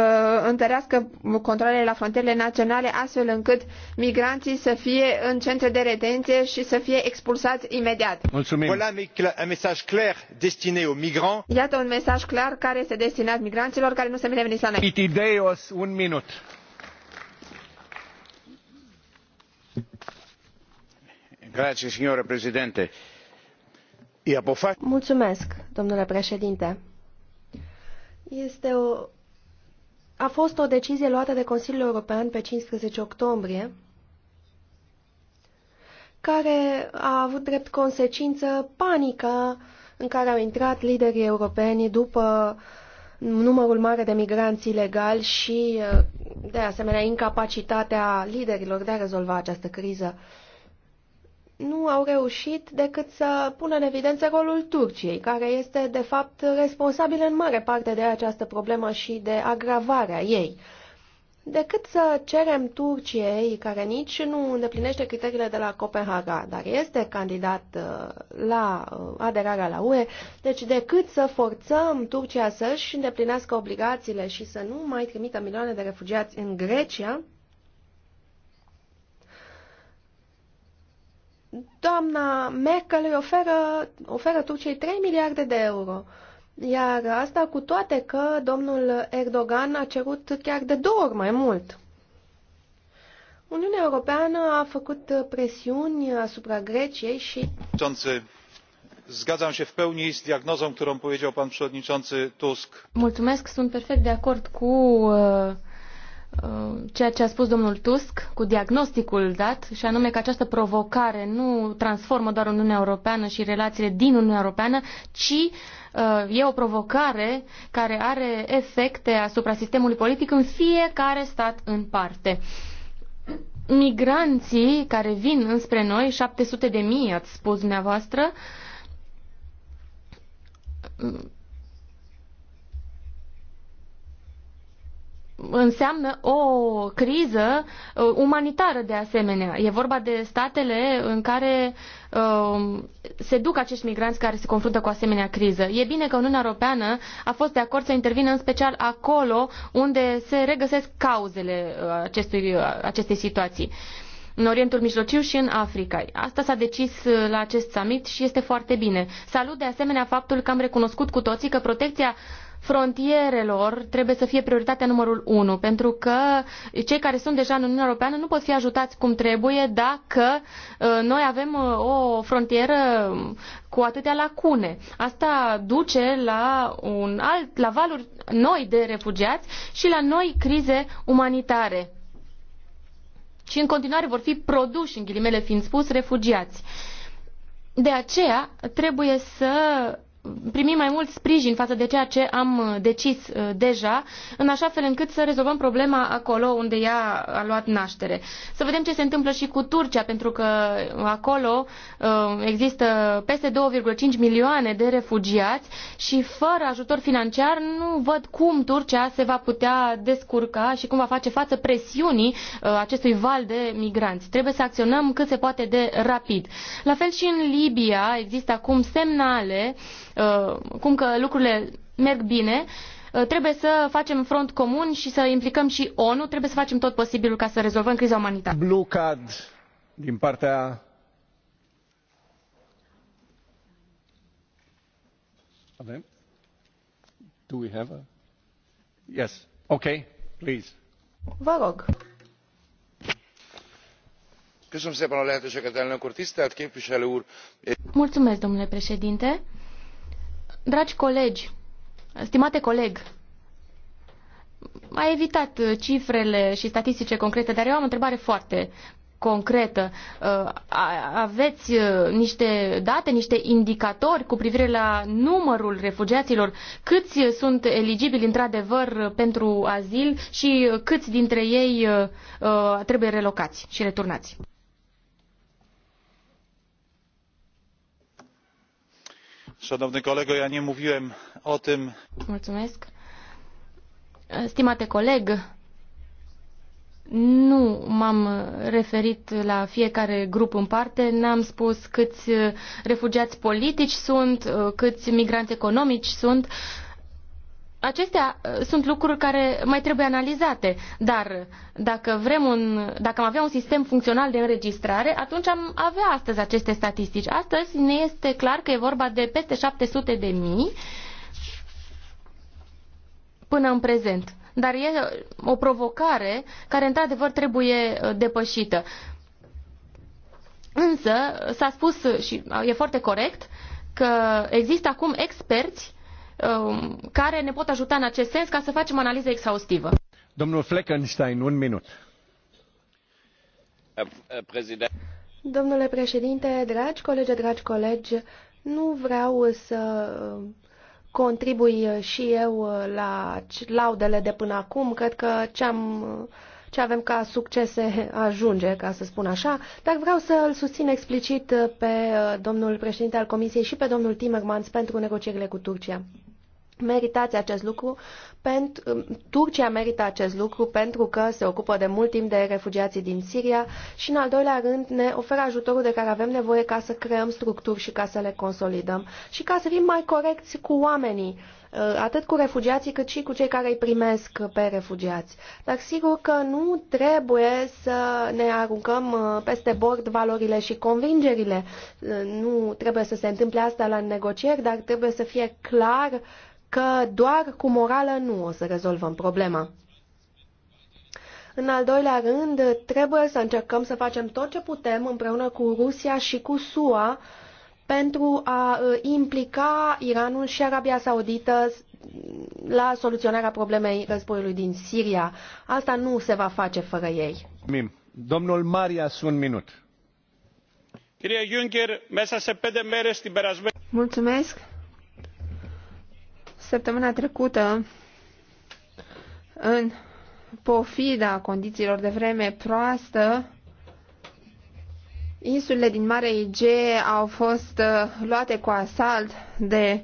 întărească controlele la frontierele naționale astfel încât migranții să fie în centre de retenție și să fie expulsați imediat. Mulțumim. Iată un mesaj clar care este destinat migranților care nu se merg nici la noi. un minut. Mulțumesc, domnule președinte. A fost o decizie luată de Consiliul European pe 15 octombrie care a avut drept consecință panica în care au intrat liderii europeni după numărul mare de migranți ilegali și, de asemenea, incapacitatea liderilor de a rezolva această criză nu au reușit decât să pună în evidență rolul Turciei, care este, de fapt, responsabil în mare parte de această problemă și de agravarea ei. Decât să cerem Turciei, care nici nu îndeplinește criteriile de la Copenhaga, dar este candidat uh, la uh, aderarea la UE, deci decât să forțăm Turcia să-și îndeplinească obligațiile și să nu mai trimită milioane de refugiați în Grecia, doamna Merkel îi oferă, oferă Turciei 3 miliarde de euro. Iar asta cu toate că domnul Erdogan a cerut chiar de două ori mai mult. Uniunea Europeană a făcut presiuni asupra Greciei și... Zgadzam się w pełni z diagnozą, którą powiedział pan przewodniczący Tusk. Mulțumesc, sunt perfect de acord cu uh, Uh, ceea ce a spus domnul Tusk cu diagnosticul dat, și anume că această provocare nu transformă doar Uniunea Europeană și relațiile din Uniunea Europeană, ci uh, e o provocare care are efecte asupra sistemului politic în fiecare stat în parte. Migranții care vin înspre noi, 700 de mii, ați spus dumneavoastră, înseamnă o criză uh, umanitară de asemenea. E vorba de statele în care uh, se duc acești migranți care se confruntă cu asemenea criză. E bine că Uniunea Europeană a fost de acord să intervină în special acolo unde se regăsesc cauzele uh, acestui, uh, acestei situații în Orientul Mijlociu și în Africa. Asta s-a decis uh, la acest summit și este foarte bine. Salut de asemenea faptul că am recunoscut cu toții că protecția frontierelor trebuie să fie prioritatea numărul unu, pentru că cei care sunt deja în Uniunea Europeană nu pot fi ajutați cum trebuie dacă uh, noi avem uh, o frontieră cu atâtea lacune. Asta duce la, un alt, la valuri noi de refugiați și la noi crize umanitare. Și în continuare vor fi produși, în ghilimele fiind spus, refugiați. De aceea trebuie să primi mai mult sprijin față de ceea ce am uh, decis uh, deja, în așa fel încât să rezolvăm problema acolo unde ea a luat naștere. Să vedem ce se întâmplă și cu Turcia, pentru că acolo uh, există peste 2,5 milioane de refugiați și fără ajutor financiar nu văd cum Turcia se va putea descurca și cum va face față presiunii acestui val de migranți. Trebuie să acționăm cât se poate de rapid. La fel și în Libia există acum semnale Uh, cum că lucrurile merg bine, uh, trebuie să facem front comun și să implicăm și ONU, trebuie să facem tot posibilul ca să rezolvăm criza umanitară. Blue card din partea Avem? Do we have a... Yes. Okay, please. Vă rog. Mulțumesc, domnule președinte Dragi colegi, stimate coleg, a evitat uh, cifrele și statistice concrete, dar eu am o întrebare foarte concretă. Uh, aveți uh, niște date, niște indicatori cu privire la numărul refugiaților? Câți sunt eligibili într-adevăr pentru azil și câți dintre ei trebuie relocați și returnați? Szanowny kolego, ja nie mówiłem o tym. Mulțumesc. Stimate coleg, nu m-am referit la fiecare grup în parte, n-am spus câți refugiați politici sunt, câți migranți economici sunt. Uh, acestea uh, sunt lucruri care mai trebuie analizate, dar dacă, vrem un, dacă am avea un sistem funcțional de înregistrare, atunci am avea astăzi aceste statistici. Astăzi ne este clar că e vorba de peste 700 de mii până în prezent. Dar e uh, o provocare care, într-adevăr, trebuie uh, depășită. Însă, s-a spus și e foarte corect că există acum experți Um, care ne pot ajuta în acest sens ca să facem o analiză exhaustivă. Domnul Fleckenstein, un minut. Domnule președinte, dragi colegi, dragi colegi, nu vreau să contribui și eu la laudele de până acum. Cred că ce, am, ce avem ca succese ajunge, ca să spun așa, dar vreau să îl susțin explicit pe domnul președinte al Comisiei și pe domnul Timmermans pentru negocierile cu Turcia. Meritați acest lucru pentru, Turcia merită acest lucru pentru că se ocupă de mult timp de refugiații din Siria și, în al doilea rând, ne oferă ajutorul de care avem nevoie ca să creăm structuri și ca să le consolidăm și ca să fim mai corecți cu oamenii, uh, atât cu refugiații cât și cu cei care îi primesc pe refugiați. Dar sigur că nu trebuie să ne aruncăm uh, peste bord valorile și convingerile. Uh, nu trebuie să se întâmple asta la negocieri, dar trebuie să fie clar că doar cu morală nu o să rezolvăm problema. În al doilea rând, trebuie să încercăm să facem tot ce putem împreună cu Rusia și cu SUA pentru a uh, implica Iranul și Arabia Saudită la soluționarea problemei războiului din Siria. Asta nu se va face fără ei. Mim. Domnul Marias, un minut. Mulțumesc. Săptămâna trecută, în pofida condițiilor de vreme proastă, insulele din Marea Egee au fost uh, luate cu asalt de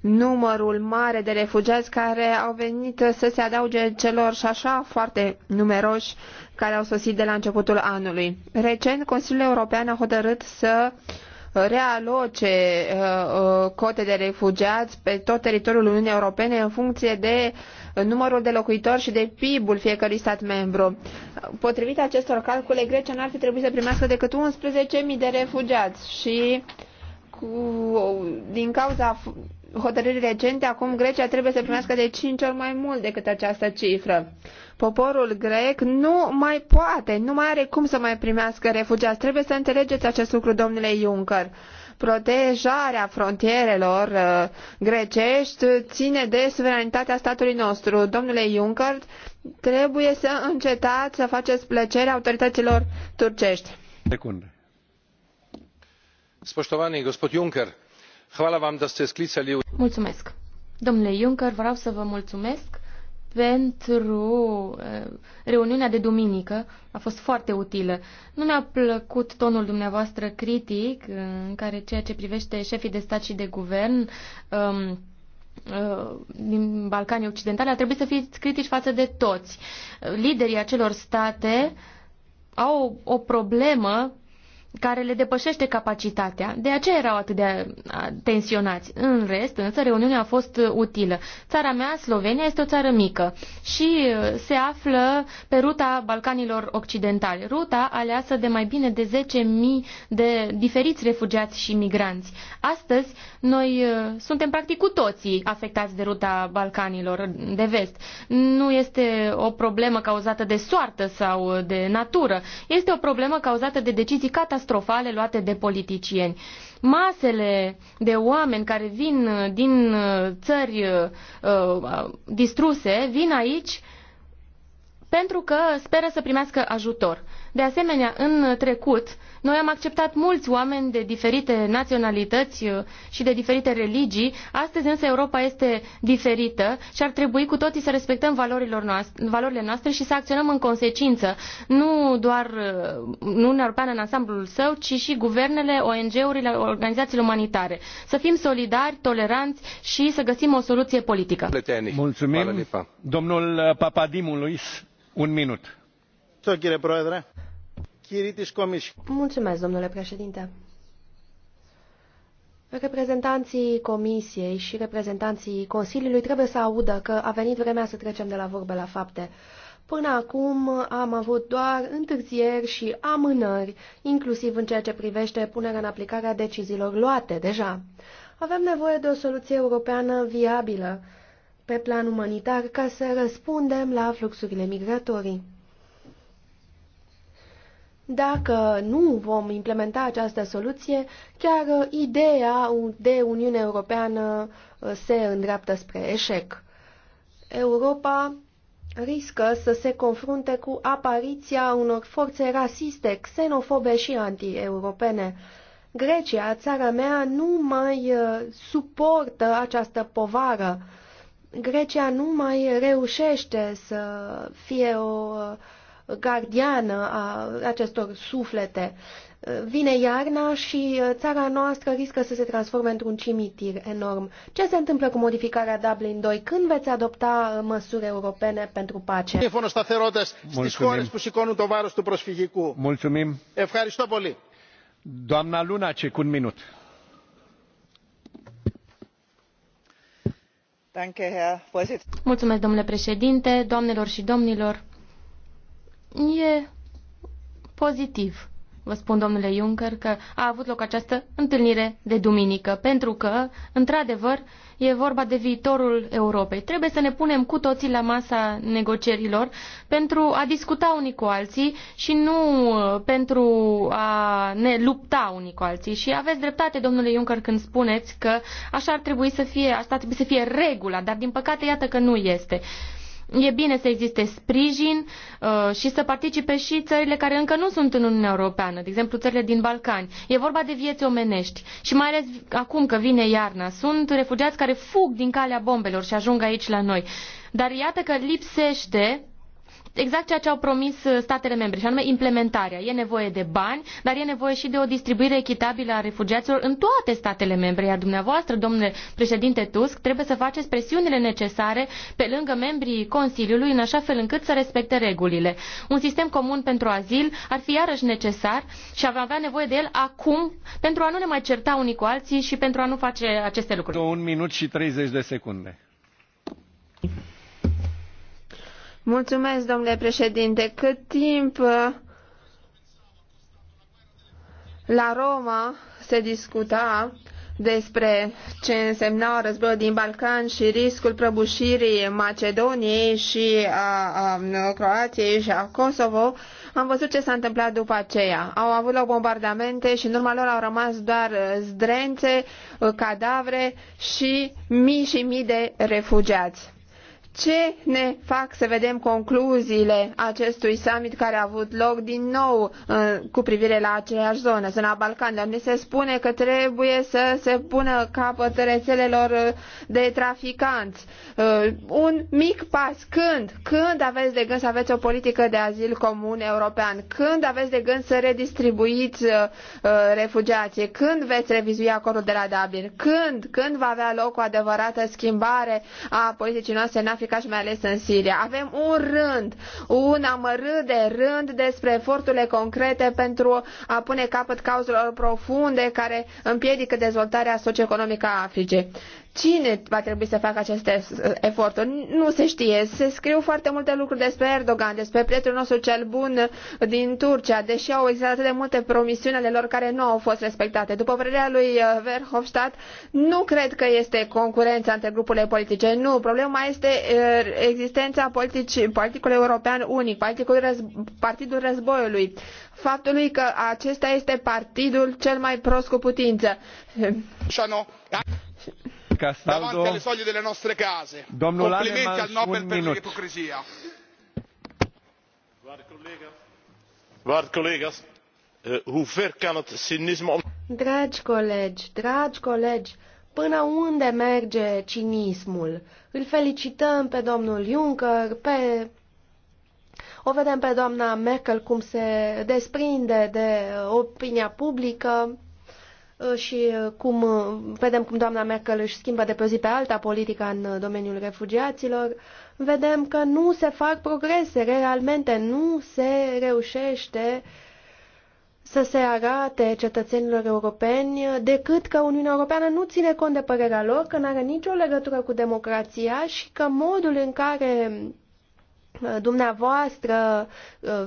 numărul mare de refugiați care au venit să se adauge celor și așa foarte numeroși care au sosit de la începutul anului. Recent, Consiliul European a hotărât să uh, realoce uh, uh, cote de refugiați pe tot teritoriul Uniunii Europene în funcție de numărul de locuitori și de PIB-ul fiecărui stat membru. Potrivit acestor calcule, Grecia n-ar fi trebuit să primească decât 11.000 de refugiați și cu, din cauza hotărâri recente, acum Grecia trebuie să primească de 5 ori mai mult decât această cifră. Poporul grec nu mai poate, nu mai are cum să mai primească refugiați. Trebuie să înțelegeți acest lucru, domnule Juncker. Protejarea frontierelor uh, grecești ține de suveranitatea statului nostru. Domnule Juncker, trebuie să încetați să faceți plăcere autorităților turcești. Secunde. Spoștovanii, gospod Juncker, da mulțumesc. Domnule Juncker, vreau să vă mulțumesc pentru reuniunea de duminică. A fost foarte utilă. Nu mi-a plăcut tonul dumneavoastră critic, în care ceea ce privește șefii de stat și de guvern um, din Balcanii Occidentale, ar trebui să fiți critici față de toți. Liderii acelor state au o problemă care le depășește capacitatea. De aceea erau atât de tensionați. În rest, însă, reuniunea a fost utilă. Țara mea, Slovenia, este o țară mică și se află pe ruta Balcanilor Occidentali, ruta aleasă de mai bine de 10.000 de diferiți refugiați și migranți. Astăzi, noi suntem practic cu toții afectați de ruta Balcanilor de vest. Nu este o problemă cauzată de soartă sau de natură, este o problemă cauzată de decizii catastrofice catastrofale luate de politicieni. Masele de oameni care vin uh, din uh, țări uh, uh, distruse vin aici pentru că speră să primească ajutor. De asemenea, în trecut, uh, noi am acceptat mulți oameni de diferite naționalități uh, și de diferite religii. Astăzi însă Europa este diferită și ar trebui cu toții să respectăm noastre, valorile noastre și să acționăm în consecință. Nu doar Uniunea uh, Europeană în ansamblul său, ci și guvernele, ONG-urile, organizațiile umanitare. Să fim solidari, toleranți și să găsim o soluție politică. Mulțumim. Domnul uh, Papadimulis, un minut. Domnule Mulțumesc, domnule președinte. Reprezentanții Comisiei și reprezentanții Consiliului trebuie să audă că a venit vremea să trecem de la vorbe la fapte. Până acum am avut doar întârzieri și amânări, inclusiv în ceea ce privește punerea în aplicare a deciziilor luate deja. Avem nevoie de o soluție europeană viabilă pe plan umanitar ca să răspundem la fluxurile migratorii. Dacă nu vom implementa această soluție, chiar uh, ideea de Uniune Europeană uh, se îndreaptă spre eșec. Europa riscă să se confrunte cu apariția unor forțe rasiste, xenofobe și anti-europene. Grecia, țara mea, nu mai uh, suportă această povară. Grecia nu mai reușește să fie o uh, gardiană a acestor suflete. Vine iarna și uh, țara noastră riscă să se transforme într-un cimitir enorm. Ce se întâmplă cu modificarea Dublin 2? Când veți adopta uh, măsuri europene pentru pace? Mulțumim. Mulțumim. Doamna Lunacek, un minut. Mulțumesc, domnule președinte doamnelor și domnilor E pozitiv, vă spun domnule Juncker, că a avut loc această întâlnire de duminică, pentru că, într-adevăr, e vorba de viitorul Europei. Trebuie să ne punem cu toții la masa negocierilor pentru a discuta unii cu alții și nu uh, pentru a ne lupta unii cu alții. Și aveți dreptate, domnule Juncker, când spuneți că așa ar trebui să fie, asta ar trebui să fie regula, dar din păcate iată că nu este. Uh, E bine să existe sprijin uh, și să participe și țările care încă nu sunt în Uniunea Europeană, de exemplu țările din Balcani. E vorba de vieți omenești și mai ales acum că vine iarna. Sunt refugiați care fug din calea bombelor și ajung aici la noi. Dar iată că lipsește exact ceea ce au promis uh, statele membre, și anume implementarea. E nevoie de bani, dar e nevoie și de o distribuire echitabilă a refugiaților în toate statele membre. Iar dumneavoastră, domnule președinte Tusk, trebuie să faceți presiunile necesare pe lângă membrii Consiliului, în așa fel încât să respecte regulile. Un sistem comun pentru azil ar fi iarăși necesar și am avea nevoie de el acum pentru a nu ne mai certa unii cu alții și pentru a nu face aceste lucruri. Un minut și 30 de secunde. Mulțumesc, domnule președinte. Cât timp uh, la Roma se discuta despre ce însemna războiul din Balcan și riscul prăbușirii Macedoniei și a, a Croației și a Kosovo, am văzut ce s-a întâmplat după aceea. Au avut loc bombardamente și în urma lor au rămas doar zdrențe, uh, cadavre și mii și mii de refugiați ce ne fac să vedem concluziile acestui summit care a avut loc din nou uh, cu privire la aceeași zonă, zona Balcanilor? Ne se spune că trebuie să se pună capăt rețelelor uh, de traficanți. Uh, un mic pas. Când? Când aveți de gând să aveți o politică de azil comun european? Când aveți de gând să redistribuiți refugiații? Când veți revizui acordul de la Dublin? Când? Când va avea loc o adevărată schimbare a politicii noastre în Africa? Africa și mai ales în Siria. Avem un rând, un amărât de rând despre eforturile concrete pentru a pune capăt cauzelor profunde care împiedică dezvoltarea socioeconomică a Africii. Cine va trebui să facă aceste eforturi? Nu se știe. Se scriu foarte multe lucruri despre Erdogan, despre prietenul nostru cel bun din Turcia, deși au existat atât de multe promisiuni ale lor care nu au fost respectate. După părerea lui uh, Verhofstadt, nu cred că este concurența între grupurile politice. Nu. Problema este uh, existența politicului european unic, politicul răz- partidul războiului, faptului că acesta este partidul cel mai prost cu putință. Șano davanti alle soglie delle nostre case complimenti al nobel per l'ipocrisia. Eh, dragi colegi dragi colegi până unde merge cinismul? Îl felicităm pe domnul Juncker, pe o vedem pe doamna Merkel cum se desprinde de opinia publică. Uh, și uh, cum uh, vedem cum doamna Merkel își schimbă de pe o zi pe alta politica în domeniul refugiaților, vedem că nu se fac progrese realmente, nu se reușește să se arate cetățenilor europeni decât că Uniunea Europeană nu ține cont de părerea lor, că nu are nicio legătură cu democrația și că modul în care dumneavoastră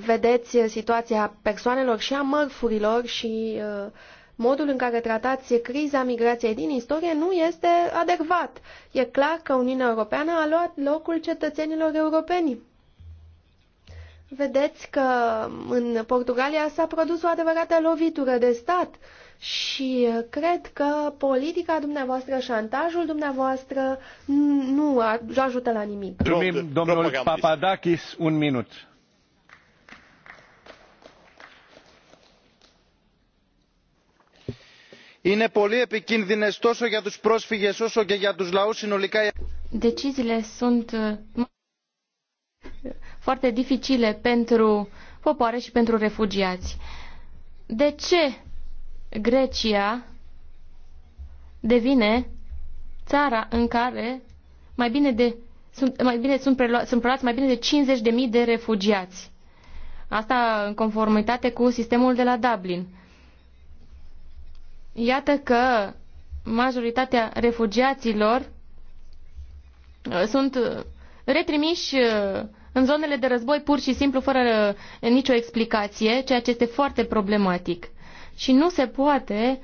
vedeți situația persoanelor și a mărfurilor și uh, modul în care tratați criza migrației din istorie nu este adecvat. E clar că Uniunea Europeană a luat locul cetățenilor europeni. Vedeți că în Portugalia s-a produs o adevărată lovitură de stat și cred că politica dumneavoastră, șantajul dumneavoastră nu ajută la nimic. Primim domnul Papadakis, un minut. Είναι πολύ επικίνδυνες τόσο για τους πρόσφυγες όσο και για τους λαούς συνολικά. Deciziile sunt foarte dificile pentru popoare și pentru refugiați. De ce Grecia devine țara în care mai bine de sunt, mai bine, sunt, prelua, sunt preluați mai bine de 50.000 de refugiați. Asta în conformitate cu sistemul de la Dublin. Iată că majoritatea refugiaților uh, sunt uh, retrimiși uh, în zonele de război pur și simplu fără nicio explicație, ceea ce este foarte problematic. Și nu se poate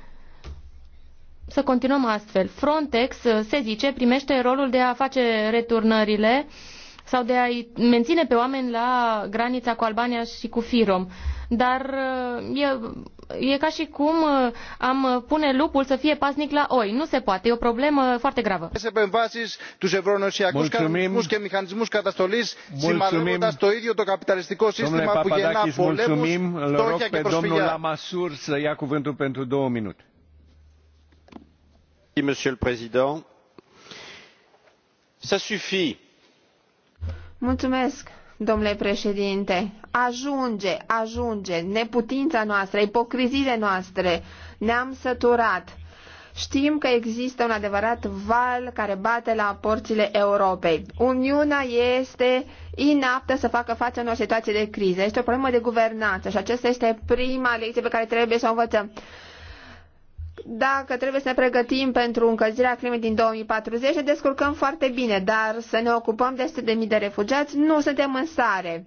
să continuăm astfel. Frontex, se zice, primește rolul de a face returnările sau de a-i menține pe oameni la granița cu Albania și cu Firom. Dar e e ca și cum uh, am uh, pune lupul să fie pasnic la oi. Nu se poate, e o problemă foarte gravă. Mulțumim. mulțumim. Îl rog pe domnul Lamassoure să ia cuvântul pentru două minute. Monsieur le Président, ça suffit. Mulțumesc domnule președinte. Ajunge, ajunge, neputința noastră, ipocrizile noastre, ne-am săturat. Știm că există un adevărat val care bate la porțile Europei. Uniunea este inaptă să facă față unor situații de criză. Este o problemă de guvernanță și aceasta este prima lecție pe care trebuie să o învățăm dacă trebuie să ne pregătim pentru încălzirea climei din 2040, ne descurcăm foarte bine, dar să ne ocupăm de 100.000 de de refugiați, nu suntem în stare.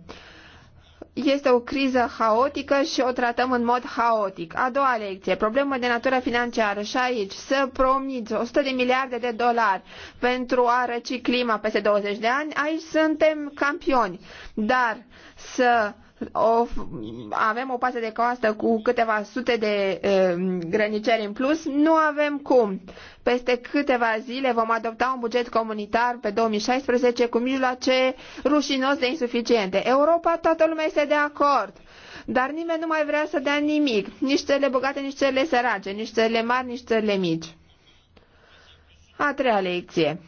Este o criză haotică și o tratăm în mod haotic. A doua lecție, problemă de natură financiară și aici să promiți 100 de miliarde de dolari pentru a răci clima peste 20 de ani, aici suntem campioni. Dar să o, avem o pasă de coastă cu câteva sute de e, grăniceri în plus, nu avem cum. Peste câteva zile vom adopta un buget comunitar pe 2016 cu mijloace rușinos de insuficiente. Europa, toată lumea este de acord. Dar nimeni nu mai vrea să dea nimic. Nici țările bogate, nici țările sărace, nici țările mari, nici țările mici. A treia lecție.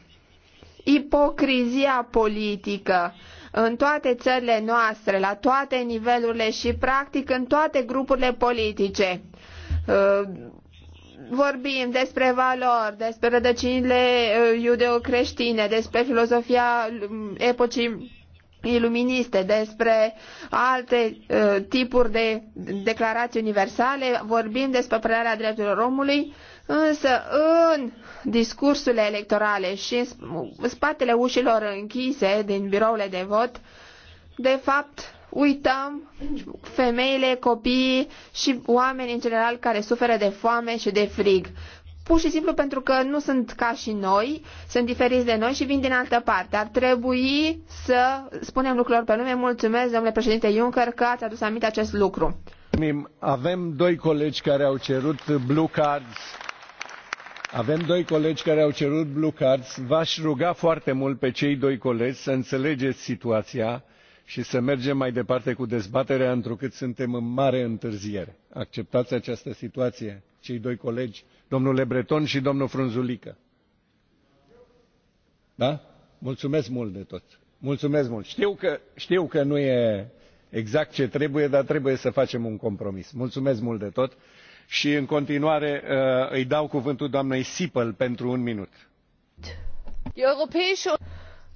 Ipocrizia politică în toate țările noastre, la toate nivelurile și practic în toate grupurile politice. Uh, vorbim despre valori, despre rădăcinile uh, iudeo-creștine, despre filozofia uh, epocii iluministe, despre alte tipuri de declarații universale, vorbim despre apărarea drepturilor omului, însă în discursurile electorale și în spatele ușilor închise din birourile de vot, de fapt uităm femeile, copiii și oamenii în general care suferă de foame și de frig. Pur și simplu pentru că nu sunt ca și noi, sunt diferiți de noi și vin din altă parte. Ar trebui să spunem lucrurilor pe nume. Mulțumesc, domnule președinte Juncker, că ați adus aminte acest lucru. Avem doi colegi care au cerut blue cards avem doi colegi care au cerut blue cards. V-aș ruga foarte mult pe cei doi colegi să înțelegeți situația și să mergem mai departe cu dezbaterea, întrucât suntem în mare întârziere. Acceptați această situație, cei doi colegi, domnule Breton și domnul Frunzulică. Da? Mulțumesc mult de tot. Mulțumesc mult. Știu că, știu că nu e exact ce trebuie, dar trebuie să facem un compromis. Mulțumesc mult de tot și în continuare uh, îi dau cuvântul doamnei Sipel pentru un minut.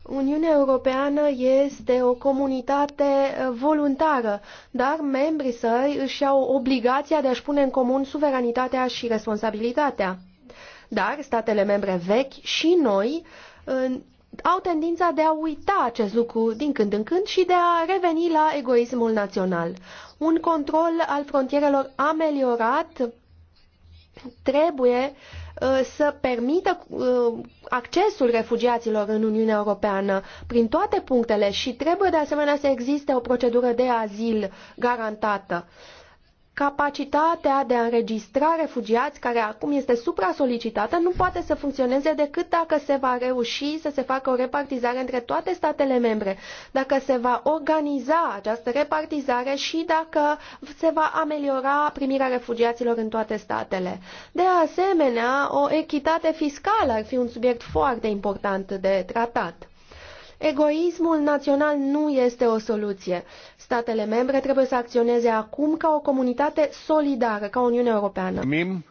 Uniunea Europeană este o comunitate uh, voluntară, dar membrii săi își au obligația de a-și pune în comun suveranitatea și responsabilitatea. Dar statele membre vechi și noi au tendința de a uita acest lucru din când în când și de a reveni la egoismul național. Un control al frontierelor ameliorat trebuie uh, să permită uh, accesul refugiaților în Uniunea Europeană prin toate punctele și trebuie de asemenea să existe o procedură de azil garantată capacitatea de a înregistra refugiați, care acum este supra-solicitată, nu poate să funcționeze decât dacă se va reuși să se facă o repartizare între toate statele membre, dacă se va organiza această repartizare și dacă se va ameliora primirea refugiaților în toate statele. De asemenea, o echitate fiscală ar fi un subiect foarte important de tratat. Egoismul național nu este o soluție. Statele membre trebuie să acționeze acum ca o comunitate solidară, ca Uniunea Europeană. Mim,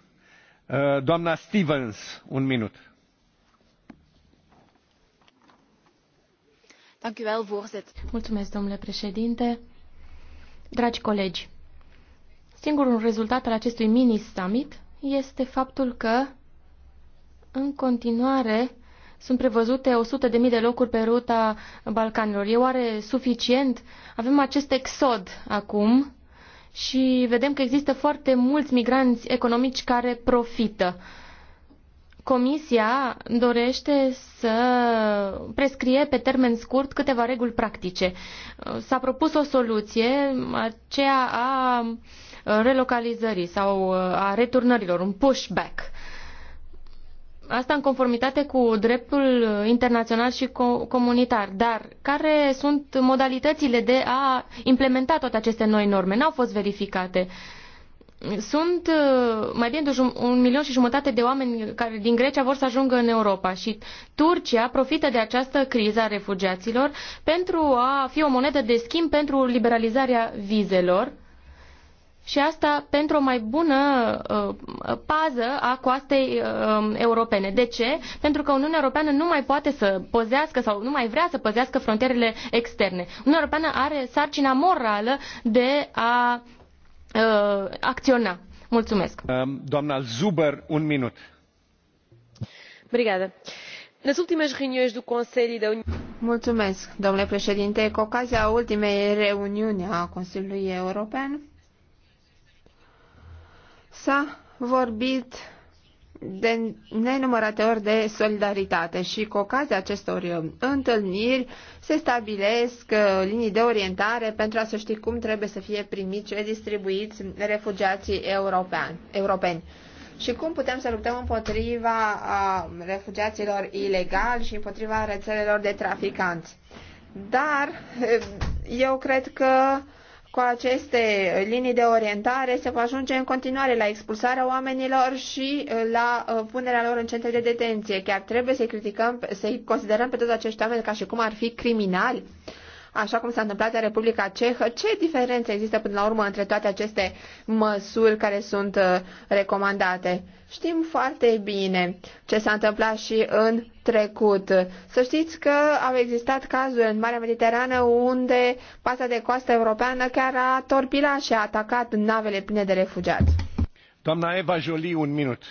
uh, doamna Stevens, un minut. Mulțumesc, domnule președinte. Dragi colegi, singurul rezultat al acestui mini-summit este faptul că, în continuare, sunt prevăzute 100.000 de locuri pe ruta Balcanilor. E oare suficient? Avem acest exod acum și vedem că există foarte mulți migranți economici care profită. Comisia dorește să prescrie pe termen scurt câteva reguli practice. S-a propus o soluție, aceea a relocalizării sau a returnărilor, un pushback. Asta în conformitate cu dreptul internațional și comunitar. Dar care sunt modalitățile de a implementa toate aceste noi norme? N-au fost verificate. Sunt uh, mai bine de un milion și jumătate de oameni care din Grecia vor să ajungă în Europa și Turcia profită de această criză a refugiaților pentru a fi o monedă de schimb pentru liberalizarea vizelor și asta pentru o mai bună uh, pază a coastei uh, europene. De ce? Pentru că Uniunea Europeană nu mai poate să păzească sau nu mai vrea să păzească frontierele externe. Uniunea Europeană are sarcina morală de a uh, acționa. Mulțumesc. Um, doamna Zuber, un minut. Obrigada. Nas últimas reuniões do Conselho da União Mulțumesc, domnule președinte. Cu ocazia ultimei reuniuni a Consiliului European, S-a vorbit de nenumărate ori de solidaritate și cu ocazia acestor uh, întâlniri se stabilesc uh, linii de orientare pentru a să ști cum trebuie să fie primiți și distribuiți refugiații european, europeni și cum putem să luptăm împotriva a refugiaților ilegali și împotriva rețelelor de traficanți. Dar uh, eu cred că cu aceste linii de orientare se va ajunge în continuare la expulsarea oamenilor și uh, la uh, punerea lor în centre de detenție. Chiar trebuie să-i criticăm, să-i considerăm pe toți acești oameni ca și cum ar fi criminali așa cum s-a întâmplat în Republica Cehă. Ce diferență există până la urmă între toate aceste măsuri care sunt uh, recomandate? Știm foarte bine ce s-a întâmplat și în trecut. Să știți că au existat cazuri în Marea Mediterană unde pasta de coastă europeană chiar a torpilat și a atacat navele pline de refugiați. Doamna Eva Jolie, un minut.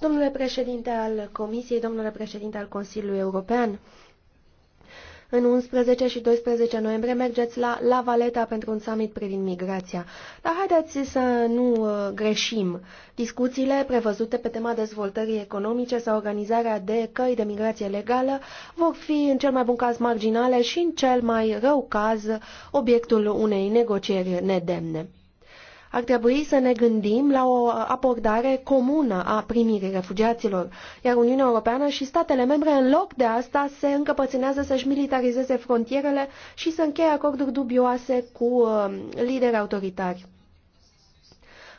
Domnule președinte al Comisiei, domnule președinte al Consiliului European, în 11 și 12 noiembrie mergeți la La Valeta pentru un summit privind migrația. Dar haideți să nu uh, greșim. Discuțiile prevăzute pe tema dezvoltării economice sau organizarea de căi de migrație legală vor fi în cel mai bun caz marginale și în cel mai rău caz obiectul unei negocieri nedemne ar trebui să ne gândim la o abordare comună a primirii refugiaților, iar Uniunea Europeană și statele membre, în loc de asta, se încăpățânează să-și militarizeze frontierele și să încheie acorduri dubioase cu uh, lideri autoritari.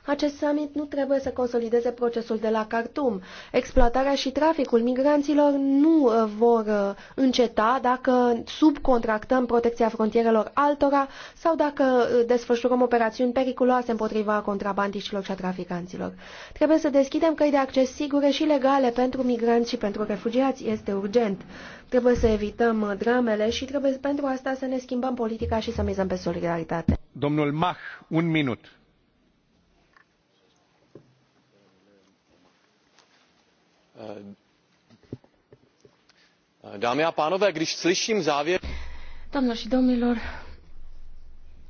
Acest summit nu trebuie să consolideze procesul de la Khartoum. Exploatarea și traficul migranților nu uh, vor uh, înceta dacă subcontractăm protecția frontierelor altora sau dacă uh, desfășurăm operațiuni periculoase împotriva contrabandiștilor și a traficanților. Trebuie să deschidem căi de acces sigure și legale pentru migranți și pentru refugiați. Este urgent. Trebuie să evităm dramele și trebuie pentru asta să ne schimbăm politica și să mizăm pe solidaritate. Domnul Mach, un minut. Eh, dámy a pánové, když slyším závěr... Doamnelor și domnilor,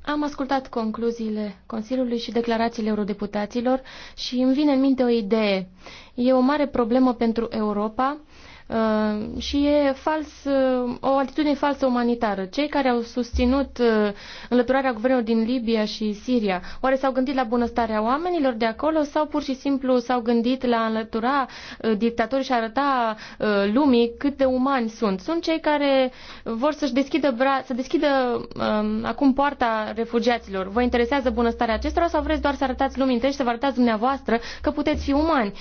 am ascultat concluziile Consiliului și declarațiile eurodeputaților și îmi vine în minte o idee. E o mare problemă pentru Europa Uh, și e fals, uh, o atitudine falsă umanitară. Cei care au susținut uh, înlăturarea guvernului din Libia și Siria, oare s-au gândit la bunăstarea oamenilor de acolo sau pur și simplu s-au gândit la înlătura dictatorii și arăta lumii cât de umani sunt? Sunt cei care vor să-și deschidă, bra- să deschidă um, acum poarta refugiaților. Vă interesează bunăstarea acestora sau vreți doar să arătați lumii întregi, să vă arătați dumneavoastră că puteți fi umani?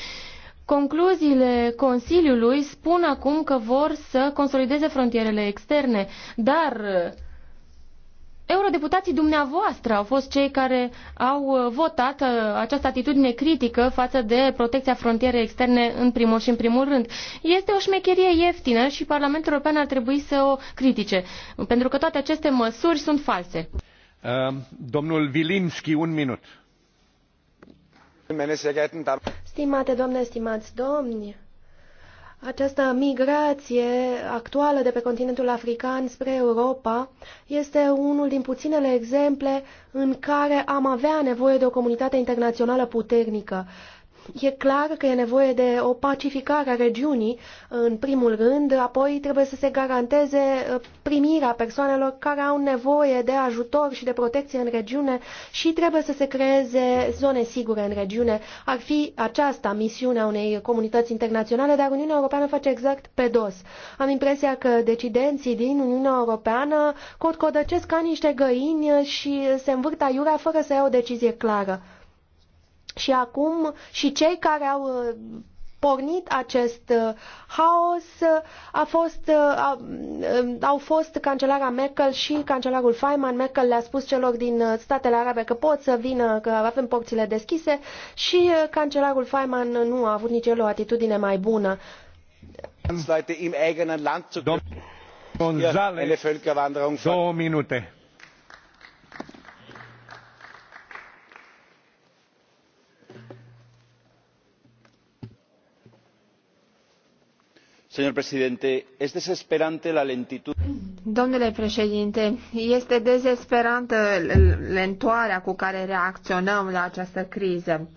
Concluziile Consiliului spun acum că vor să consolideze frontierele externe, dar uh, eurodeputații dumneavoastră au fost cei care au uh, votat uh, această atitudine critică față de protecția frontierei externe în primul și în primul rând. Este o șmecherie ieftină și Parlamentul European ar trebui să o critique, pentru că toate aceste măsuri sunt false. domnul Vilimski, un minut Stimate doamne, stimați domni, această migrație actuală de pe continentul african spre Europa este unul din puținele exemple în care am avea nevoie de o comunitate internațională puternică E clar că e nevoie de o pacificare a regiunii, în primul rând, apoi trebuie să se garanteze uh, primirea persoanelor care au nevoie de ajutor și de protecție în regiune și trebuie să se creeze zone sigure în regiune. Ar fi aceasta misiunea unei comunități internaționale, dar Uniunea Europeană face exact pe dos. Am impresia că decidenții din Uniunea Europeană cotcodăcesc ca niște găini și se învârt aiurea fără să ia o decizie clară. Și acum și cei care au uh, pornit acest uh, haos uh, a fost, a, au fost cancelara Merkel și cancelarul Feynman. Merkel le-a spus celor din statele arabe că pot să vină, că avem porțile deschise și cancelarul Feynman nu a avut nici el o atitudine mai bună. Domnul González, două minute. Domnule președinte, este dezesperantă lentoarea cu care reacționăm la această criză.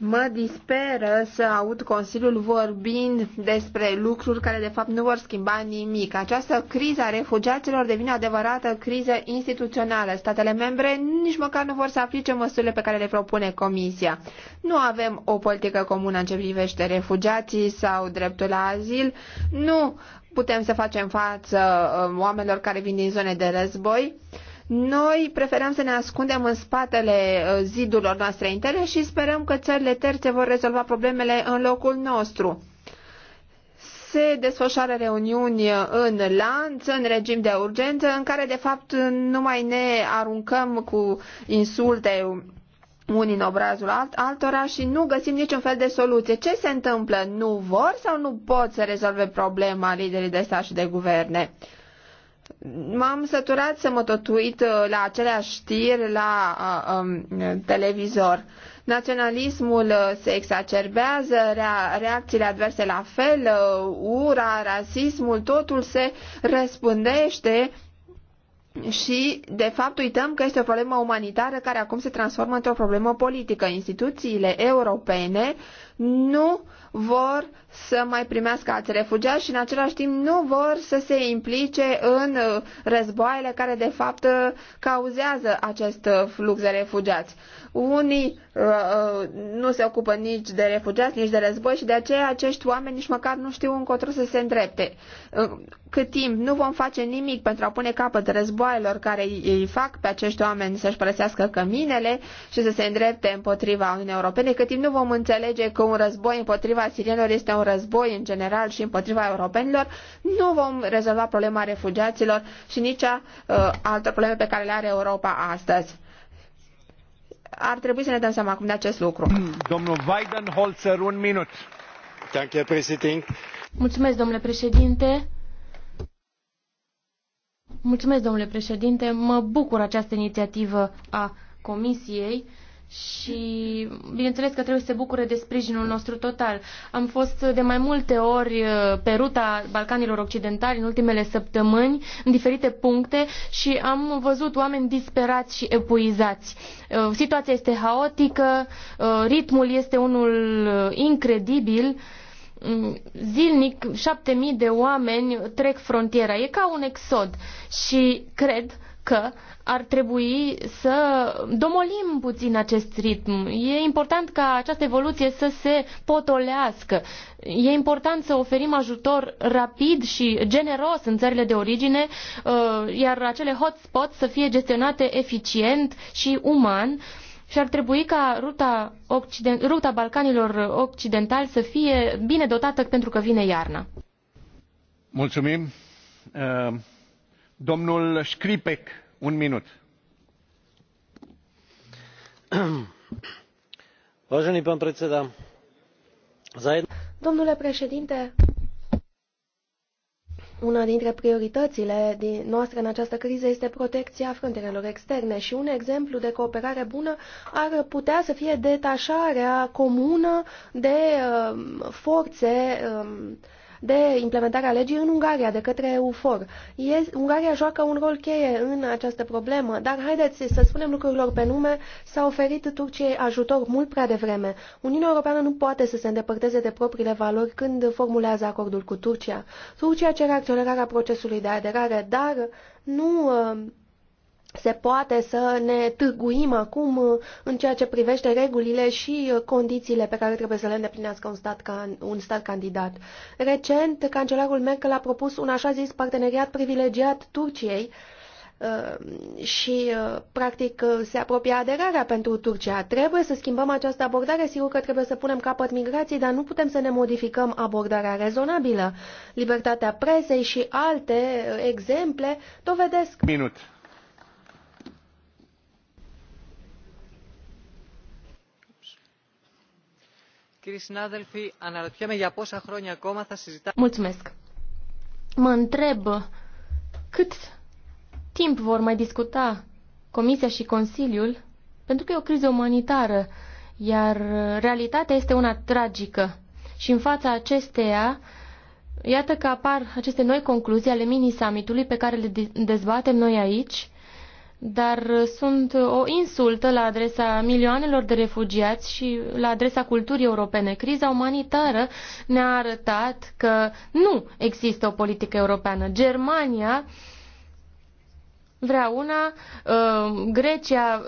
Mă disperă să aud Consiliul vorbind despre lucruri care de fapt nu vor schimba nimic. Această criză a refugiaților devine adevărată criză instituțională. Statele membre nici măcar nu vor să aplice măsurile pe care le propune Comisia. Nu avem o politică comună în ce privește refugiații sau dreptul la azil. Nu putem să facem față um, oamenilor care vin din zone de război. Noi preferăm să ne ascundem în spatele uh, zidurilor noastre interne și sperăm că țările terțe vor rezolva problemele în locul nostru. Se desfășoară reuniuni în lanț, în regim de urgență, în care de fapt nu mai ne aruncăm cu insulte unii în obrazul alt, altora și nu găsim niciun fel de soluție. Ce se întâmplă? Nu vor sau nu pot să rezolve problema liderii de stat și de guverne? M-am săturat să mă tot uit uh, la aceleași știri la uh, um, televizor. Naționalismul uh, se exacerbează, rea, reacțiile adverse la fel, ura, rasismul, totul se răspândește și, de fapt, uităm că este o problemă umanitară care acum se transformă într-o problemă politică. Instituțiile europene nu uh, vor să mai primească alți refugiați și în același timp nu vor să se implice în uh, războaiele care de fapt uh, cauzează acest uh, flux de refugiați. Unii uh, uh, nu se ocupă nici de refugiați, nici de război și de aceea acești oameni nici măcar nu știu încotro să se îndrepte. Uh, cât timp nu vom face nimic pentru a pune capăt războaielor care îi fac pe acești oameni să-și părăsească căminele și să se îndrepte împotriva Uniunii Europene, cât timp nu vom înțelege că un război împotriva sirienilor este un război în general și împotriva europenilor, nu vom rezolva problema refugiaților și nici a uh, altor probleme pe care le are Europa astăzi ar trebui să ne dăm seama acum de acest lucru. Domnul Weidenholzer, un minut. Mulțumesc, domnule președinte. Mulțumesc, domnule președinte. Mă bucur această inițiativă a Comisiei și bineînțeles că trebuie să se bucure de sprijinul nostru total. Am fost de mai multe ori uh, pe ruta Balcanilor Occidentali în ultimele săptămâni, în diferite puncte și am văzut oameni disperați și epuizați. Uh, situația este haotică, uh, ritmul este unul incredibil mm, zilnic 7000 de oameni trec frontiera. E ca un exod și cred că ar trebui să domolim puțin acest ritm. E important ca această evoluție să se potolească. E important să oferim ajutor rapid și generos în țările de origine, uh, iar acele hotspots să fie gestionate eficient și uman și ar trebui ca ruta, Occident, ruta Balcanilor Occidentali să fie bine dotată pentru că vine iarna. Mulțumim. Uh domnul un minut. Domnule președinte, una dintre prioritățile noastre în această criză este protecția frontierelor externe și un exemplu de cooperare bună ar putea să fie detașarea comună de uh, forțe uh, de implementarea legii în Ungaria de către EUFOR. Ungaria joacă un rol cheie în această problemă, dar haideți să spunem lucrurilor pe nume, s-a oferit Turciei ajutor mult prea devreme. Uniunea Europeană nu poate să se îndepărteze de propriile valori când formulează acordul cu Turcia. Turcia cere accelerarea procesului de aderare, dar nu uh, se poate să ne târguim acum uh, în ceea ce privește regulile și uh, condițiile pe care trebuie să le îndeplinească un stat, can, un stat candidat. Recent, cancelarul Merkel a propus un așa zis parteneriat privilegiat Turciei uh, și, practic, se apropie aderarea pentru Turcia. Trebuie să schimbăm această abordare, sigur că trebuie să punem capăt migrației, dar nu putem să ne modificăm abordarea rezonabilă. Libertatea presei și alte exemple dovedesc... Minut Mă întreb cât timp vor mai discuta Comisia și Consiliul, pentru că e o criză umanitară, iar realitatea este una tragică. Și în fața acesteia, iată că apar aceste noi concluzii ale mini-summitului pe care le dezbatem noi aici, dar uh, sunt o insultă la adresa milioanelor de refugiați și la adresa culturii europene. Criza umanitară ne-a arătat că nu există o politică europeană. Germania vrea una, uh, Grecia,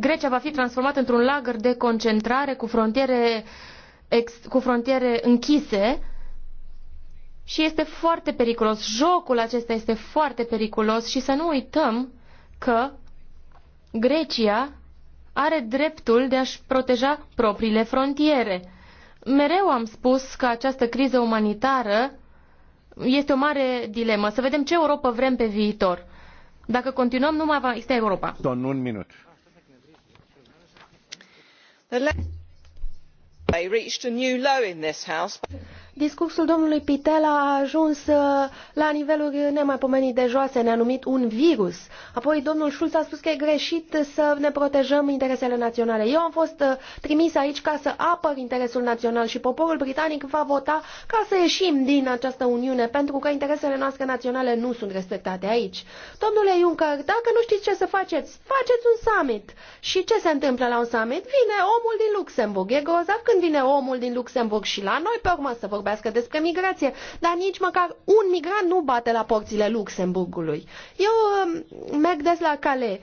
Grecia va fi transformată într-un lagăr de concentrare cu frontiere, ex, cu frontiere închise și este foarte periculos. Jocul acesta este foarte periculos și să nu uităm că Grecia are dreptul de a-și proteja propriile frontiere. Mereu am spus că această criză umanitară este o mare dilemă. Să vedem ce Europa vrem pe viitor. Dacă continuăm, nu mai va exista Europa. Don, un minut. I reached a new low in this house. Discursul domnului Pitel a ajuns uh, la niveluri nemaipomenit de joase, ne-a numit un virus. Apoi domnul Schulz a spus că e greșit să ne protejăm interesele naționale. Eu am fost uh, trimis aici ca să apăr interesul național și poporul britanic va vota ca să ieșim din această uniune, pentru că interesele noastre naționale nu sunt respectate aici. Domnule Juncker, dacă nu știți ce să faceți, faceți un summit. Și ce se întâmplă la un summit? Vine omul din Luxemburg. E grozav când vine omul din Luxemburg și la noi, pe urmă să vorbim vorbească despre migrație, dar nici măcar un migrant nu bate la porțile Luxemburgului. Eu um, merg des la Calais.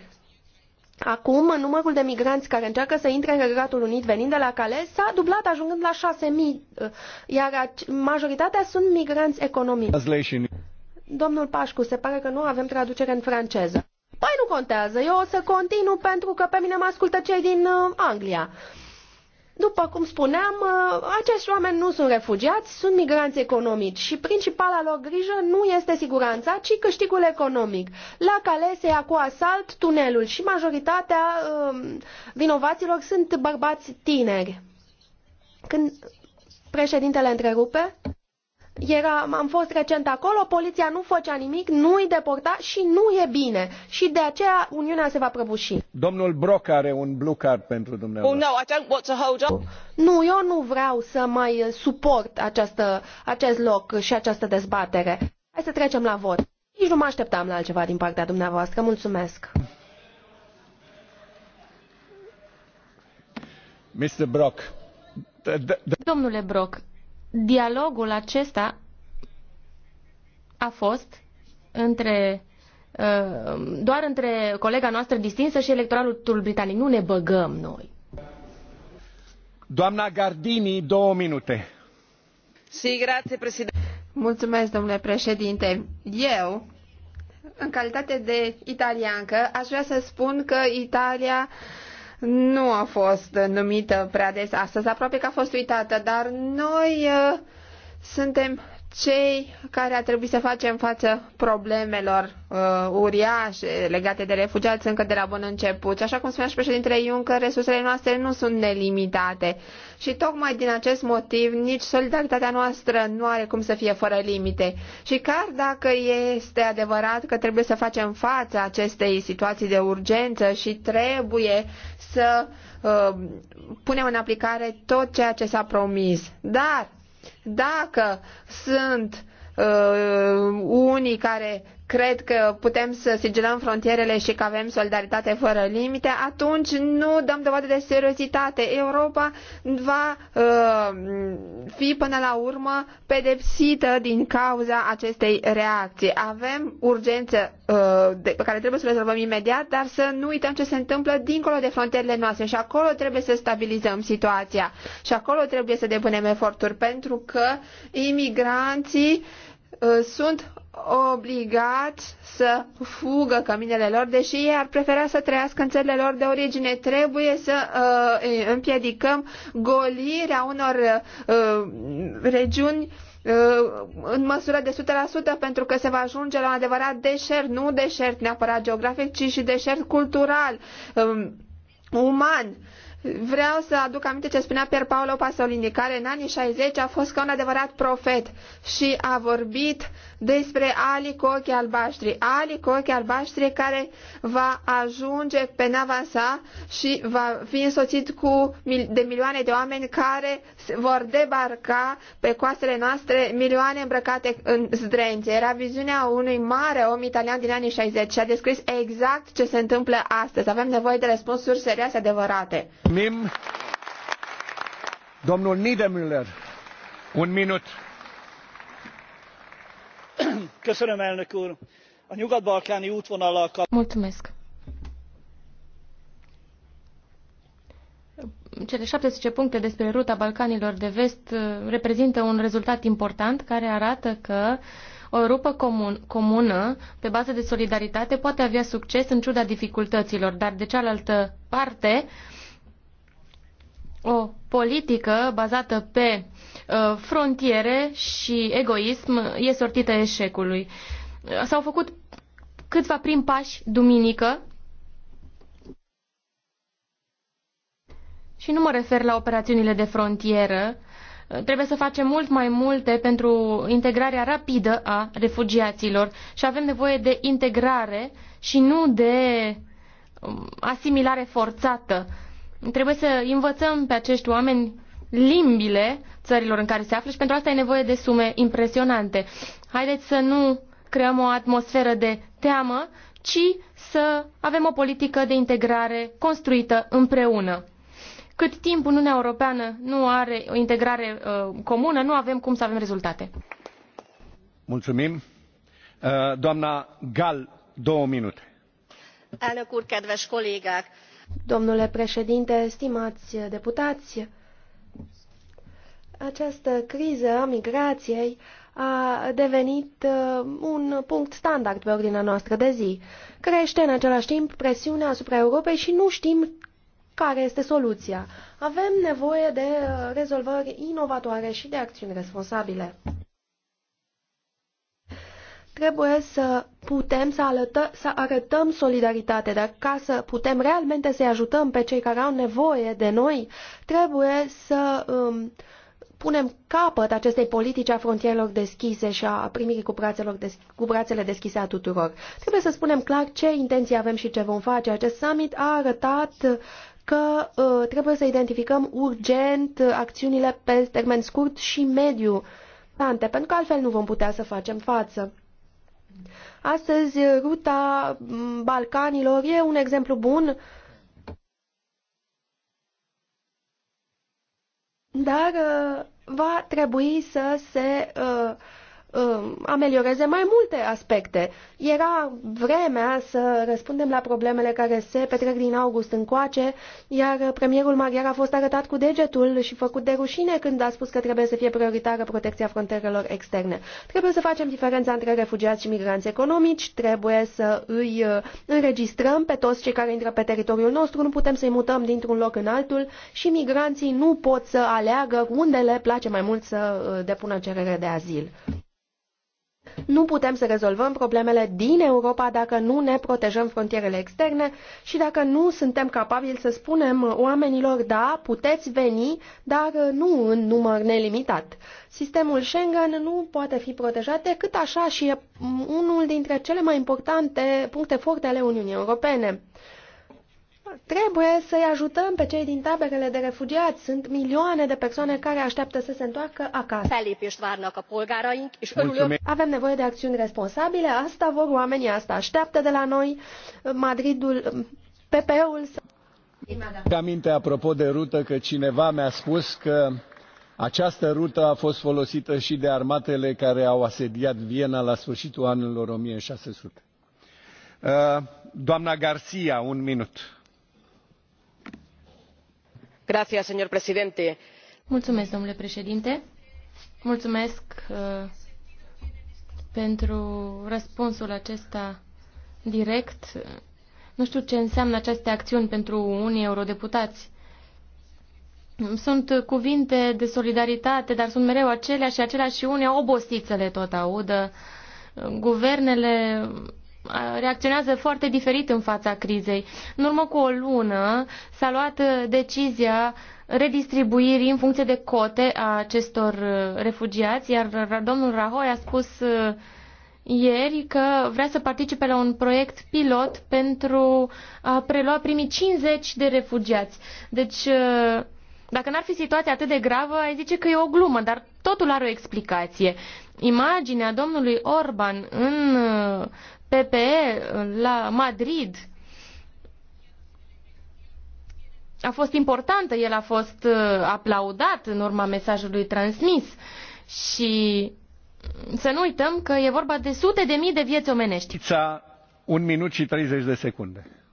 Acum, numărul de migranți care încearcă să intre în Regatul Unit venind de la Calais s-a dublat, ajungând la 6.000, uh, iar majoritatea sunt migranți economici. Domnul Pașcu, se pare că nu avem traducere în franceză. Păi nu contează, eu o să continu pentru că pe mine mă ascultă cei din uh, Anglia. Uh, după cum spuneam, uh, acești oameni nu sunt refugiați, sunt migranți economici și principala lor grijă nu este siguranța, ci câștigul economic. La cale se ia cu asalt tunelul și majoritatea um, vinovaților sunt bărbați tineri. Când președintele întrerupe, era, am fost recent acolo, poliția nu făcea nimic, nu îi deporta și nu e bine. Și de aceea Uniunea se va prăbuși. Domnul Brock are un blue card pentru dumneavoastră. Oh, no, I don't want to hold on. Nu, eu nu vreau să mai suport această, acest loc și această dezbatere. Hai să trecem la vot. Nici nu mă așteptam la altceva din partea dumneavoastră. Mulțumesc. Mr. Brock. Domnule Brock, dialogul acesta a fost între uh, doar între colega noastră distinsă și electoralul britanic. Nu ne băgăm noi. Doamna Gardini, două minute. Si, grazie, președinte. Mulțumesc, domnule președinte. Eu, în calitate de italiancă, aș vrea să spun că Italia uh, nu a fost numită prea des astăzi, aproape că a fost uitată, dar noi uh, suntem cei care ar trebui să facem față problemelor uh, uriașe legate de refugiați încă de la bun început. Și așa cum spunea și președintele Juncker, resursele noastre nu sunt nelimitate. Și tocmai din acest motiv nici solidaritatea noastră nu are cum să fie fără limite. Și chiar dacă este adevărat că trebuie să facem față acestei situații de urgență și trebuie să uh, punem în aplicare tot ceea ce s-a promis. Dar dacă sunt uh, unii care cred că putem să sigilăm frontierele și că avem solidaritate fără limite, atunci nu dăm dovadă de seriozitate. Europa va uh, fi până la urmă pedepsită din cauza acestei reacții. Avem urgență uh, de, pe care trebuie să o rezolvăm imediat, dar să nu uităm ce se întâmplă dincolo de frontierele noastre și acolo trebuie să stabilizăm situația și acolo trebuie să depunem eforturi pentru că imigranții uh, sunt obligați să fugă căminele lor, deși ei ar prefera să trăiască în țările lor de origine. Trebuie să uh, împiedicăm golirea unor uh, regiuni uh, în măsură de 100% pentru că se va ajunge la un adevărat deșert, nu deșert neapărat geografic, ci și deșert cultural, um, uman Vreau să aduc aminte ce spunea Pier Paolo Pasolini, care în anii 60 a fost ca un adevărat profet și a vorbit despre Ali cu ochii albaștri. Ali cu ochii albaștri care va ajunge pe nava sa și va fi însoțit cu de milioane de oameni care vor debarca pe coastele noastre milioane îmbrăcate în zdrențe. Era viziunea unui mare om italian din anii 60 și a descris exact ce se întâmplă astăzi. Avem nevoie de răspunsuri serioase adevărate. Mulțumim. Domnul Niedermüller. Un minut. Köszönöm, elnök úr. A nyugat-balkáni útvonallal Mulțumesc. cele 17 puncte despre ruta Balcanilor de vest uh, reprezintă un rezultat important care arată că o Europa comun, comună, pe bază de solidaritate, poate avea succes în ciuda dificultăților, dar de cealaltă parte, uh, o politică bazată pe uh, frontiere și egoism e sortită eșecului. S-au făcut câțiva prim pași duminică și nu mă refer la operațiunile de frontieră. Uh, trebuie să facem mult mai multe pentru integrarea rapidă a refugiaților și avem nevoie de integrare și nu de um, asimilare forțată. Trebuie să învățăm pe acești oameni limbile țărilor în care se află și pentru asta e nevoie de sume impresionante. Haideți să nu creăm o atmosferă de teamă, ci să avem o politică de integrare construită împreună. Cât timp Uniunea Europeană nu are o integrare uh, comună, nu avem cum să avem rezultate. Mulțumim. Uh, doamna Gal, două minute. Elnök úr, kedves kollégák! Domnule președinte, stimați deputați, această criză a migrației a devenit uh, un punct standard pe ordinea noastră de zi. Crește în același timp presiunea asupra Europei și nu știm care este soluția. Avem nevoie de uh, rezolvări inovatoare și de acțiuni responsabile. Trebuie să putem să, alătă, să arătăm solidaritate, dar ca să putem realmente să-i ajutăm pe cei care au nevoie de noi, trebuie să um, punem capăt acestei politici a frontierelor deschise și a primirii cu, des, cu brațele deschise a tuturor. Trebuie să spunem clar ce intenții avem și ce vom face. Acest summit a arătat că uh, trebuie să identificăm urgent acțiunile pe termen scurt și mediu, pentru că altfel nu vom putea să facem față. Astăzi, ruta Balcanilor e un exemplu bun, dar uh, va trebui să se uh, Um, amelioreze mai multe aspecte. Era vremea să răspundem la problemele care se petrec din august încoace, iar premierul maghiar a fost arătat cu degetul și făcut de rușine când a spus că trebuie să fie prioritară protecția frontierelor externe. Trebuie să facem diferența între refugiați și migranți economici, trebuie să îi uh, înregistrăm pe toți cei care intră pe teritoriul nostru, nu putem să-i mutăm dintr-un loc în altul și migranții nu pot să aleagă unde le place mai mult să uh, depună cerere de azil. Nu putem să rezolvăm problemele din Europa dacă nu ne protejăm frontierele externe și dacă nu suntem capabili să spunem oamenilor, da, puteți veni, dar nu în număr nelimitat. Sistemul Schengen nu poate fi protejat decât așa și e unul dintre cele mai importante puncte forte ale Uniunii Europene trebuie să-i ajutăm pe cei din taberele de refugiați. Sunt milioane de persoane care așteaptă să se întoarcă acasă. Avem nevoie de acțiuni responsabile, asta vor oamenii, asta așteaptă de la noi. Madridul, PP-ul... Aminte apropo de rută că cineva mi-a spus că această rută a fost folosită și de armatele care au asediat Viena la sfârșitul anilor 1600. Uh, doamna Garcia, un minut señor domnule președinte mulțumesc uh, pentru răspunsul acesta direct. Nu știu ce înseamnă aceste acțiuni pentru unii eurodeputați. Sunt cuvinte de solidaritate, dar sunt mereu aceleași și aceleași și unii obosițele tot audă. Guvernele reacționează foarte diferit în fața crizei. În urmă cu o lună s-a luat uh, decizia redistribuirii în funcție de cote a acestor uh, refugiați, iar domnul Rahoi a spus uh, ieri că vrea să participe la un proiect pilot pentru a prelua primii 50 de refugiați. Deci, dacă n-ar fi situația atât de gravă, ai zice că e o glumă, dar totul are o explicație. Imaginea domnului Orban în PPE la Madrid. A fost importantă, el a fost uh, aplaudat în urma mesajului transmis și să nu uităm că e vorba de sute de mii de vieți omenești. Un minut și 30 de secunde.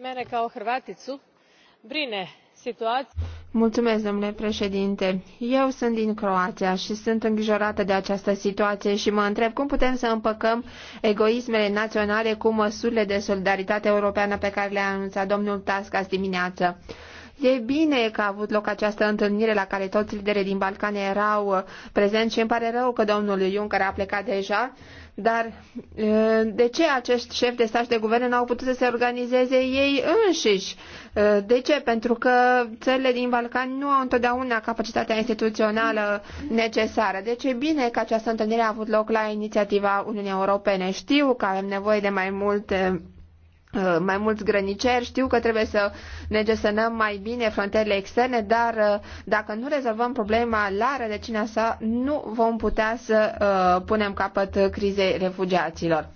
Mene ca o hrvaticu brine situația Mulțumesc, domnule președinte. Eu sunt din Croația și sunt îngrijorată de această situație și mă întreb cum putem să împăcăm egoismele naționale cu măsurile de solidaritate europeană pe care le-a anunțat domnul Tasca dimineață. E bine că a avut loc această întâlnire la care toți liderii din Balcane erau prezenți și îmi pare rău că domnul Juncker a plecat deja, dar de ce acești șefi de stat de guvern n-au putut să se organizeze ei înșiși? De ce? Pentru că țările din Balcani nu au întotdeauna capacitatea instituțională necesară. Deci e bine că această întâlnire a avut loc la inițiativa Uniunii Europene. Știu că avem nevoie de mai multe Uh, mai mulți grăniceri, știu că trebuie să ne gestionăm mai bine frontierele externe, dar uh, dacă nu rezolvăm problema la rădăcina sa, nu vom putea să uh, punem capăt crizei refugiaților.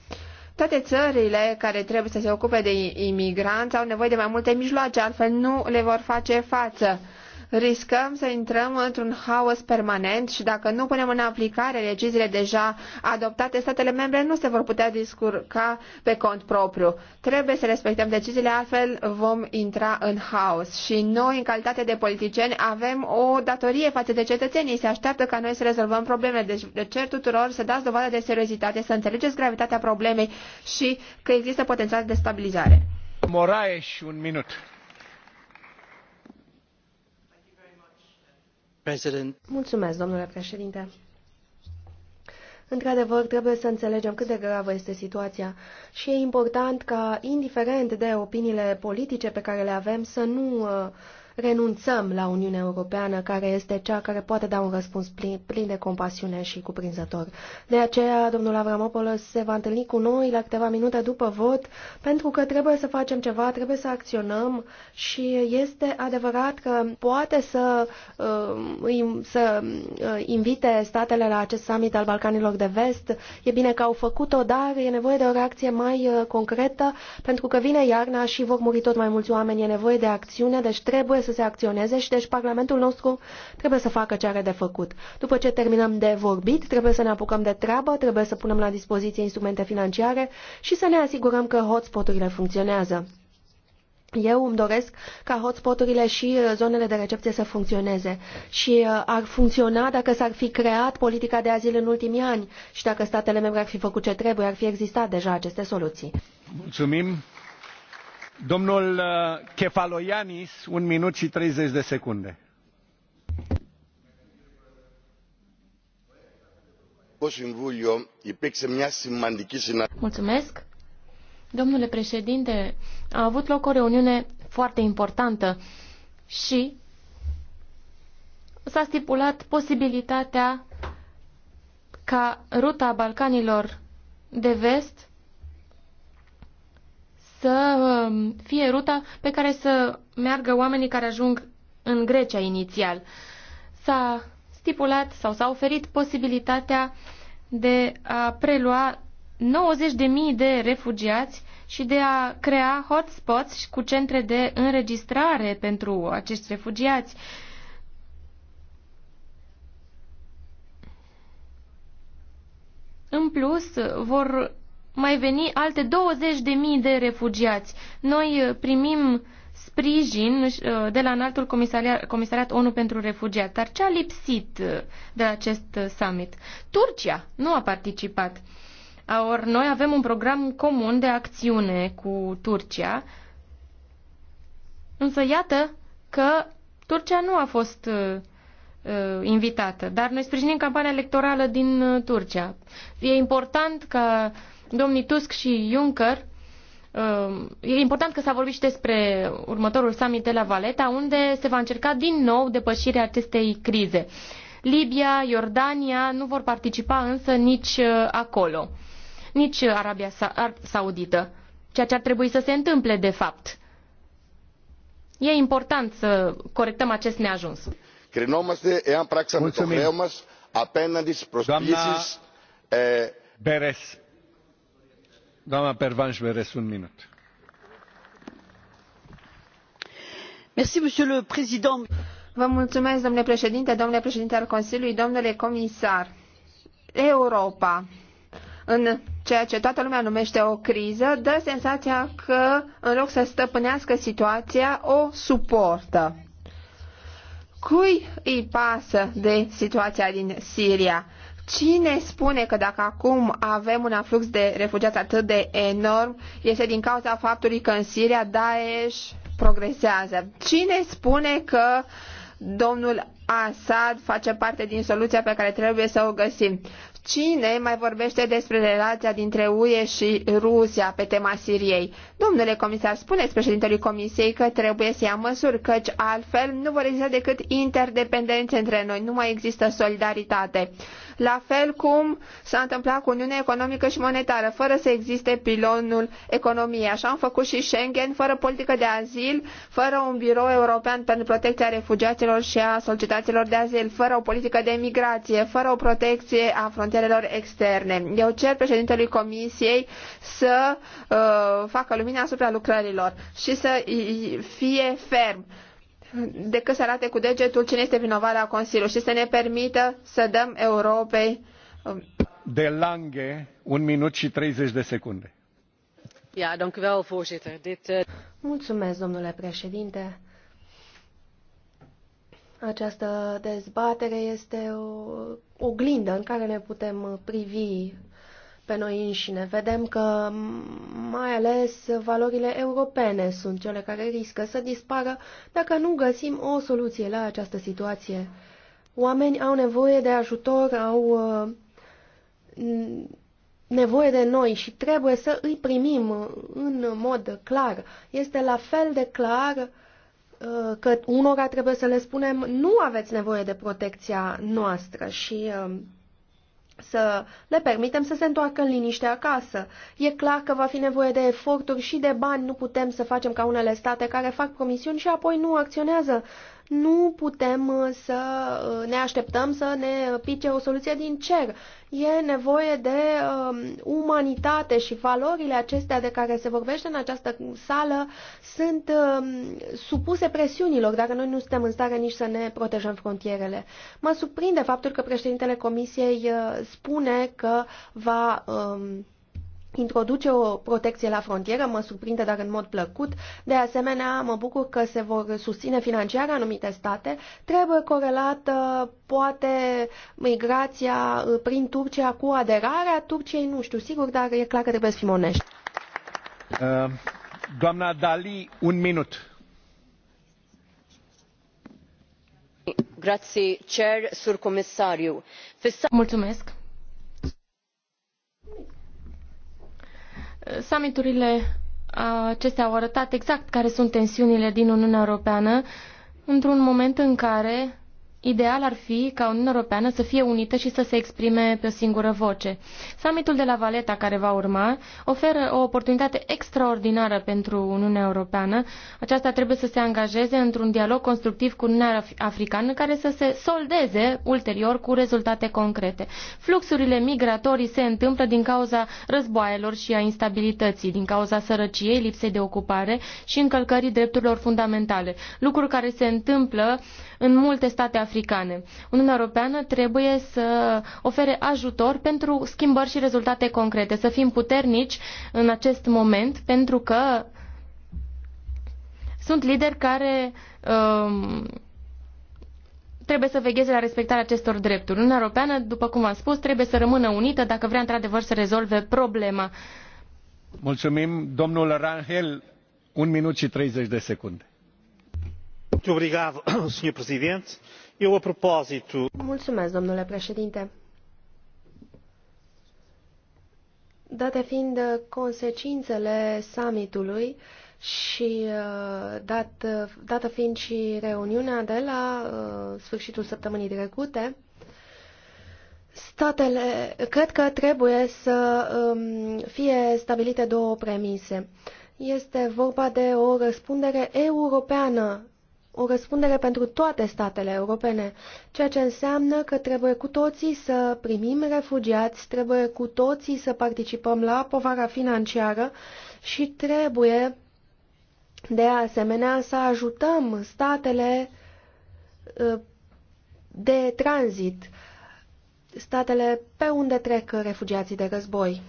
Toate țările care trebuie să se ocupe de imigranți au nevoie de mai multe mijloace, altfel nu le vor face față. Uh, riscăm să intrăm într-un haos permanent și dacă nu punem în aplicare deciziile deja adoptate, statele membre nu se vor putea discurca pe cont propriu. Trebuie să respectăm deciziile, altfel vom intra în haos. Și noi, în calitate de politicieni, avem o datorie față de cetățenii. Se așteaptă ca noi să rezolvăm problemele. Deci de cer tuturor să dați dovadă de seriozitate, să înțelegeți gravitatea problemei și că există potențial de stabilizare. Moraes, un minut. Mulțumesc, domnule președinte. Într-adevăr, trebuie să înțelegem cât de gravă este situația și e important ca, indiferent de opiniile politice pe care le avem, să nu uh, renunțăm la Uniunea Europeană, care este cea care poate da un răspuns plin, plin de compasiune și cuprinzător. De aceea, domnul Avramopoulos se va întâlni cu noi la câteva minute după vot, pentru că trebuie să facem ceva, trebuie să acționăm și este adevărat că poate să, uh, să uh, invite statele la acest summit al Balcanilor de Vest. E bine că au făcut-o, dar e nevoie de o reacție mai uh, concretă, pentru că vine iarna și vor muri tot mai mulți oameni. E nevoie de acțiune, deci trebuie să se acționeze și deci Parlamentul nostru trebuie să facă ce are de făcut. După ce terminăm de vorbit, trebuie să ne apucăm de treabă, trebuie să punem la dispoziție instrumente financiare și să ne asigurăm că hotspoturile funcționează. Eu îmi doresc ca hotspoturile și uh, zonele de recepție să funcționeze și uh, ar funcționa dacă s-ar fi creat politica de azil în ultimii ani și dacă statele membre ar fi făcut ce trebuie, ar fi existat deja aceste soluții. Mulțumim. Domnul uh, un minut și de secunde. Mulțumesc. Domnule președinte, a avut loc o reuniune foarte importantă și s-a stipulat posibilitatea ca ruta Balcanilor de vest să um, fie ruta pe care să meargă oamenii care ajung în Grecia inițial. S-a stipulat sau s-a oferit posibilitatea de a prelua 90.000 de refugiați și de a crea hotspots cu centre de înregistrare pentru acești refugiați. În plus, vor mai veni alte 20.000 de de refugiați. Noi uh, primim sprijin uh, de la înaltul comisariat, comisariat ONU pentru refugiați. Dar ce a lipsit uh, de acest summit? Turcia nu a participat. Or, noi avem un program comun de acțiune cu Turcia, însă iată că Turcia nu a fost uh, invitată, dar noi sprijinim campania electorală din Turcia. E important ca uh, domnii Tusk și Juncker, um, e important că s-a vorbit și despre următorul summit de la Valeta, unde se va încerca din nou depășirea acestei crize. Libia, Iordania nu vor participa însă nici uh, acolo, nici Arabia Saudită, ceea ce ar trebui să se întâmple de fapt. E important să corectăm acest neajuns. Mulțumim. Doamna eh, Beres, Vă mulțumesc, domnule președinte, domnule președinte al Consiliului, domnule comisar. Europa, în ceea ce toată lumea numește o criză, dă senzația că, în loc să stăpânească situația, o suportă. Cui îi pasă de situația din Siria? Cine spune că dacă acum avem un aflux de refugiați atât de enorm, este din cauza faptului că în Siria Daesh progresează? Cine spune că domnul Assad face parte din soluția pe care trebuie să o găsim? Cine mai vorbește despre relația dintre UE și Rusia pe tema Siriei? Domnule comisar, spuneți președintelui Comisiei că trebuie să ia măsuri, căci altfel nu vor exista decât interdependențe între noi, nu mai există solidaritate la fel cum s-a întâmplat cu Uniunea Economică și Monetară, fără să existe pilonul economiei. Așa am făcut și Schengen, fără politică de azil, fără un birou european pentru protecția refugiaților și a solicitaților de azil, fără o politică de migrație, fără o protecție a frontierelor externe. Eu cer președintelui Comisiei să uh, facă lumina asupra lucrărilor și să fie ferm decât să arate cu degetul cine este vinovat la Consiliu și să ne permită să dăm Europei. Um, de Lange, un minut și 30 de secunde. Ja, dank u wel, voorzitter. Dit, uh... Mulțumesc, domnule președinte. Această dezbatere este o oglindă în care ne putem privi pe noi înșine. Vedem că mai ales valorile europene sunt cele care riscă să dispară dacă nu găsim o soluție la această situație. Oamenii au nevoie de ajutor, au uh, nevoie de noi și trebuie să îi primim în mod clar. Este la fel de clar uh, că unora trebuie să le spunem nu aveți nevoie de protecția noastră și uh, să le permitem să se întoarcă în liniște acasă. E clar că va fi nevoie de eforturi și de bani, nu putem să facem ca unele state care fac promisiuni și apoi nu acționează nu putem uh, să uh, ne așteptăm să ne pice o soluție din cer. E nevoie de uh, umanitate și valorile acestea de care se vorbește în această sală sunt uh, supuse presiunilor dacă noi nu suntem în stare nici să ne protejăm frontierele. Mă surprinde faptul că președintele Comisiei uh, spune că va Uh, introduce o protecție la frontieră, mă surprinde, dar în mod plăcut. De asemenea, mă bucur că se vor susține financiar anumite state. Trebuie corelată, poate, migrația uh, prin Turcia cu aderarea Turciei, nu știu sigur, dar e clar că trebuie să fim onești. Uh, doamna Dali, un minut. Mulțumesc Summiturile uh, acestea au arătat exact care sunt tensiunile din Uniunea Europeană într-un moment în care Ideal ar fi ca Uniunea Europeană să fie unită și să se exprime pe o singură voce. Summitul de la Valeta care va urma oferă o oportunitate extraordinară pentru Uniunea Europeană. Aceasta trebuie să se angajeze într-un dialog constructiv cu Uniunea Africană care să se soldeze ulterior cu rezultate concrete. Fluxurile migratorii se întâmplă din cauza războaielor și a instabilității, din cauza sărăciei, lipsei de ocupare și încălcării drepturilor fundamentale, lucruri care se întâmplă în multe state africane. Uniunea Europeană trebuie să ofere ajutor pentru schimbări și rezultate concrete, să fim puternici în acest moment, pentru că sunt lideri care um, trebuie să vegheze la respectarea acestor drepturi. Uniunea Europeană, după cum am spus, trebuie să rămână unită dacă vrea într-adevăr să rezolve problema. Mulțumim. Domnul Rangel, un minut și 30 de secunde. Obrigado, Sr. presidente. Mulțumesc, domnule președinte. Date fiind consecințele summitului și uh, dat, dată fiind și reuniunea de la uh, sfârșitul săptămânii trecute, statele, cred că trebuie să um, fie stabilite două premise. Este vorba de o răspundere europeană o răspundere pentru toate statele europene, ceea ce înseamnă că trebuie cu toții să primim refugiați, trebuie cu toții să participăm la povara financiară și trebuie de asemenea să ajutăm statele uh, de tranzit, statele pe unde trec refugiații de război.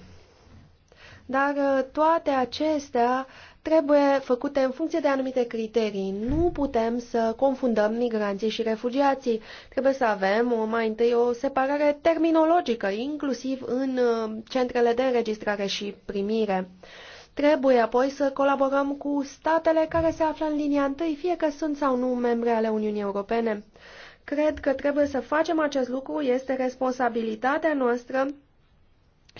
Dar uh, toate acestea trebuie făcute în funcție de anumite criterii. Nu putem să confundăm migranții și refugiații. Trebuie să avem o mai întâi o separare terminologică, inclusiv în uh, centrele de înregistrare și primire. Trebuie apoi să colaborăm cu statele care se află în linia întâi, fie că sunt sau nu membre ale Uniunii Europene. Cred că trebuie să facem acest lucru, este responsabilitatea noastră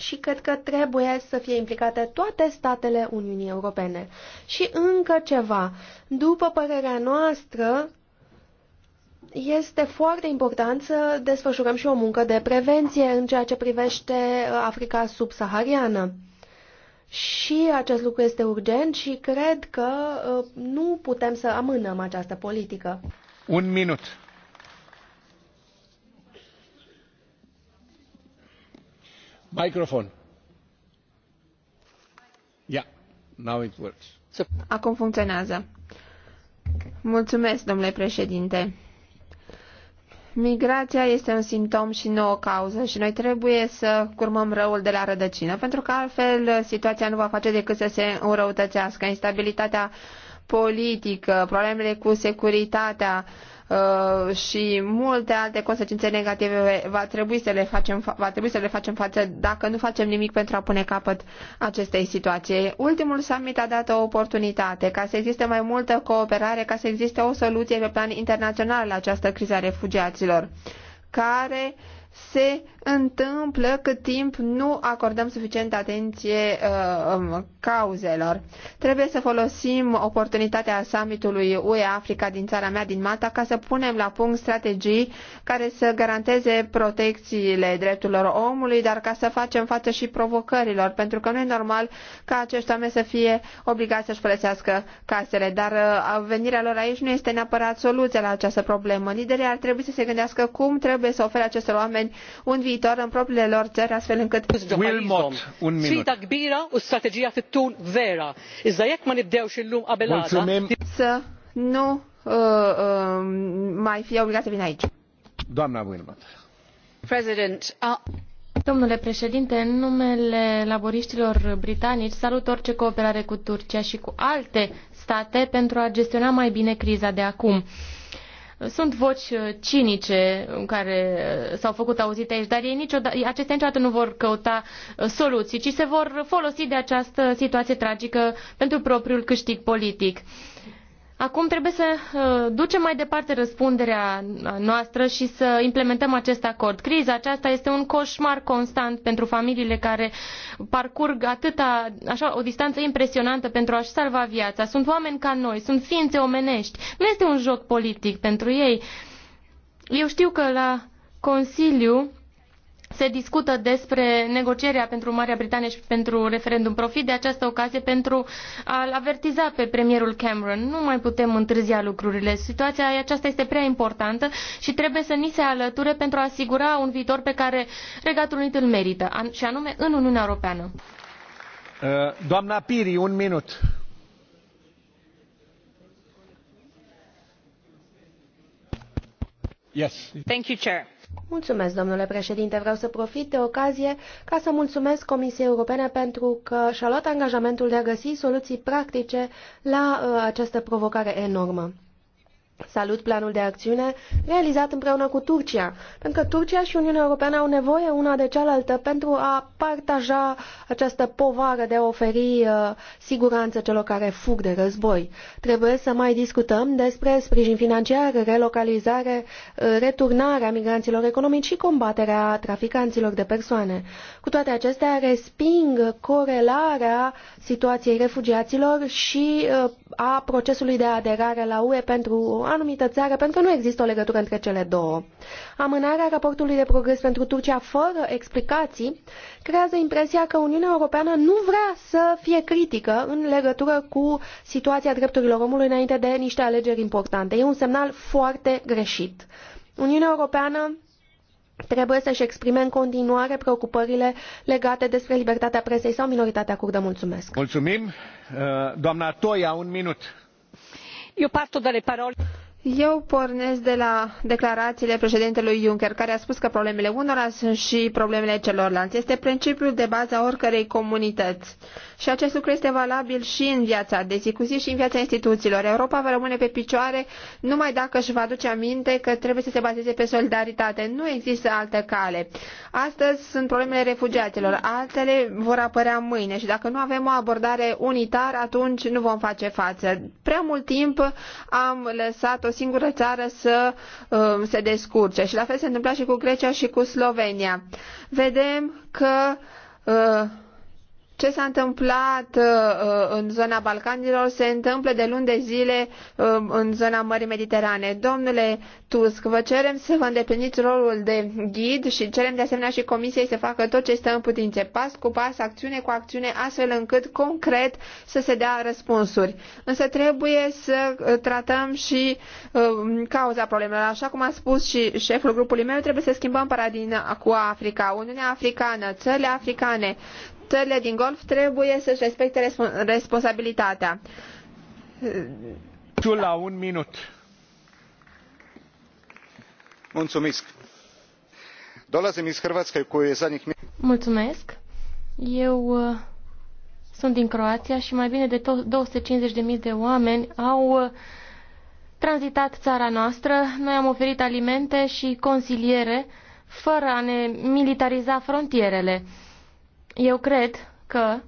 și cred că trebuie să fie implicate toate statele Uniunii Europene. Și încă ceva. După părerea noastră, este foarte important să desfășurăm și o muncă de prevenție în ceea ce privește uh, Africa subsahariană. Și acest lucru este urgent și cred că uh, nu putem să amânăm această politică. Un minut. Microfon. Acum funcționează. Mulțumesc, domnule președinte. Migrația este un simptom și nu o cauză și noi trebuie să curmăm răul de la rădăcină, pentru că altfel situația nu va face decât să se înrăutățească. Instabilitatea politică, problemele cu securitatea, uh, Uh, și multe alte consecințe negative va trebui, să le facem, va trebui să le facem față dacă nu facem nimic pentru a pune capăt acestei situații. Ultimul summit a dat o oportunitate ca să existe mai multă cooperare, ca să existe o soluție pe plan internațional la această criză a refugiaților, care se întâmplă cât timp nu acordăm suficientă atenție uh, cauzelor. Trebuie să folosim oportunitatea summitului UE-Africa din țara mea, din Malta, ca să punem la punct strategii care să garanteze protecțiile drepturilor omului, dar ca să facem față și provocărilor, pentru că nu e normal ca acești oameni să fie obligați să-și folosească casele, dar uh, venirea lor aici nu este neapărat soluția la această problemă. Liderii ar trebui să se gândească cum trebuie să ofere acestor oameni un viitor viitor în propriile lor țări, astfel încât... Să nu uh, uh, mai fie obligat să vină aici. Doamna Wilmot. Domnule președinte, în numele laboriștilor britanici salut orice cooperare cu Turcia și cu alte state pentru a gestiona mai bine criza de acum. Mm sunt voci uh, cinice care uh, s-au făcut auzite aici, dar ei niciodată, acestea niciodată nu vor căuta uh, soluții, ci se vor folosi de această situație tragică pentru propriul câștig politic. Acum trebuie să uh, ducem mai departe răspunderea noastră și să implementăm acest acord. Criza aceasta este un coșmar constant pentru familiile care parcurg atâta, așa, o distanță impresionantă pentru a-și salva viața. Sunt oameni ca noi, sunt ființe omenești. Nu este un joc politic pentru ei. Eu știu că la Consiliu se discută despre negocierea pentru Marea Britanie și pentru referendum. Profit de această ocazie pentru a-l avertiza pe premierul Cameron. Nu mai putem întârzia lucrurile. Situația aceasta este prea importantă și trebuie să ni se alăture pentru a asigura un viitor pe care Regatul Unit îl merită, și anume în Uniunea Europeană. Uh, doamna Piri, un minut. Yes. Thank you, Chair Mulțumesc, domnule președinte. Vreau să profit de ocazie ca să mulțumesc Comisiei Europene pentru că și-a luat angajamentul de a găsi soluții practice la uh, această provocare enormă. Salut planul de acțiune realizat împreună cu Turcia, pentru că Turcia și Uniunea Europeană au nevoie una de cealaltă pentru a partaja această povară de a oferi uh, siguranță celor care fug de război. Trebuie să mai discutăm despre sprijin financiar, relocalizare, uh, returnarea migranților economici și combaterea traficanților de persoane. Cu toate acestea, resping corelarea situației refugiaților și uh, a procesului de aderare la UE pentru anumită țară, pentru că nu există o legătură între cele două. Amânarea raportului de progres pentru Turcia fără explicații creează impresia că Uniunea Europeană nu vrea să fie critică în legătură cu situația drepturilor omului înainte de niște alegeri importante. E un semnal foarte greșit. Uniunea Europeană trebuie să-și exprime în continuare preocupările legate despre libertatea presei sau minoritatea curdă. Mulțumesc! Mulțumim! Uh, doamna Toia, un minut io parto dalle parole. Eu pornesc de la declarațiile președintelui Juncker, care a spus că problemele unora sunt și problemele celorlalți. Este principiul de bază a oricărei comunități. Și acest lucru este valabil și în viața de zi cu zi și în viața instituțiilor. Europa va rămâne pe picioare numai dacă își va aduce aminte că trebuie să se bazeze pe solidaritate. Nu există altă cale. Astăzi sunt problemele refugiaților, altele vor apărea mâine și dacă nu avem o abordare unitară, atunci nu vom face față. Prea mult timp am lăsat o o singură țară să um, se descurce. Și la fel se întâmpla și cu Grecia și cu Slovenia. Vedem că uh, ce s-a întâmplat uh, uh, în zona Balcanilor se întâmplă de luni de zile uh, în zona Mării Mediterane. Domnule Tusk, vă cerem să vă îndepliniți rolul de ghid și cerem de asemenea și Comisiei să facă tot ce stă în putință, pas cu pas, acțiune cu acțiune, astfel încât concret să se dea răspunsuri. Însă trebuie să tratăm și cauza problemelor. Așa cum a spus și șeful grupului meu, trebuie să schimbăm paradigma cu Africa, Uniunea Africană, țările africane țările din Golf trebuie să-și respecte responsabilitatea. La un minut. Mulțumesc. Dolazim iz Hrvatske koju zadnjih... Mulțumesc. Eu uh, sunt din Croația și mai bine de 250.000 de oameni au uh, tranzitat țara noastră. Noi am oferit alimente și consiliere fără a ne militariza frontierele. Eu cred că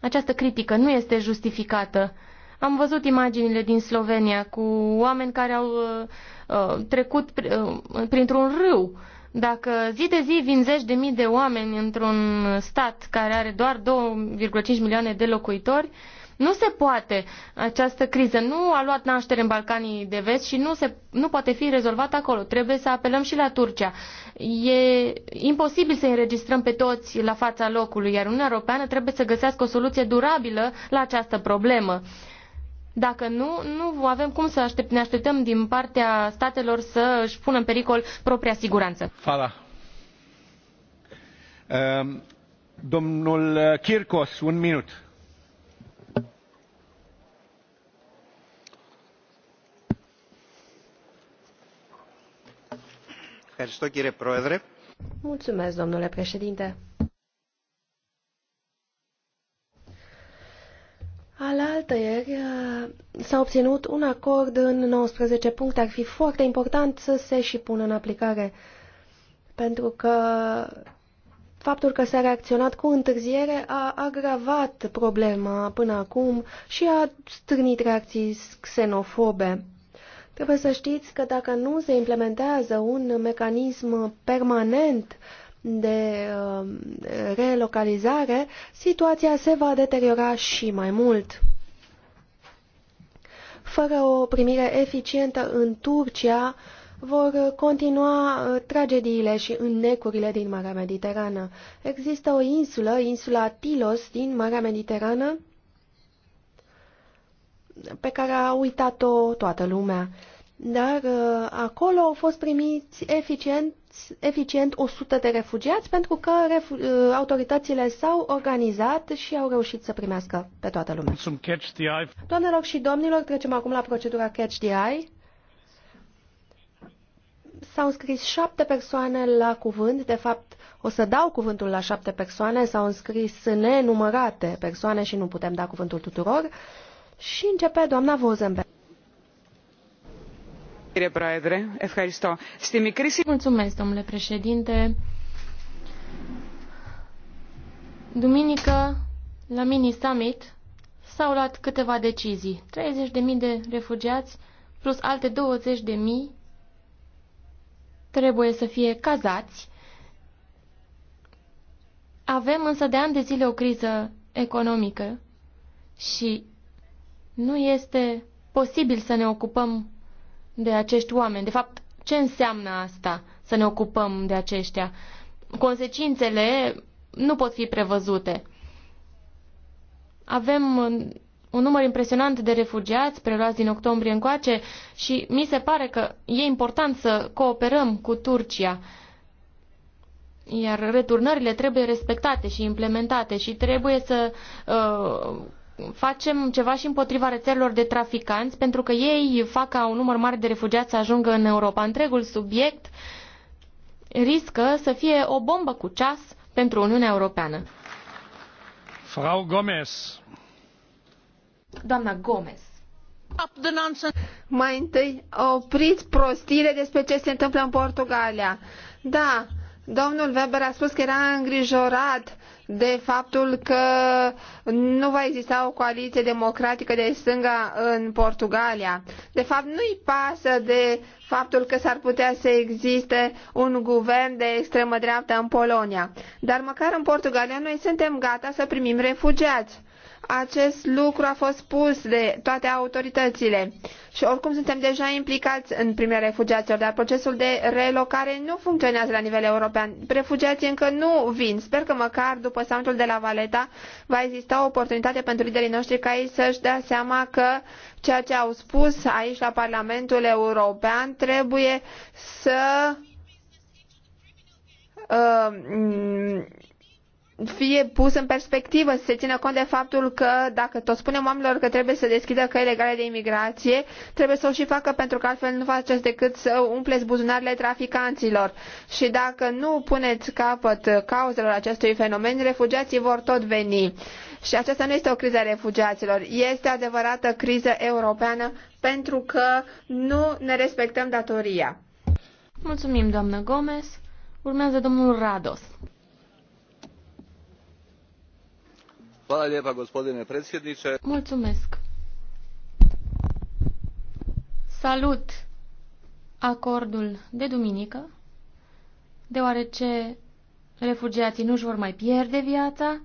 această critică nu este justificată. Am văzut imaginile din Slovenia cu oameni care au uh, uh trecut uh, printr-un râu. Dacă zi de zi vin zeci de mii de oameni într-un stat care are doar 2,5 milioane de locuitori, uh, nu se poate. Această criză nu a luat naștere în Balcanii de Vest și nu, se, nu poate fi rezolvată acolo. Trebuie să apelăm și la Turcia. E imposibil să înregistrăm pe toți la fața locului, iar Uniunea Europeană trebuie să găsească o soluție durabilă la această problemă. Dacă nu, nu avem cum să aștept, ne așteptăm din partea statelor să își pună în pericol propria siguranță. Fala. Um, domnul Kirkos, un minut. Mulțumesc, domnule președinte. Alaltă uh, s-a obținut un acord în 19 puncte. Ar fi foarte important să se și pună în aplicare, pentru că faptul că s-a reacționat cu întârziere a agravat problema până acum și a strânit reacții xenofobe. Trebuie să știți că dacă nu se implementează un mecanism permanent uh, de relocalizare, situația se va deteriora și mai mult. Fără o primire eficientă în Turcia, vor continua uh, tragediile și înnecurile din Marea Mediterană. Există o insulă, insula Tilos din Marea Mediterană, pe care a uitat-o toată lumea. Dar uh, acolo au fost primiți eficient, eficient 100 de refugiați pentru că refu uh, autoritățile s-au organizat și au reușit să primească pe toată lumea. Doamnelor și domnilor, trecem acum la procedura Catch the Eye. S-au înscris șapte persoane la cuvânt, de fapt o să dau cuvântul la șapte persoane, s-au înscris nenumărate persoane și nu putem da cuvântul tuturor. Uh, și începe doamna Vozenberg. Mulțumesc, domnule președinte. Duminică, la mini-summit, s-au luat câteva decizii. 30.000 de refugiați plus alte 20.000 trebuie să fie cazați. Avem însă de ani de zile o criză economică și nu este posibil să ne ocupăm de acești oameni. De fapt, ce înseamnă asta, să ne ocupăm de aceștia? Consecințele nu pot fi prevăzute. Avem un număr impresionant de refugiați preluați din octombrie încoace și mi se pare că e important să cooperăm cu Turcia. Iar returnările trebuie respectate și implementate și trebuie să uh, facem ceva și împotriva rețelelor de traficanți, pentru că ei fac ca un număr mare de refugiați să ajungă în Europa. Întregul subiect riscă să fie o bombă cu ceas pentru Uniunea Europeană. Frau Gomez. Doamna Gomez. Mai întâi, opriți prostile despre ce se întâmplă în Portugalia. Da, domnul Weber a spus că era îngrijorat de faptul că nu va exista o coaliție democratică de stânga în Portugalia. De fapt, nu-i pasă de faptul că s-ar putea să existe un guvern de extremă dreaptă în Polonia. Dar măcar în Portugalia noi suntem gata să primim refugiați acest lucru a fost spus de toate autoritățile și oricum suntem deja implicați în primirea refugiaților, dar procesul de relocare nu funcționează la nivel european. Refugiații încă nu vin. Sper că măcar după summitul de la Valeta va exista o oportunitate pentru liderii noștri ca ei să-și dea seama că ceea ce au spus aici la Parlamentul European trebuie să uh, fie pus în perspectivă, să se țină cont de faptul că dacă tot spunem oamenilor că trebuie să deschidă căi legale de imigrație, trebuie să o și facă pentru că altfel nu faceți decât să umpleți buzunarele traficanților. Și dacă nu puneți capăt cauzelor acestui fenomen, refugiații vor tot veni. Și aceasta nu este o criză a refugiaților, este adevărată criză europeană pentru că nu ne respectăm datoria. Mulțumim, doamnă Gomez. Urmează domnul Rados. gospodine predsjedniče salut acordul de duminică deoarece refugiații nu își vor mai pierde viața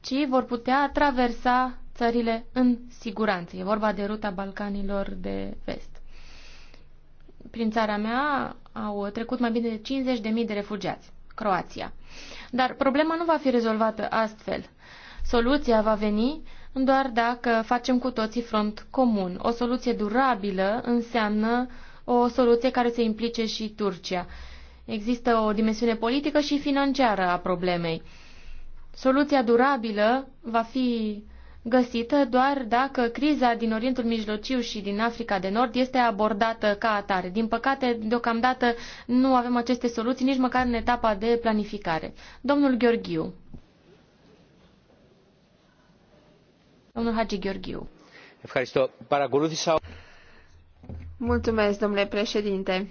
ci vor putea traversa țările în siguranță. E vorba de ruta Balcanilor de vest. Prin țara mea au trecut mai bine de 50.000 de refugiați, Croația. Uh, dar problema nu va fi rezolvată astfel. Soluția va veni doar dacă facem cu toții front comun. O soluție durabilă înseamnă o soluție care să implice și Turcia. Există o dimensiune politică și financiară a problemei. Soluția durabilă va fi găsită doar dacă criza din Orientul Mijlociu și din Africa de Nord este abordată ca atare. Din păcate, deocamdată nu avem aceste soluții nici măcar în etapa de planificare. Domnul Gheorghiu. Domnul Hagi Gheorghiu. Mulțumesc, domnule președinte.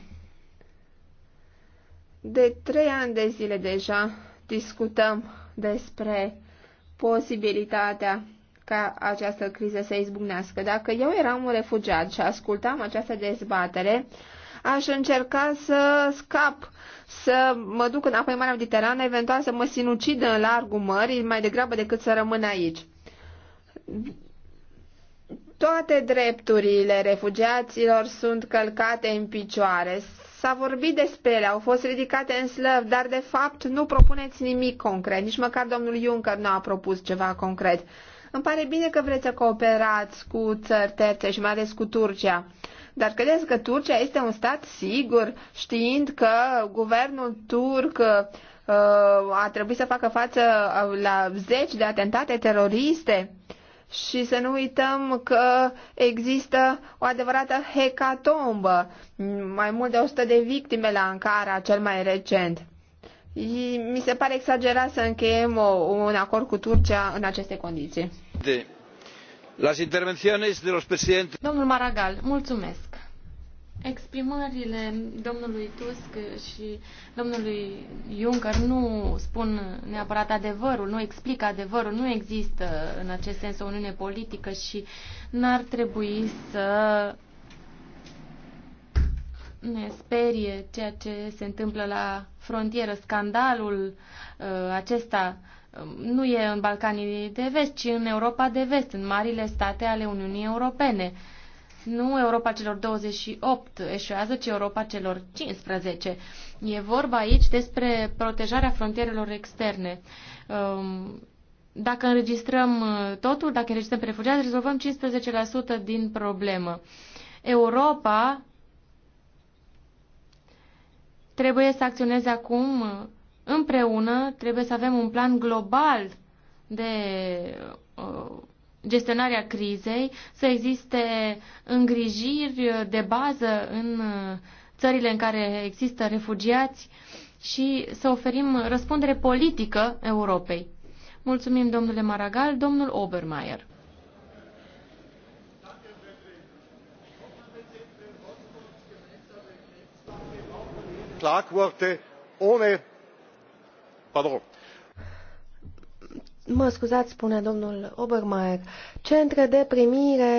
De trei ani de zile deja discutăm despre posibilitatea ca această criză să izbucnească. Dacă eu eram un refugiat și ascultam această dezbatere, aș încerca să scap, să mă duc înapoi în Marea Mediterană, eventual să mă sinucid în largul mării, mai degrabă decât să rămân aici. Toate drepturile refugiaților sunt călcate în picioare. S-a vorbit despre ele, au fost ridicate în slăv, dar de fapt nu propuneți nimic concret. Nici măcar domnul Juncker nu a propus ceva concret. Îmi pare bine că vreți să cooperați cu țări terțe și mai ales cu Turcia. Dar credeți că Turcia este un stat sigur, știind că guvernul turc uh, a trebuit să facă față uh, la zeci de atentate teroriste? Și să nu uităm că există o adevărată hecatombă, mai mult de 100 de victime la Ankara, cel mai recent. Mi se pare exagerat să încheiem un acord cu Turcia în aceste condiții. De las intervenciones de los presidentes. Domnul Maragall, mulțumesc. Exprimările domnului Tusk și domnului Juncker nu spun neapărat adevărul, nu explică adevărul, nu există în acest sens o uniune politică și n-ar trebui să ne sperie ceea ce se întâmplă la frontieră. Scandalul uh, acesta um, nu e în Balcanii de vest, ci în Europa de vest, în marile state ale Uniunii Europene. Nu Europa celor 28 eșuează, ci Europa celor 15. E vorba aici despre protejarea frontierelor externe. Um, dacă înregistrăm uh, totul, dacă înregistrăm refugiați, rezolvăm 15% din problemă. Europa Trebuie să acționeze acum uh, împreună, trebuie să avem un plan global de uh, gestionarea crizei, să existe îngrijiri de bază în uh, țările în care există refugiați și să oferim răspundere politică Europei. Mulțumim, domnule Maragal. Domnul Obermeier schlagworte ohne pardon. Mă scuzați, spune domnul Obermeier, centre de primire,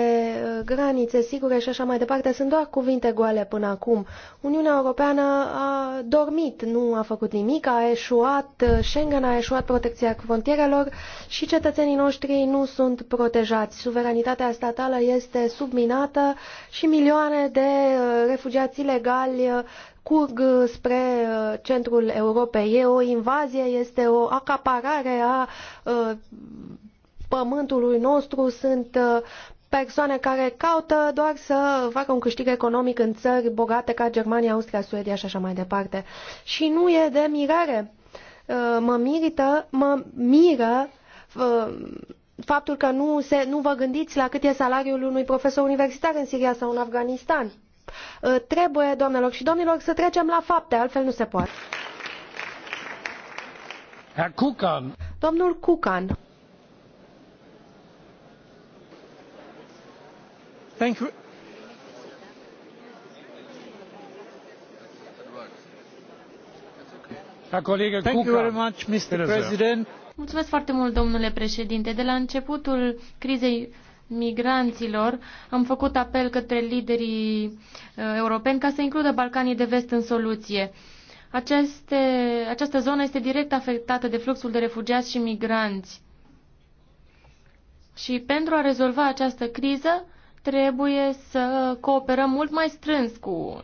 granițe sigure și așa mai departe sunt doar cuvinte goale până acum. Uniunea Europeană a dormit, nu a făcut nimic, a eșuat Schengen, a eșuat protecția frontierelor și cetățenii noștri nu sunt protejați. Suveranitatea statală este subminată și milioane de refugiați ilegali curg uh, spre uh, centrul Europei. E o invazie, este o acaparare a uh, pământului nostru, sunt persoane care caută doar să facă un câștig economic în țări bogate ca Germania, Austria, Suedia și așa mai departe. Și nu e de mirare. Mă, mirită, mă miră faptul că nu, se, nu vă gândiți la cât e salariul unui profesor universitar în Siria sau în Afganistan. Uh, trebuie, doamnelor și domnilor, să trecem la fapte, altfel nu se poate. Herr Kukan. Domnul Cucan. Thank you. Mulțumesc foarte mult, domnule președinte. De la începutul crizei migranților, am făcut apel către liderii uh, europeni ca să includă Balcanii de Vest în soluție. Aceste, această zonă este direct afectată de fluxul de refugiați și migranți. Și pentru a rezolva această criză, trebuie să cooperăm mult mai strâns cu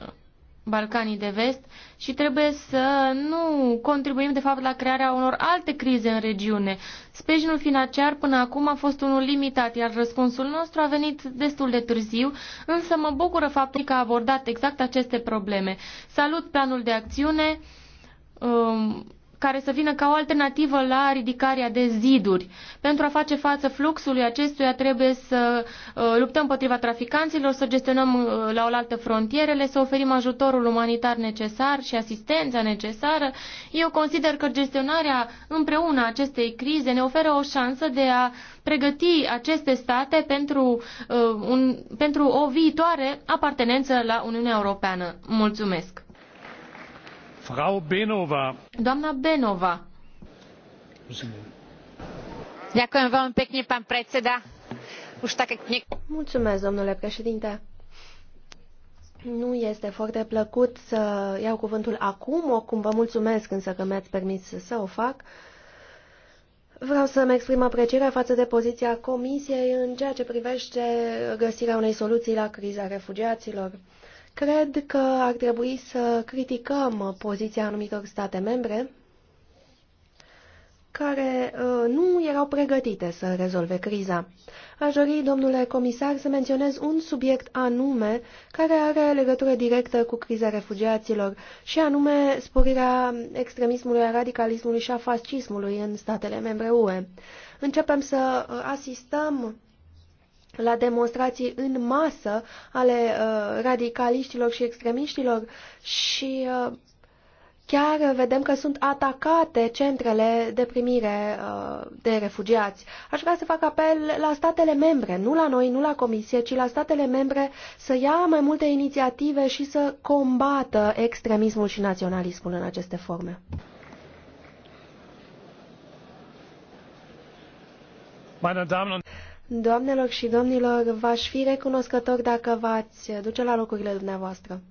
Balcanii de Vest și trebuie să nu contribuim de fapt la crearea unor alte crize în regiune. Sprijinul financiar până acum a fost unul limitat, iar răspunsul nostru a venit destul de târziu, însă mă bucură faptul că a abordat exact aceste probleme. Salut planul de acțiune. Um, care să vină ca o alternativă la ridicarea de ziduri. Pentru a face față fluxului acestuia trebuie să uh, luptăm împotriva traficanților, să gestionăm uh, la oaltă frontierele, să oferim ajutorul umanitar necesar și asistența necesară. Eu consider că gestionarea împreună a acestei crize ne oferă o șansă de a pregăti aceste state pentru, uh, un, pentru o viitoare apartenență la Uniunea Europeană. Mulțumesc! Frau Benova. Doamna Benova. Ďakujem veľmi pekne, pán predseda. Už Mulțumesc, domnule președinte. Nu este foarte plăcut să iau cuvântul acum, oricum vă mulțumesc însă că mi-ați permis să o fac. Vreau să-mi exprim aprecierea față de poziția Comisiei în ceea ce privește găsirea unei soluții la criza refugiaților. Cred că ar trebui să criticăm poziția anumitor state membre care uh, nu erau pregătite să rezolve criza. Aș dori, domnule comisar, să menționez un subiect anume care are legătură directă cu criza refugiaților și anume sporirea extremismului, a radicalismului și a fascismului în statele membre UE. Începem să uh, asistăm la demonstrații în masă ale uh, radicaliștilor și extremiștilor și uh, chiar vedem că sunt atacate centrele de primire uh, de refugiați. Aș vrea să fac apel la statele membre, nu la noi, nu la Comisie, ci la statele membre să ia mai multe inițiative și să combată extremismul și naționalismul în aceste forme. Meine Damen und Doamnelor și domnilor, v-aș fi recunoscător dacă v-ați duce la locurile dumneavoastră.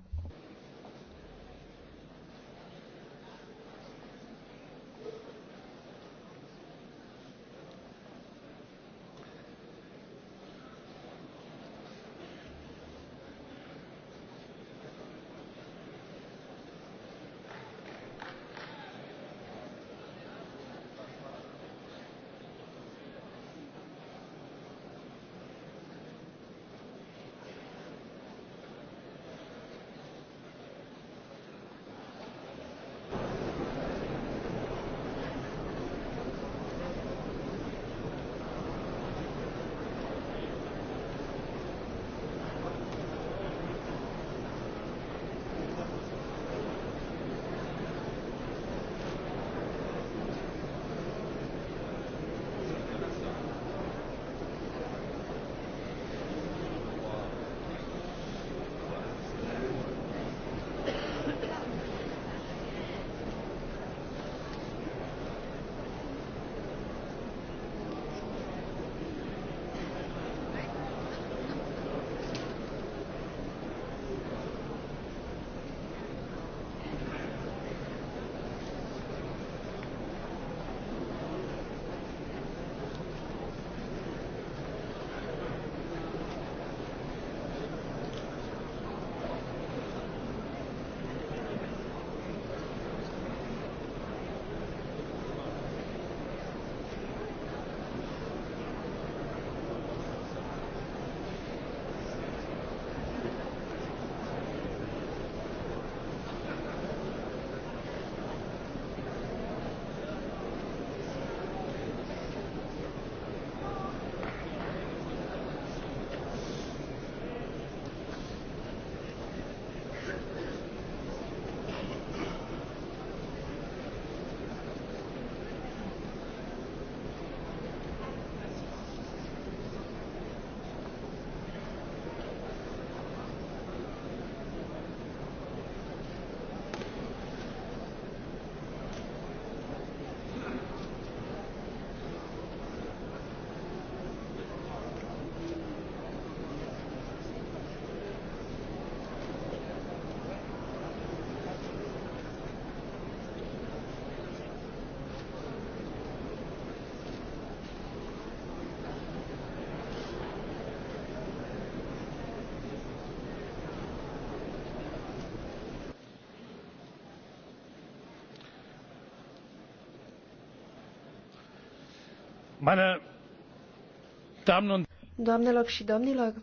Doamnelor și domnilor,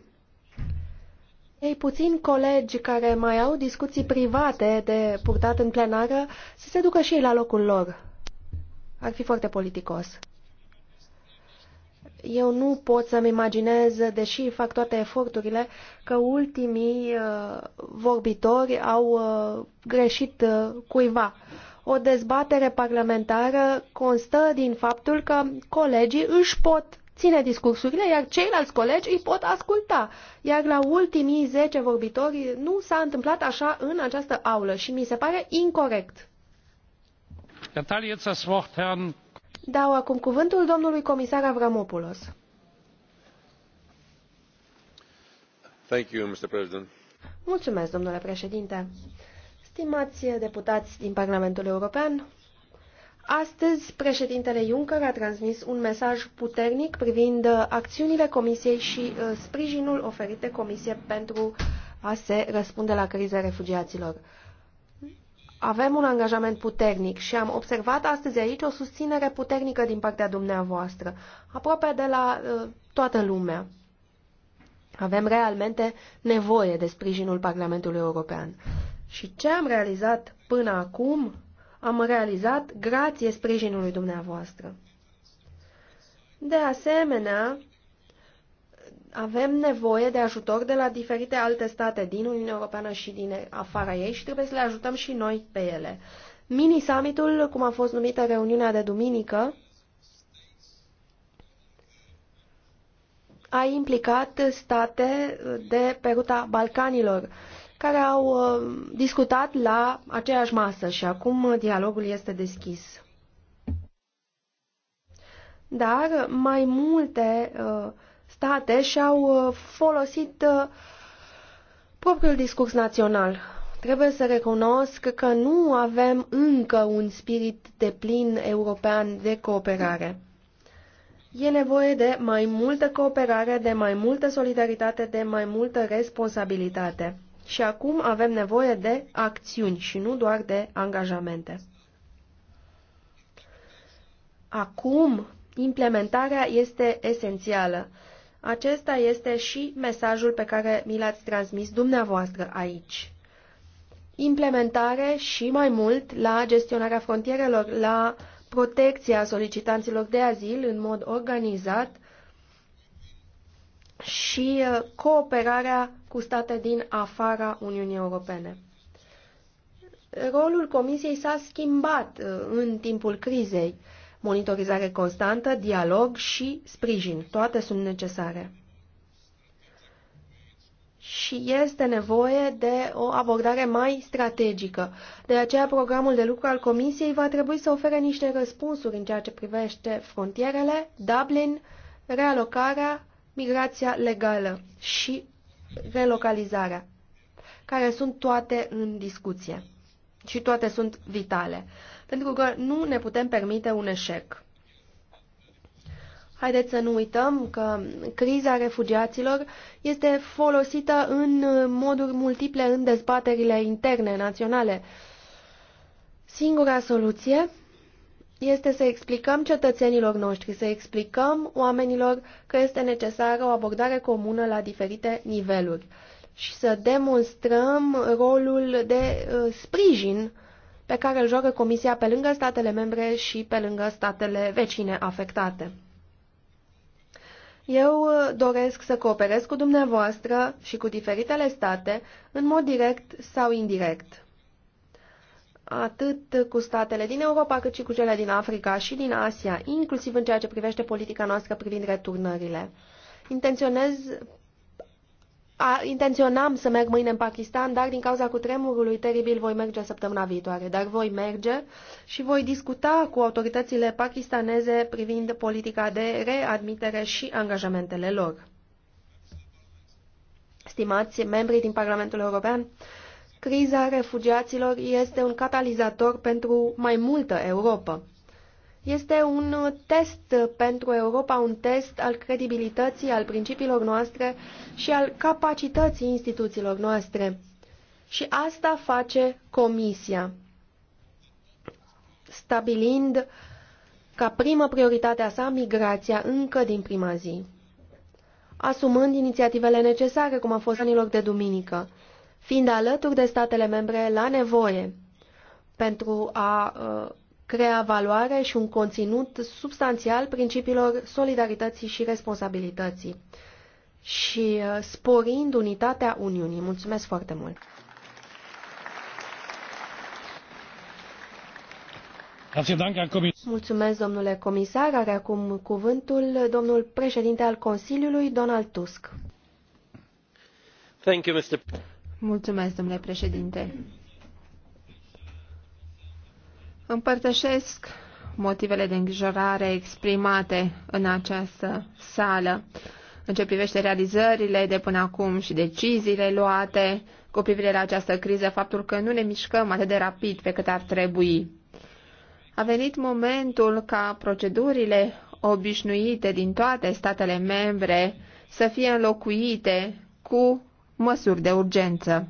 ei puțini colegi care mai au discuții private de purtat în plenară să se ducă și ei la locul lor. Ar fi foarte politicos. Eu nu pot să-mi imaginez, deși fac toate eforturile, că ultimii uh, vorbitori au uh, greșit uh, cuiva. Uh, o dezbatere parlamentară constă din faptul că colegii își pot ține discursurile, iar ceilalți colegi îi pot asculta. Iar la ultimii 10 vorbitori nu s-a întâmplat așa în această aulă și mi se pare incorrect. Dau acum cuvântul domnului comisar Avramopoulos. Mulțumesc, domnule președinte. Stimați deputați din Parlamentul European, astăzi președintele Juncker a transmis un mesaj puternic privind acțiunile Comisiei și uh, sprijinul oferit de Comisie pentru a se răspunde la criza refugiaților. Avem un angajament puternic și am observat astăzi aici o susținere puternică din partea dumneavoastră, aproape de la uh, toată lumea. Avem realmente nevoie de sprijinul Parlamentului European. Și ce am realizat până acum, am realizat grație sprijinului dumneavoastră. De asemenea, avem nevoie de ajutor de la diferite alte state din Uniunea Europeană și din afara ei și trebuie să le ajutăm și noi pe ele. Mini-summitul, cum a fost numită reuniunea de duminică, a implicat state de pe ruta Balcanilor care au uh, discutat la aceeași masă și acum dialogul este deschis. Dar mai multe uh, state și-au uh, folosit propriul discurs național. Trebuie să recunosc că nu avem încă un spirit de plin european de cooperare. E nevoie de mai multă cooperare, de mai multă solidaritate, de mai multă responsabilitate. Și acum avem nevoie de acțiuni și nu doar de angajamente. Acum, implementarea este esențială. Acesta este și mesajul pe care mi l-ați transmis dumneavoastră aici. Implementare și mai mult la gestionarea frontierelor, la protecția solicitanților de azil în mod organizat, și uh, cooperarea cu state din afara Uniunii Europene. Rolul Comisiei s-a schimbat uh, în timpul crizei. Monitorizare constantă, dialog și sprijin, toate sunt necesare. Și este nevoie de o abordare mai strategică. De aceea, programul de lucru al Comisiei va trebui să ofere niște răspunsuri în ceea ce privește frontierele, Dublin, realocarea, migrația legală și relocalizarea, care sunt toate în discuție și toate sunt vitale, pentru că nu ne putem permite un eșec. Haideți să nu uităm că criza refugiaților este folosită în moduri multiple în dezbaterile interne naționale. Singura soluție este să explicăm cetățenilor noștri, să explicăm oamenilor că este necesară o abordare comună la diferite niveluri și să demonstrăm rolul de uh, sprijin pe care îl joacă Comisia pe lângă statele membre și pe lângă statele vecine afectate. Eu uh, doresc să cooperez cu dumneavoastră și cu diferitele state în mod direct sau indirect atât cu statele din Europa, cât și cu cele din Africa și din Asia, inclusiv în ceea ce privește politica noastră privind returnările. Intenționez a, intenționam să merg mâine în Pakistan, dar din cauza cutremurului teribil voi merge săptămâna viitoare. Dar voi merge și voi discuta cu autoritățile pakistaneze privind politica de readmitere și angajamentele lor. Stimați membrii din Parlamentul European, Criza refugiaților este un catalizator pentru mai multă Europa. Este un test pentru Europa, un test al credibilității, al principiilor noastre și al capacității instituțiilor noastre. Și asta face Comisia, stabilind ca primă prioritate a sa migrația încă din prima zi, asumând inițiativele necesare, cum a fost anilor de duminică, fiind alături de statele membre la nevoie pentru a uh, crea valoare și un conținut substanțial principiilor solidarității și responsabilității și uh, sporind unitatea Uniunii. Mulțumesc foarte mult! Mulțumesc, domnule comisar. Are acum cuvântul domnul președinte al Consiliului, Donald Tusk. Thank you, Mr. Mulțumesc, domnule președinte. Împărtășesc motivele de îngrijorare exprimate în această sală în ce privește realizările de până acum și deciziile luate cu privire la această criză, faptul că nu ne mișcăm atât de rapid pe cât ar trebui. A venit momentul ca procedurile obișnuite din toate statele membre să fie înlocuite cu măsuri de urgență.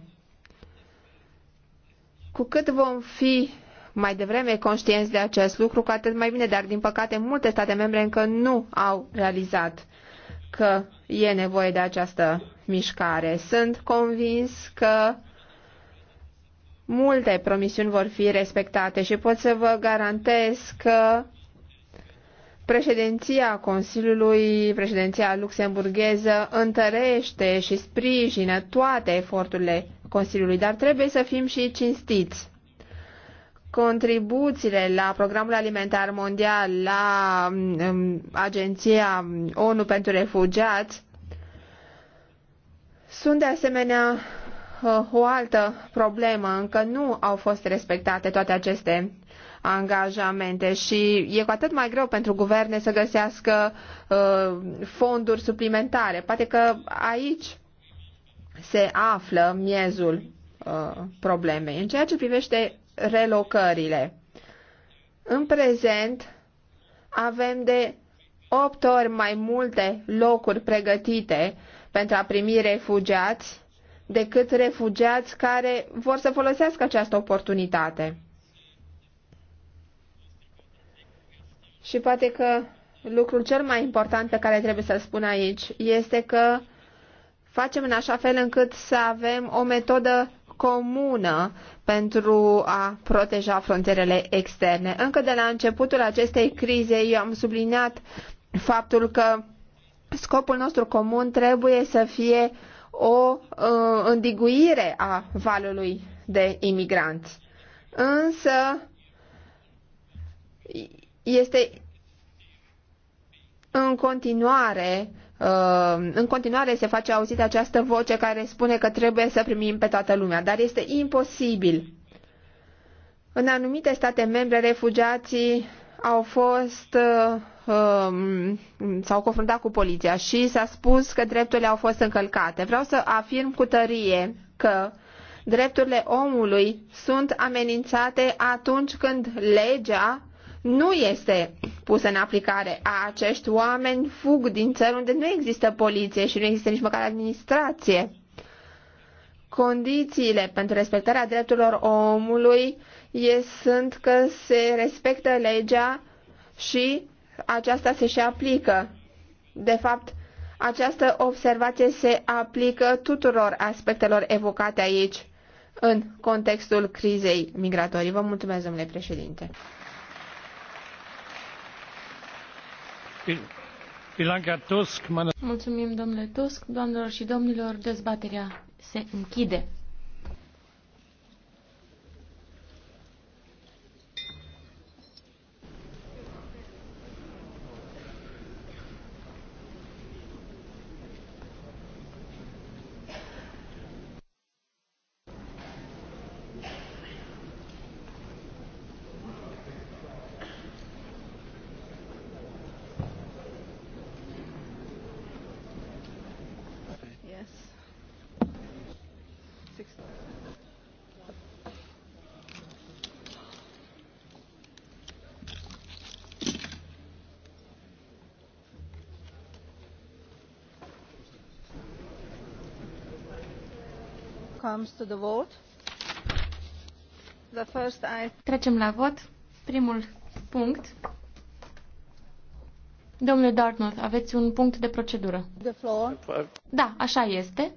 Cu cât vom fi mai devreme conștienți de acest lucru, cu atât mai bine, dar din păcate multe state membre încă nu au realizat că e nevoie de această mișcare. Sunt convins că multe promisiuni vor fi respectate și pot să vă garantez că Președinția Consiliului, președinția luxemburgheză, întărește și sprijină toate eforturile Consiliului, dar trebuie să fim și cinstiți. Contribuțiile la Programul Alimentar Mondial, la um, Agenția ONU pentru Refugiați, sunt de asemenea uh, o altă problemă. Încă nu au fost respectate toate aceste angajamente și e cu atât mai greu pentru guverne să găsească uh, fonduri suplimentare. Poate că aici se află miezul uh, problemei. În ceea ce privește relocările, în prezent avem de 8 ori mai multe locuri pregătite pentru a primi refugiați decât refugiați care vor să folosească această oportunitate. Și poate că lucrul cel mai important pe care trebuie să-l spun aici este că facem în așa fel încât să avem o metodă comună pentru a proteja frontierele externe. Încă de la începutul acestei crize eu am subliniat faptul că scopul nostru comun trebuie să fie o uh, îndiguire a valului de imigranți. Însă este în continuare uh, în continuare se face auzită această voce care spune că trebuie să primim pe toată lumea, dar este imposibil. În anumite state membre, refugiații au fost uh, um, s-au confruntat cu poliția și s-a spus că drepturile au fost încălcate. Vreau să afirm cu tărie că drepturile omului sunt amenințate atunci când legea nu este pusă în aplicare. Acești oameni fug din țări unde nu există poliție și nu există nici măcar administrație. Condițiile pentru respectarea drepturilor omului e, sunt că se respectă legea și aceasta se și aplică. De fapt, această observație se aplică tuturor aspectelor evocate aici în contextul crizei migratorii. Vă mulțumesc, domnule președinte. Mulțumim, domnule Tusk. Doamnelor și domnilor, dezbaterea se închide. Trecem la vot. Primul punct. Domnule Dartmouth, aveți un punct de procedură. Da, așa este.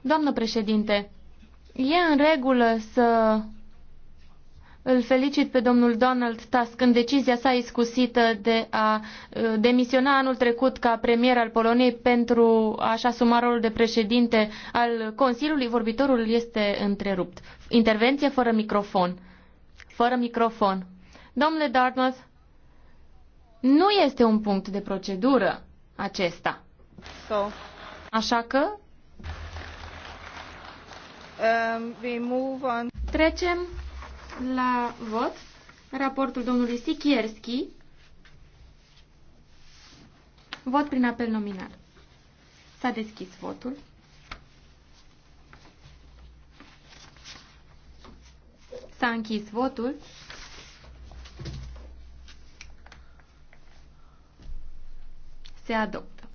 Doamnă președinte, e în regulă să îl felicit pe domnul Donald Tusk în decizia sa iscusită de a uh, demisiona anul trecut ca premier al Poloniei pentru a-și asuma rolul de președinte al Consiliului. Vorbitorul este întrerupt. Intervenție fără microfon. Fără microfon. Domnule Dartmouth, nu este un punct de procedură acesta. So. Așa că... Um, we move on. Trecem la vot raportul domnului Sikierski. Vot prin apel nominal. S-a deschis votul. S-a închis votul. Se adoptă.